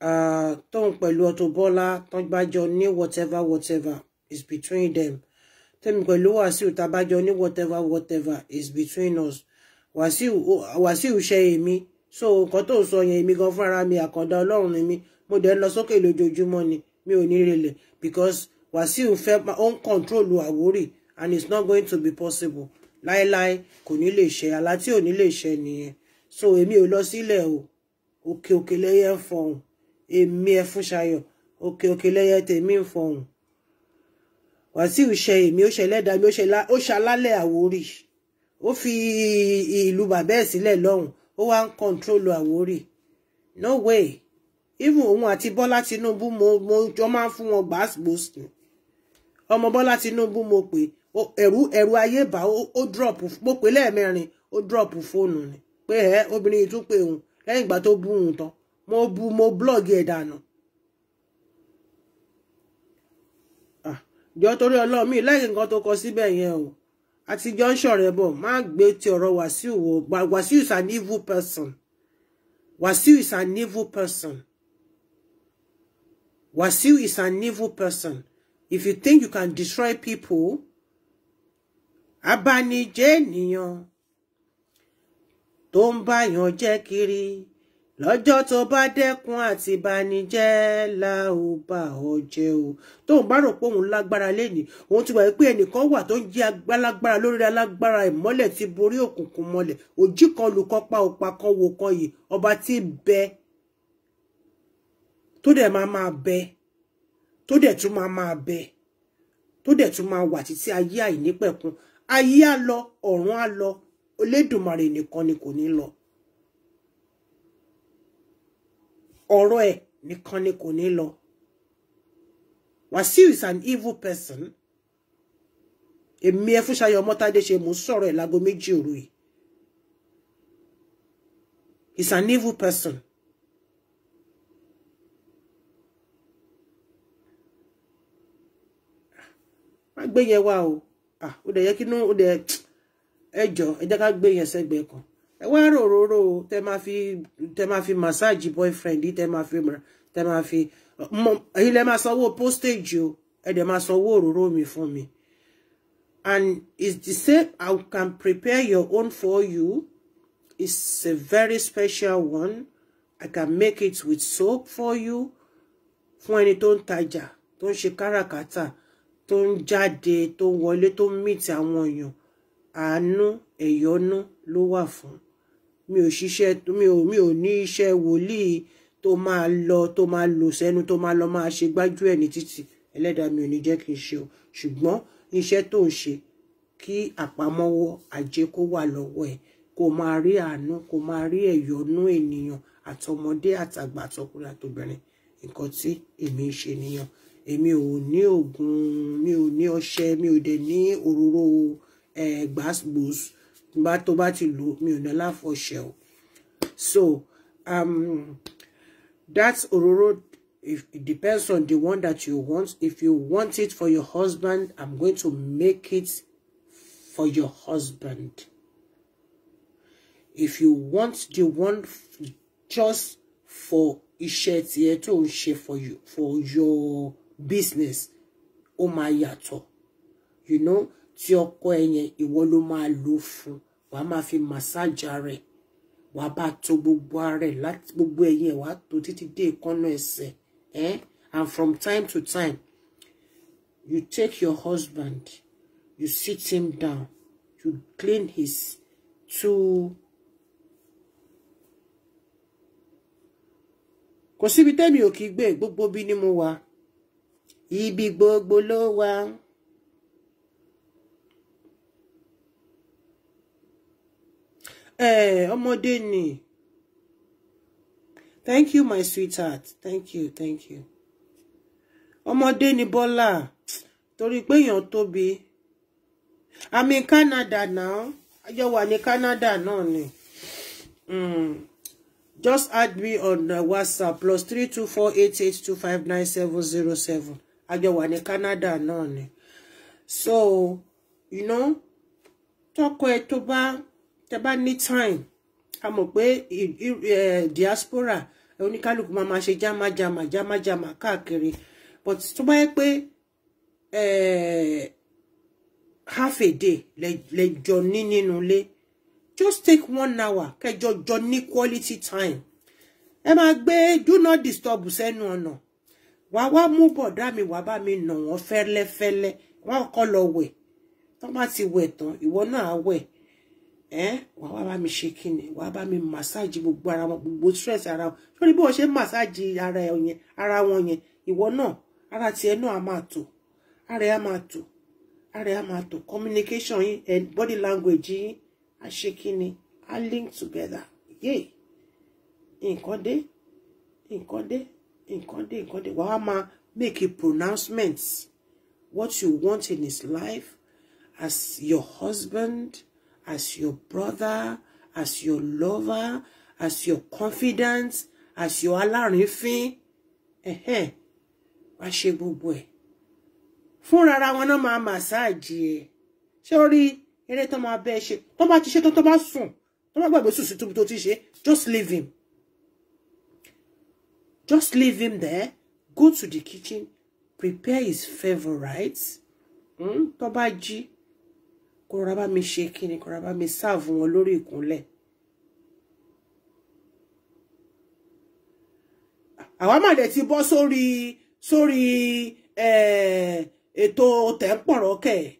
Uh, Tong pẹ̀lú Auto Bola, Tong Bajo ni whatever, whatever is between them. Temi pẹ̀lú Wasiu Tabajo ni whatever, whatever is between us. Wasiu, Wasiu ṣe èmi. So, nǹkan so sọ yẹn èmi gan fúnra mi àkàndá Ọlọ́run ni mi. Mo dẹ̀ lọ sókè lójoojúmọ́ ni. Mi ò ní relẹ̀ because Wàsíù fẹ́ ó ń kọńtrólù Àwórì and it's not going to be possible láéláé kò ní lè ṣe àlá tí ò ní lè ṣe nìyẹn so èmi ò lọ sílẹ̀ o òkè òkè lẹ́yẹ ń fọhùn èmi ẹ fún ṣayọ̀ òkè òkè lẹ́yẹ tèmi ń fọhùn Wàsíù ṣe èmi ó ṣe lẹ́dàá mi ó ṣe alálẹ̀ Àwórì ó fi ìlú bàbá ẹ̀ sílẹ̀ lọ́hùn ó wá ń kọ́ńtrólù Àwórì no way even òun àti Bọ́lá Tinubu mo mo jọ máa ń fún wọn gbàgbó ọmọ Bọ́lá Tinubu mo pè ẹ̀rú ẹ̀rú ayé bá ó drop mo pè lẹ́ẹ̀mẹrin ó drop fóònù ni pé ẹ obìnrin yìí tún pé òun lẹ́yìn ìgbà tó bú òun tán mo bu mo blọọgì ẹ̀ dànù. Ah, jọ torí Ọlọ́run mi lẹ́yìn nǹkan tó kọ síbẹ̀ yẹn o àti jọ ń ṣọ̀rẹ́ bọ̀ má gbé ti ọ̀rọ̀ Wàsíù wò Wàsíù is an evil person Wàsíù is an evil person Wàsíù is an evil person if you think you can destroy people abanijẹ́ ènìyàn tó ń báyàn jẹ́ kiri lọ́jọ́ tó bá dẹ́kun àti banijẹ́ la ó bá ọ jẹ́ o tó ń bá rò pé òun lágbára lénìí òun ti wà pé ẹnìkan wà tó ń jí agbálágbára lórí alágbára ìmọ́lẹ̀ ti borí òkùnkùn mọ́lẹ̀ òjì kan olùkọ́ pa òpa kan wò kan yìí ọba tí be. tó dẹ̀ máa máa bẹ tó dẹ̀ tún máa máa bẹ tó dẹ̀ tún máa wà títí ayé àìnípẹ̀kun ayé á lọ ọ̀run á lọ Olódùmarè nìkan ni kò ní lọ ọ̀rọ̀ ẹ̀ nìkan ni kò ní lọ Wasiu is an evil person èmi ẹ fúnṣayọ ọmọtádé ṣe mò ń sọ̀rọ̀ ẹ̀ láago méjì òru yìí is an evil person. má yẹn wá o ah ó dẹ̀ yẹ kí inú ó dẹ̀ ẹjọ ẹ jẹ́ ká gbé yẹn sẹ́gbẹ̀ẹ́ kan ẹ wá ròróró o tẹ máa fi tẹ máa fi massage boyfriend tẹ máa fi tẹ máa fi mọ èyí lẹ máa sanwó postage o ẹ dẹ̀ máa sanwó òróró mi fún mi and it's the same I can prepare your own for you it's a very special one I can make it with soap for you fún ẹni tó ń tajà tó ń ṣe káràkátà tó ń jáde tó ń wọlé tó ń meet àwọn èèyàn àánú ẹ̀yọ́nú ló wà fún mi ò ṣiṣẹ́ mi ò mi ò ní iṣẹ́ wòlíì tó máa lọ tó máa lò sẹ́nu tó máa lọ máa ṣe gbájú ẹ̀ ní títì ẹlẹ́dàá mi ò ní jẹ́ kí n ṣe o ṣùgbọ́n iṣẹ́ tó ń ṣe kí àpamọ́wọ́ ajé kó wà lọ́wọ́ ẹ̀ kó máa rí àánú kó máa rí ẹ̀yọ́nú ènìyàn àtọmọdé àtàgbà àtọkùnrin àtobìnrin nǹkan tí èmi ń ṣe nìyẹn èmi ò ní oògùn mi ò ní ọṣẹ mi ò dẹ̀ ní òróró gbàgbòs bá tó bá ti lò mi ò ní aláfọṣẹ o so um, that òróró if it depends on the one that you want if you want it for your husband i'm going to make it for your husband if you want the one just for iṣẹ́ tiẹ̀ tó ń ṣe for you for your business ó máa yàtọ̀ you know tí ọkọ ẹ yẹn ìwọ ló máa lò fún wàá máa fi massage rẹ wàá bá to gbogbo ara ẹ gbogbo ẹ̀yìn ẹ to títí dé ìkọ́nà ẹsẹ̀ ẹ and from time to time you take your husband you sit him down you clean his two. kò síbi tẹ́mi ò kí gbé gbogbo bí ni mo wà ibi gbogbo ló wà. ọmọdé ni thank you my sweetheart thank you thank you ọmọdé ni Bọ́lá torí pé èèyàn tóbi àmì Canada náà ajọ wà ní Canada náà ni mm. just add me on uh, WhatsApp plus three two four eight eight two five nine seven zero seven àjọ wà ní Canada náà ni so you know tọkọ ẹ tó bá tẹ bá ní time a mọ̀ pé diaspora oníkálukú máa máa ṣe Jama Jama káàkiri but tó bá yẹ pé half a day lẹjọ ní nínú ilé just take one hour kẹjọ jọ ní quality time ẹ máa gbé do not disturb sẹ́nu ọ̀nà. No wàá wá mú bọ̀dá mi wàá bá mi nà wọ́n fẹ́lẹ́fẹ́lẹ́ wọ́n kọ́ lọ wẹ̀ tó bá ti wẹ̀ tán ìwọ náà wẹ̀ ẹ́ wàá wá bá mi ṣe kíni wàá bá mi màsáàjì gbogbo ara wọn stress ara wọn sórí bí wọ́n ṣe màsáàjì ara yẹn ara wọn yẹn ìwọ náà ara tiẹ̀ náà a máa tò ara ẹ̀ a máa ara ẹ̀ a máa communication and body language yín a ṣe kíni a link together yay nǹkan dé nǹkan dé nǹkan dé nǹkan dé wàá máa make a pronouncement what you want in his life as your husband as your brother as your lover as your confidant as your alárìnfín ẹ̀hẹ́n wá ṣe gbogbo ẹ̀ fúnra ara wọn náà máa màsáàjì ẹ̀ ṣé ó rí eré tó máa bẹ́ẹ̀ ṣe tó bá ti ṣe tó tó bá sùn tó bá gbàgbé sùn sí túbú tó ti ṣe just leave him. Just leave him there. Go to the kitchen. Prepare his favorites. Mm? Tó bá jí. Kó rá bá mi ṣe kíni. Kó rá bá mi serve wọn lórí ìkúnlẹ̀. Àwa mà dẹ̀ ti bọ́ sórí sórí eh, ètò tẹ̀ǹpọ̀rọ̀ kẹ̀. Okay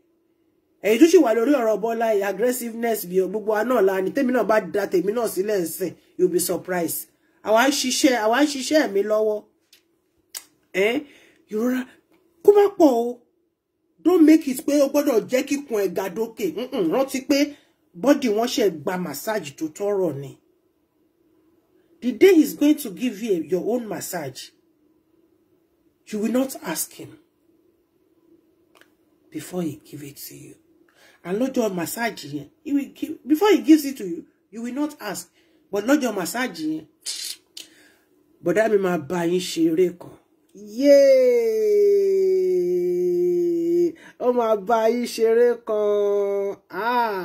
èyí tó sì wà lórí ọ̀rọ̀ aggressiveness bí gbogbo wa la ni temi náà bá da tèmi náà sílẹ̀ ń you be surprised àwa ń ṣiṣẹ́ àwa ń ṣiṣẹ́ mi lọ́wọ́ ẹ́ ìrora kó má pọ̀ o don't make it pé o gbọ́dọ̀ jẹ́ kíkun ẹ̀ ga dókè rántí pé bọ́dì wọn ṣe gba massage tó tọrọ ni the day he is going to give you your own massage you will not ask him before he give it to you and lọ́jọ́ massage yẹn he will give before he gives it to you you will not ask but lọ́jọ́ massage yẹn bọ̀dá mi máa bá yín ṣe eré kan yéé ó máa bá yín ṣeré kan ah!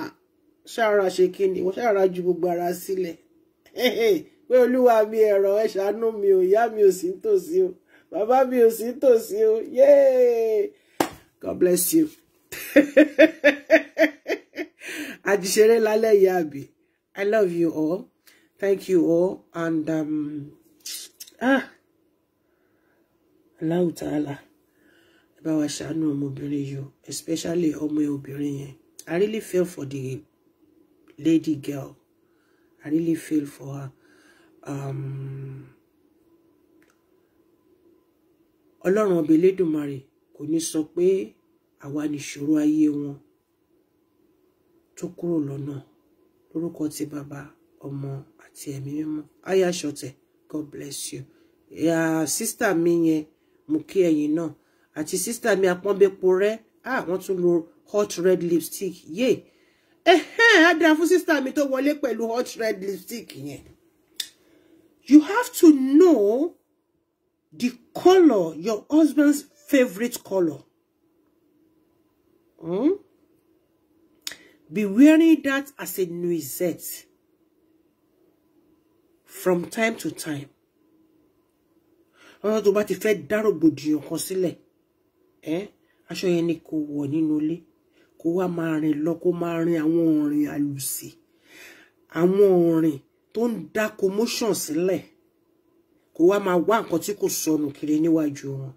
ṣàrà ṣe kí ni wọ́n ṣàrà ju gbogbo ara sílẹ̀ pé olúwa mi ẹ̀rọ ẹ ṣàánú mi ò ìyá mi ò sí tòsí o bàbá mi ò sí tòsí o God bless you àjíṣeré lálẹ́ ìyá I love you all. Thank you all. And, um, ah, Allah Ta'ala. Bá wa ṣàánú ọmọbìnrin you, especially ọmọ obìnrin yẹn. I really feel for the lady girl. I really feel for her. Um, Ọlọ́run ọba Elédùmarè kò ní sọ pé àwa nìṣòro ayé wọn tó kúrò lọ́nà lórúkọ ti bàbá ọmọ ti ẹ̀mí mímọ́ aya ṣọ̀tẹ̀ god bless you ìyá sister, mi yẹn mo kí ẹ̀yin náà àti sísítà mi apọ́nbẹ́po rẹ́ ah wọ́n tún lo hot red lipstick ye. Eh, á dáa fún sísítà mi tó wọlé pẹ̀lú hot red lipstick yẹn you have to know the color your husband's favorite color. Hmm? Be wearing that as a nuisette from time to time ọ̀rọ̀ tó bá ti fẹ́ dárògbòdìyàn kan sílẹ̀ ẹ́ aṣọ yẹn ni kò wọ̀ nínú ilé kó wá máa rìn lọ kó máa rìn àwọn ọ̀rìn àlùsì àwọn ọ̀rìn tó ń dá commotion sílẹ̀ kó wá máa wá nǹkan tí kò sọnù kiri níwájú wọn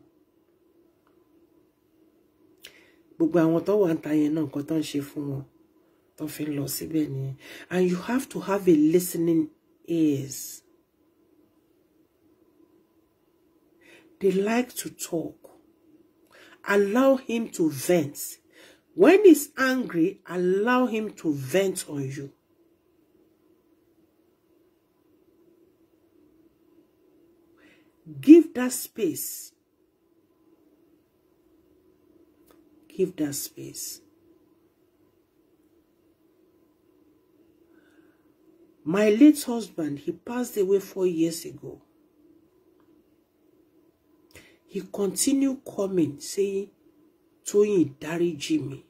gbogbo àwọn tó wà ń ta yẹn náà nǹkan tó ń ṣe fún wọn tó fi lọ síbẹ̀ nìyẹn and you have to have a listening is they like to talk. Allow him to vent. When he's angry, allow him to vent on you. Give that space. Give that space. My late husband, he passed away four years ago. He continued coming, saying, Toyin, dáríjì Jimmy.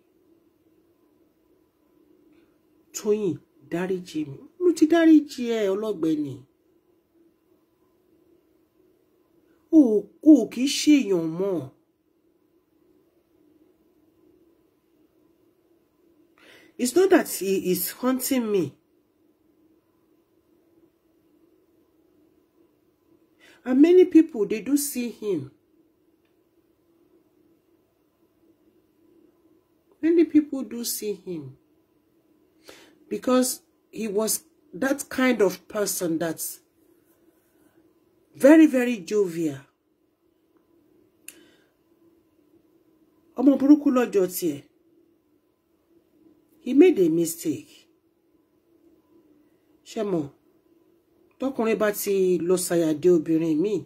Toyin, dáríjì mi. Mo ti dáríjì ẹ ọlọ́gbẹ́ni. O ò kì í ṣe èèyàn mọ́. It's not that he is haunting me. And many people, they do see him. Many people do see him. Because he was that kind of person that's very, very jovial. ọmọ burúkú lọ́jọ́ he made a mistake ṣe tọkùnrin bá ti lọ ṣàyàdé obìnrin míì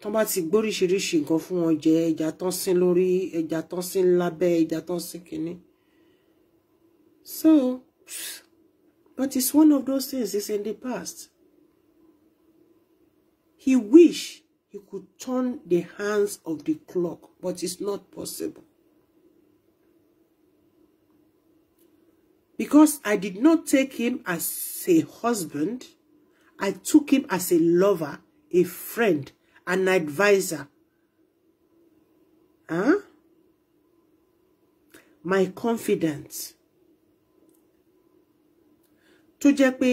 tán bá ti gbóríṣiríṣi nǹkan fún wọn jẹ ẹja tán sín lórí ẹja tán sín lábẹ́ ẹja tán sín kínní so but it's one of those things it's in the past he wish he could turn the hands of the clock but it's not possible because I did not take him as a husband. I took him as a lover, a friend, an advisor. Huh? My confidence. Tó jẹ́ pé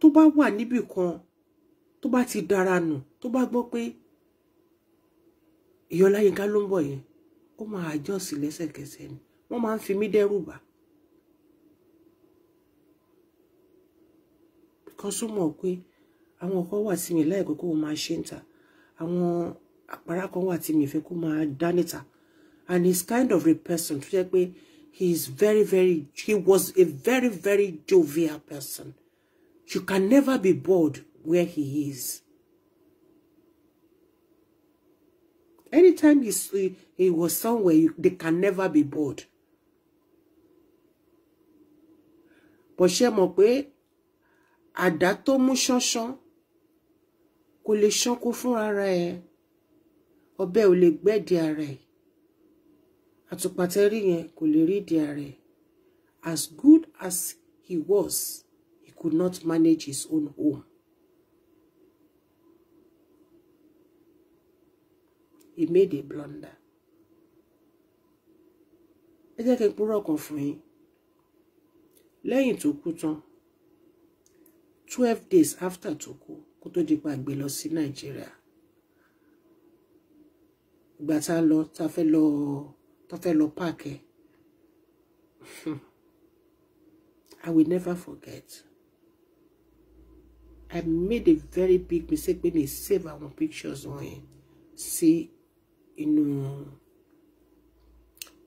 tó bá wà níbì kan tó bá ti dára nù tó bá gbọ́ pé Ìyọláyínká ló ń bọ̀ yẹn ó máa àjọsí lẹ́sẹ̀kẹsẹ̀ ni wọ́n máa fi mí dẹ́rù bà kan súnmọ́ pé àwọn kan wà tí mi láìpẹ́ kó máa ṣe ń ta àwọn àpárá kan wà tí mi fẹ́ kó máa dá níta and he's kind of a person tó jẹ́ pé he is very very he was a very very jovial person you can never be bored where he is. Anytime he, he, he was somewhere, you, they can never be bored. But ṣé mọ̀ pé àdá tó mú ṣánṣán kò lè ṣánko fúnra ẹ ọ̀bẹ ò lè gbẹ́dì ara ẹ àtùpà yẹn kò lè rí ìdí ara ẹ as good as he was he could not manage his own home. He made a blunder. ẹ jẹ́ kí n purọ́ kan fún yín lẹ́yìn tó kú tán twelve days after tó kú kó tó di pa gbé lọ sí nàìjíríà ìgbà tá a lọ tá a fẹ́ lọ tá a fẹ́ lọ páàkì I will never forget I made a very big mistake pé mi save àwọn pictures wọ̀nyí sí inú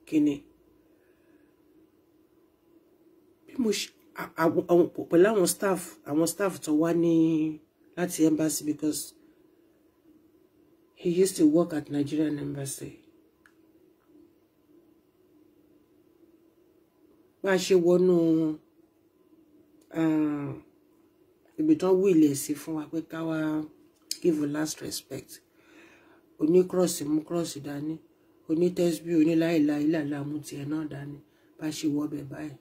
kíni bí mo ṣe pẹ̀lú àwọn staff àwọn staff tó wá ní láti embassy because he used to work at Nigerian embassy. bá a ṣe wọnú ah, ibi tán wíìlẹ̀ sí fún wa pé ká wá give a last respect oní cross mú cross dání oní tẹ́sbí oní láìláìlà làmú tiẹ̀ náà dání bá a ṣe wọ́ ọbẹ̀ báyìí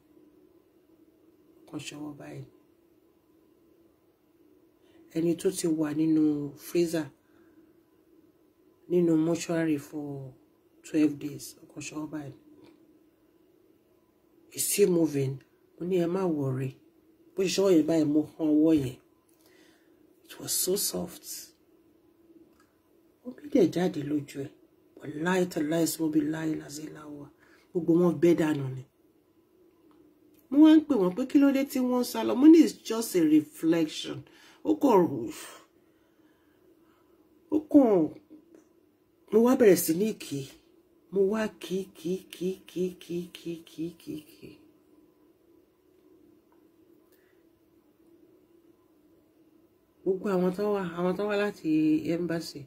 kan ṣọwọ́ báyìí ẹni tó ti wà nínú freezer nínú mortuary for twelve days ọkàn ṣọwọ́ báyìí is still moving mo ní ẹ má wọrí bó ṣe ṣọwọ́ yẹn báyìí mo kan ọwọ́ yẹn it was so soft omi dẹ̀ jáde lójú ẹ̀ but light, tẹ̀ láì light as láì làzẹ́ láwọ̀ gbogbo wọn bẹ́ dànù ni wá ń pè wọ́n pé kí ló dé tí wọ́n sá lọ money is just a reflection ó kàn ó kàn mo wá bẹ̀rẹ̀ sí ní kì í mo wá kì í kì í kì í kì í kì gbogbo àwọn tó wà àwọn tó wà láti embassy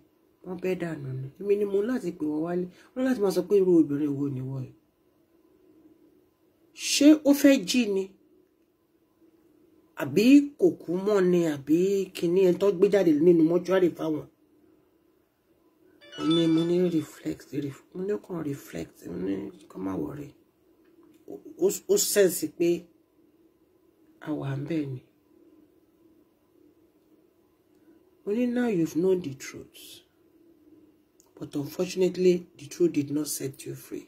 wọ́n bẹ́ẹ̀ dànù ni èmi ni mo láti pè wọ́n wálé wọ́n láti máa sọ pé irú obìnrin wo ni wọ́n yìí ṣé ó fẹ́ jí ni àbí kò kú mọ́ ni àbí kinní ẹ̀ tó gbé jáde nínú mọ́túárì fáwọn ní mo ní reflect mo ní kàn reflect mo ní kàn má wọrí ó sẹ́ǹsì pé a wà ń bẹ̀ ni mo ní now you've known the truth but unfortunately the truth did not set you free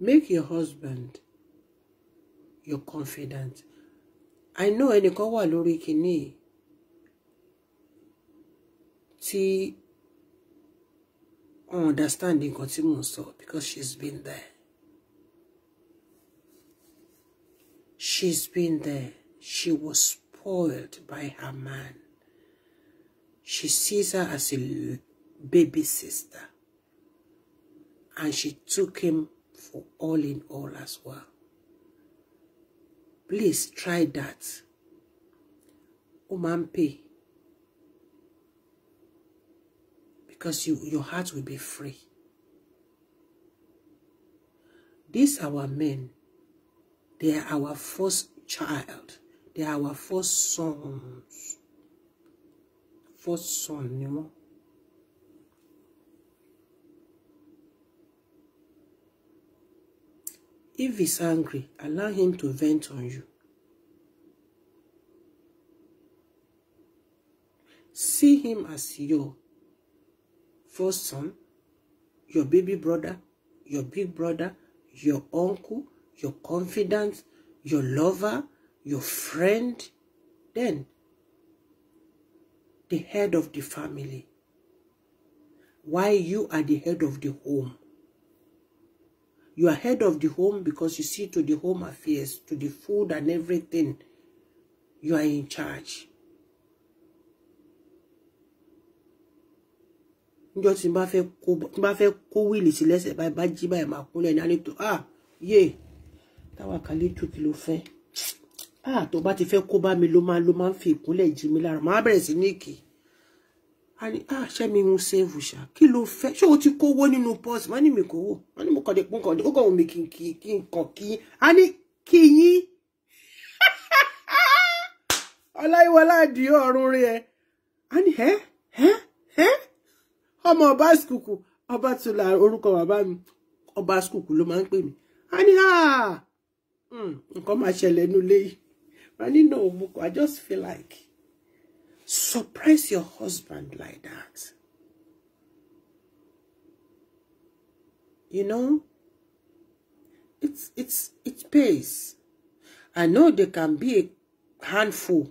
make your husband your confidant i know ẹnìkan wà lórí kìíní tí wọn understand nǹkan tí mò sọ because she's been there she's been there she was spoiled by her man she sees her as a baby sister and she took him for all in all as well. Please try that. umampe, Because you, your heart will be free. These our men, they are our first child. They are our first sons. First son, you know. If he's angry, allow him to vent on you. See him as your first son, your baby brother, your big brother, your uncle, your confidant, your lover, your friend, then the head of the family. Why you are the head of the home. You are head of the home because you see to the home affairs, to the food and everything. You are in charge. Njọ́ tí n bá fẹ́ kó tí n bá fẹ́ kó wíìlì sí lẹ́sẹ̀ báyìí bá jí báyìí máa kúnlẹ̀ ní àlejò ah yé táwa kàlejò kí kilo fe ah tó bá ti fe kó bá mi ló máa ló ma ń fi ìkúnlẹ̀ mi lára màá bẹ̀rẹ̀ sí ní a ní ah ṣé mi ń sèvù ṣá kí ló fẹ́ ṣé o ti kówó nínú pọ́ọ̀sì wọ́n ní mi kò wò wọ́n ní mo kàn dé pọ́n kàn dé kókò mi kì í kí n kàn kí a ní kí yín ọláyíwọlá di ọ̀run rí ẹ a ní ẹ ẹ ẹ ọmọ ọba skuku ọba tó la orúkọ bàbá mi ọba skuku ló máa ń pè mí a ní ha ah, hmm, nǹkan máa ṣẹlẹ̀ nílé yìí wọ́n ní no I just feel like. Surprise your husband like that. You know, it's it's it pays. I know they can be a handful.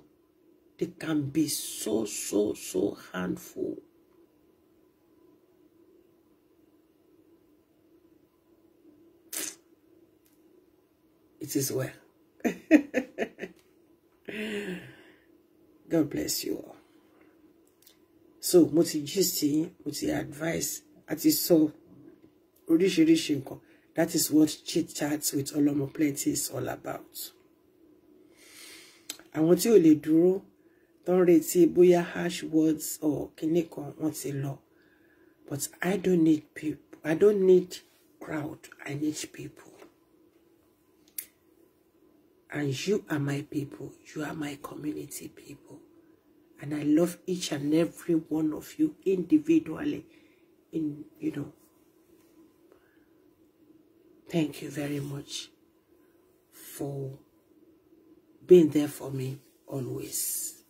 They can be so, so, so handful. It is well. God bless you all. So, mo ti gist yín, mo ti advice, àti sọ oríṣiríṣi nǹkan. That is what chit chats with Olomo Plenty is all about. Àwọn tí ò lè dúró tó ń retí bóyá harsh words or kinní kan wọ́n ti lọ. But I don't need people. I don't need crowd. I need people. And you are my people. You are my community people. And I love each and every one of you individually. In, you know. Thank you very much for being there for me always.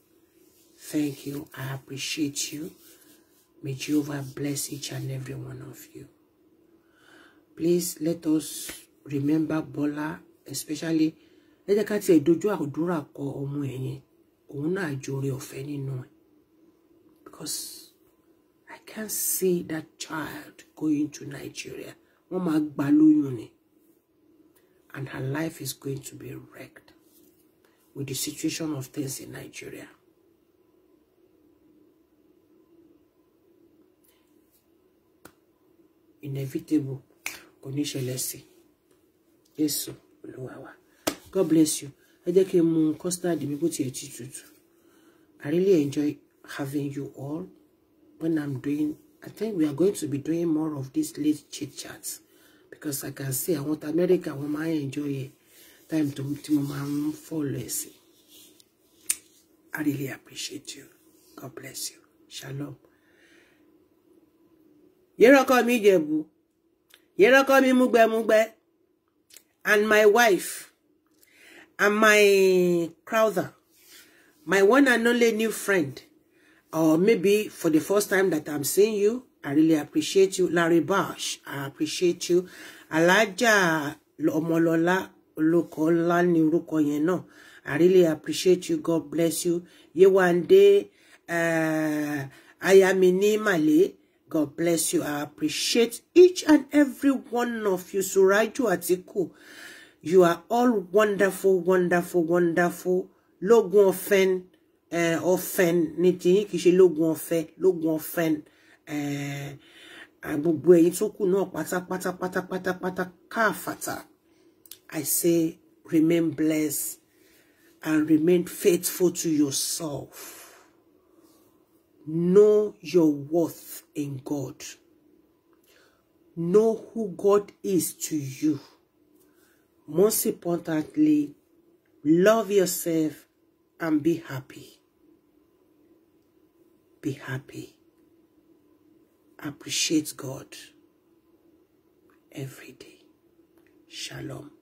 Thank you. I appreciate you. May Jehovah bless each and every one of you. Please let us remember Bola, especially ẹ jẹ́ ká tiẹ̀ dojú àdúrà kọ ọmọ ẹ̀ yẹn òun náà jòrè ọ̀fẹ́ nínú ẹ̀ because I can't see that child going to Nigeria wọ́n máa gbà lóyún ni and her life is going to be wrecked with the situation of things in Nigeria. inevitable kò ní ṣẹlẹ̀ sí God bless you I declare kí constant mu custard attitude. I really enjoy having you all when I'm doing I think we are going to be doing more of these late chit chats because I can see I want America woman enjoy it time to tí mo máa ń I really appreciate you God bless you shalom yẹrọkọ mi jẹ̀bù yẹrọkọ mi múgbẹmúgbẹ and my wife. and my crowther, my one and only new friend, or maybe for the first time that I'm seeing you, I really appreciate you. Larry Bosch. I appreciate you. Alaja Omolola Loko ni orúkọ yẹn I really appreciate you. God bless you. Yewande uh, Ayamini Male, God bless you. I appreciate each and every one of you. Suraju Atiku. You are all wonderful, wonderful, wonderful. Lógún ọ̀fẹ́n ọ̀fẹ́n eh, ní tiyín kìí ṣe lógún ọ̀fẹ́ lógún ọ̀fẹ́n eh, eh, gbogbo ẹ̀yin tó kù náà pátápátá pátápátá pátá pata, pata, kafata. I say remain blessed and remain faithful to yourself. Know your worth in God. Know who God is to you most importantly, love yourself and be happy. Be happy. Appreciate God every day. Shalom.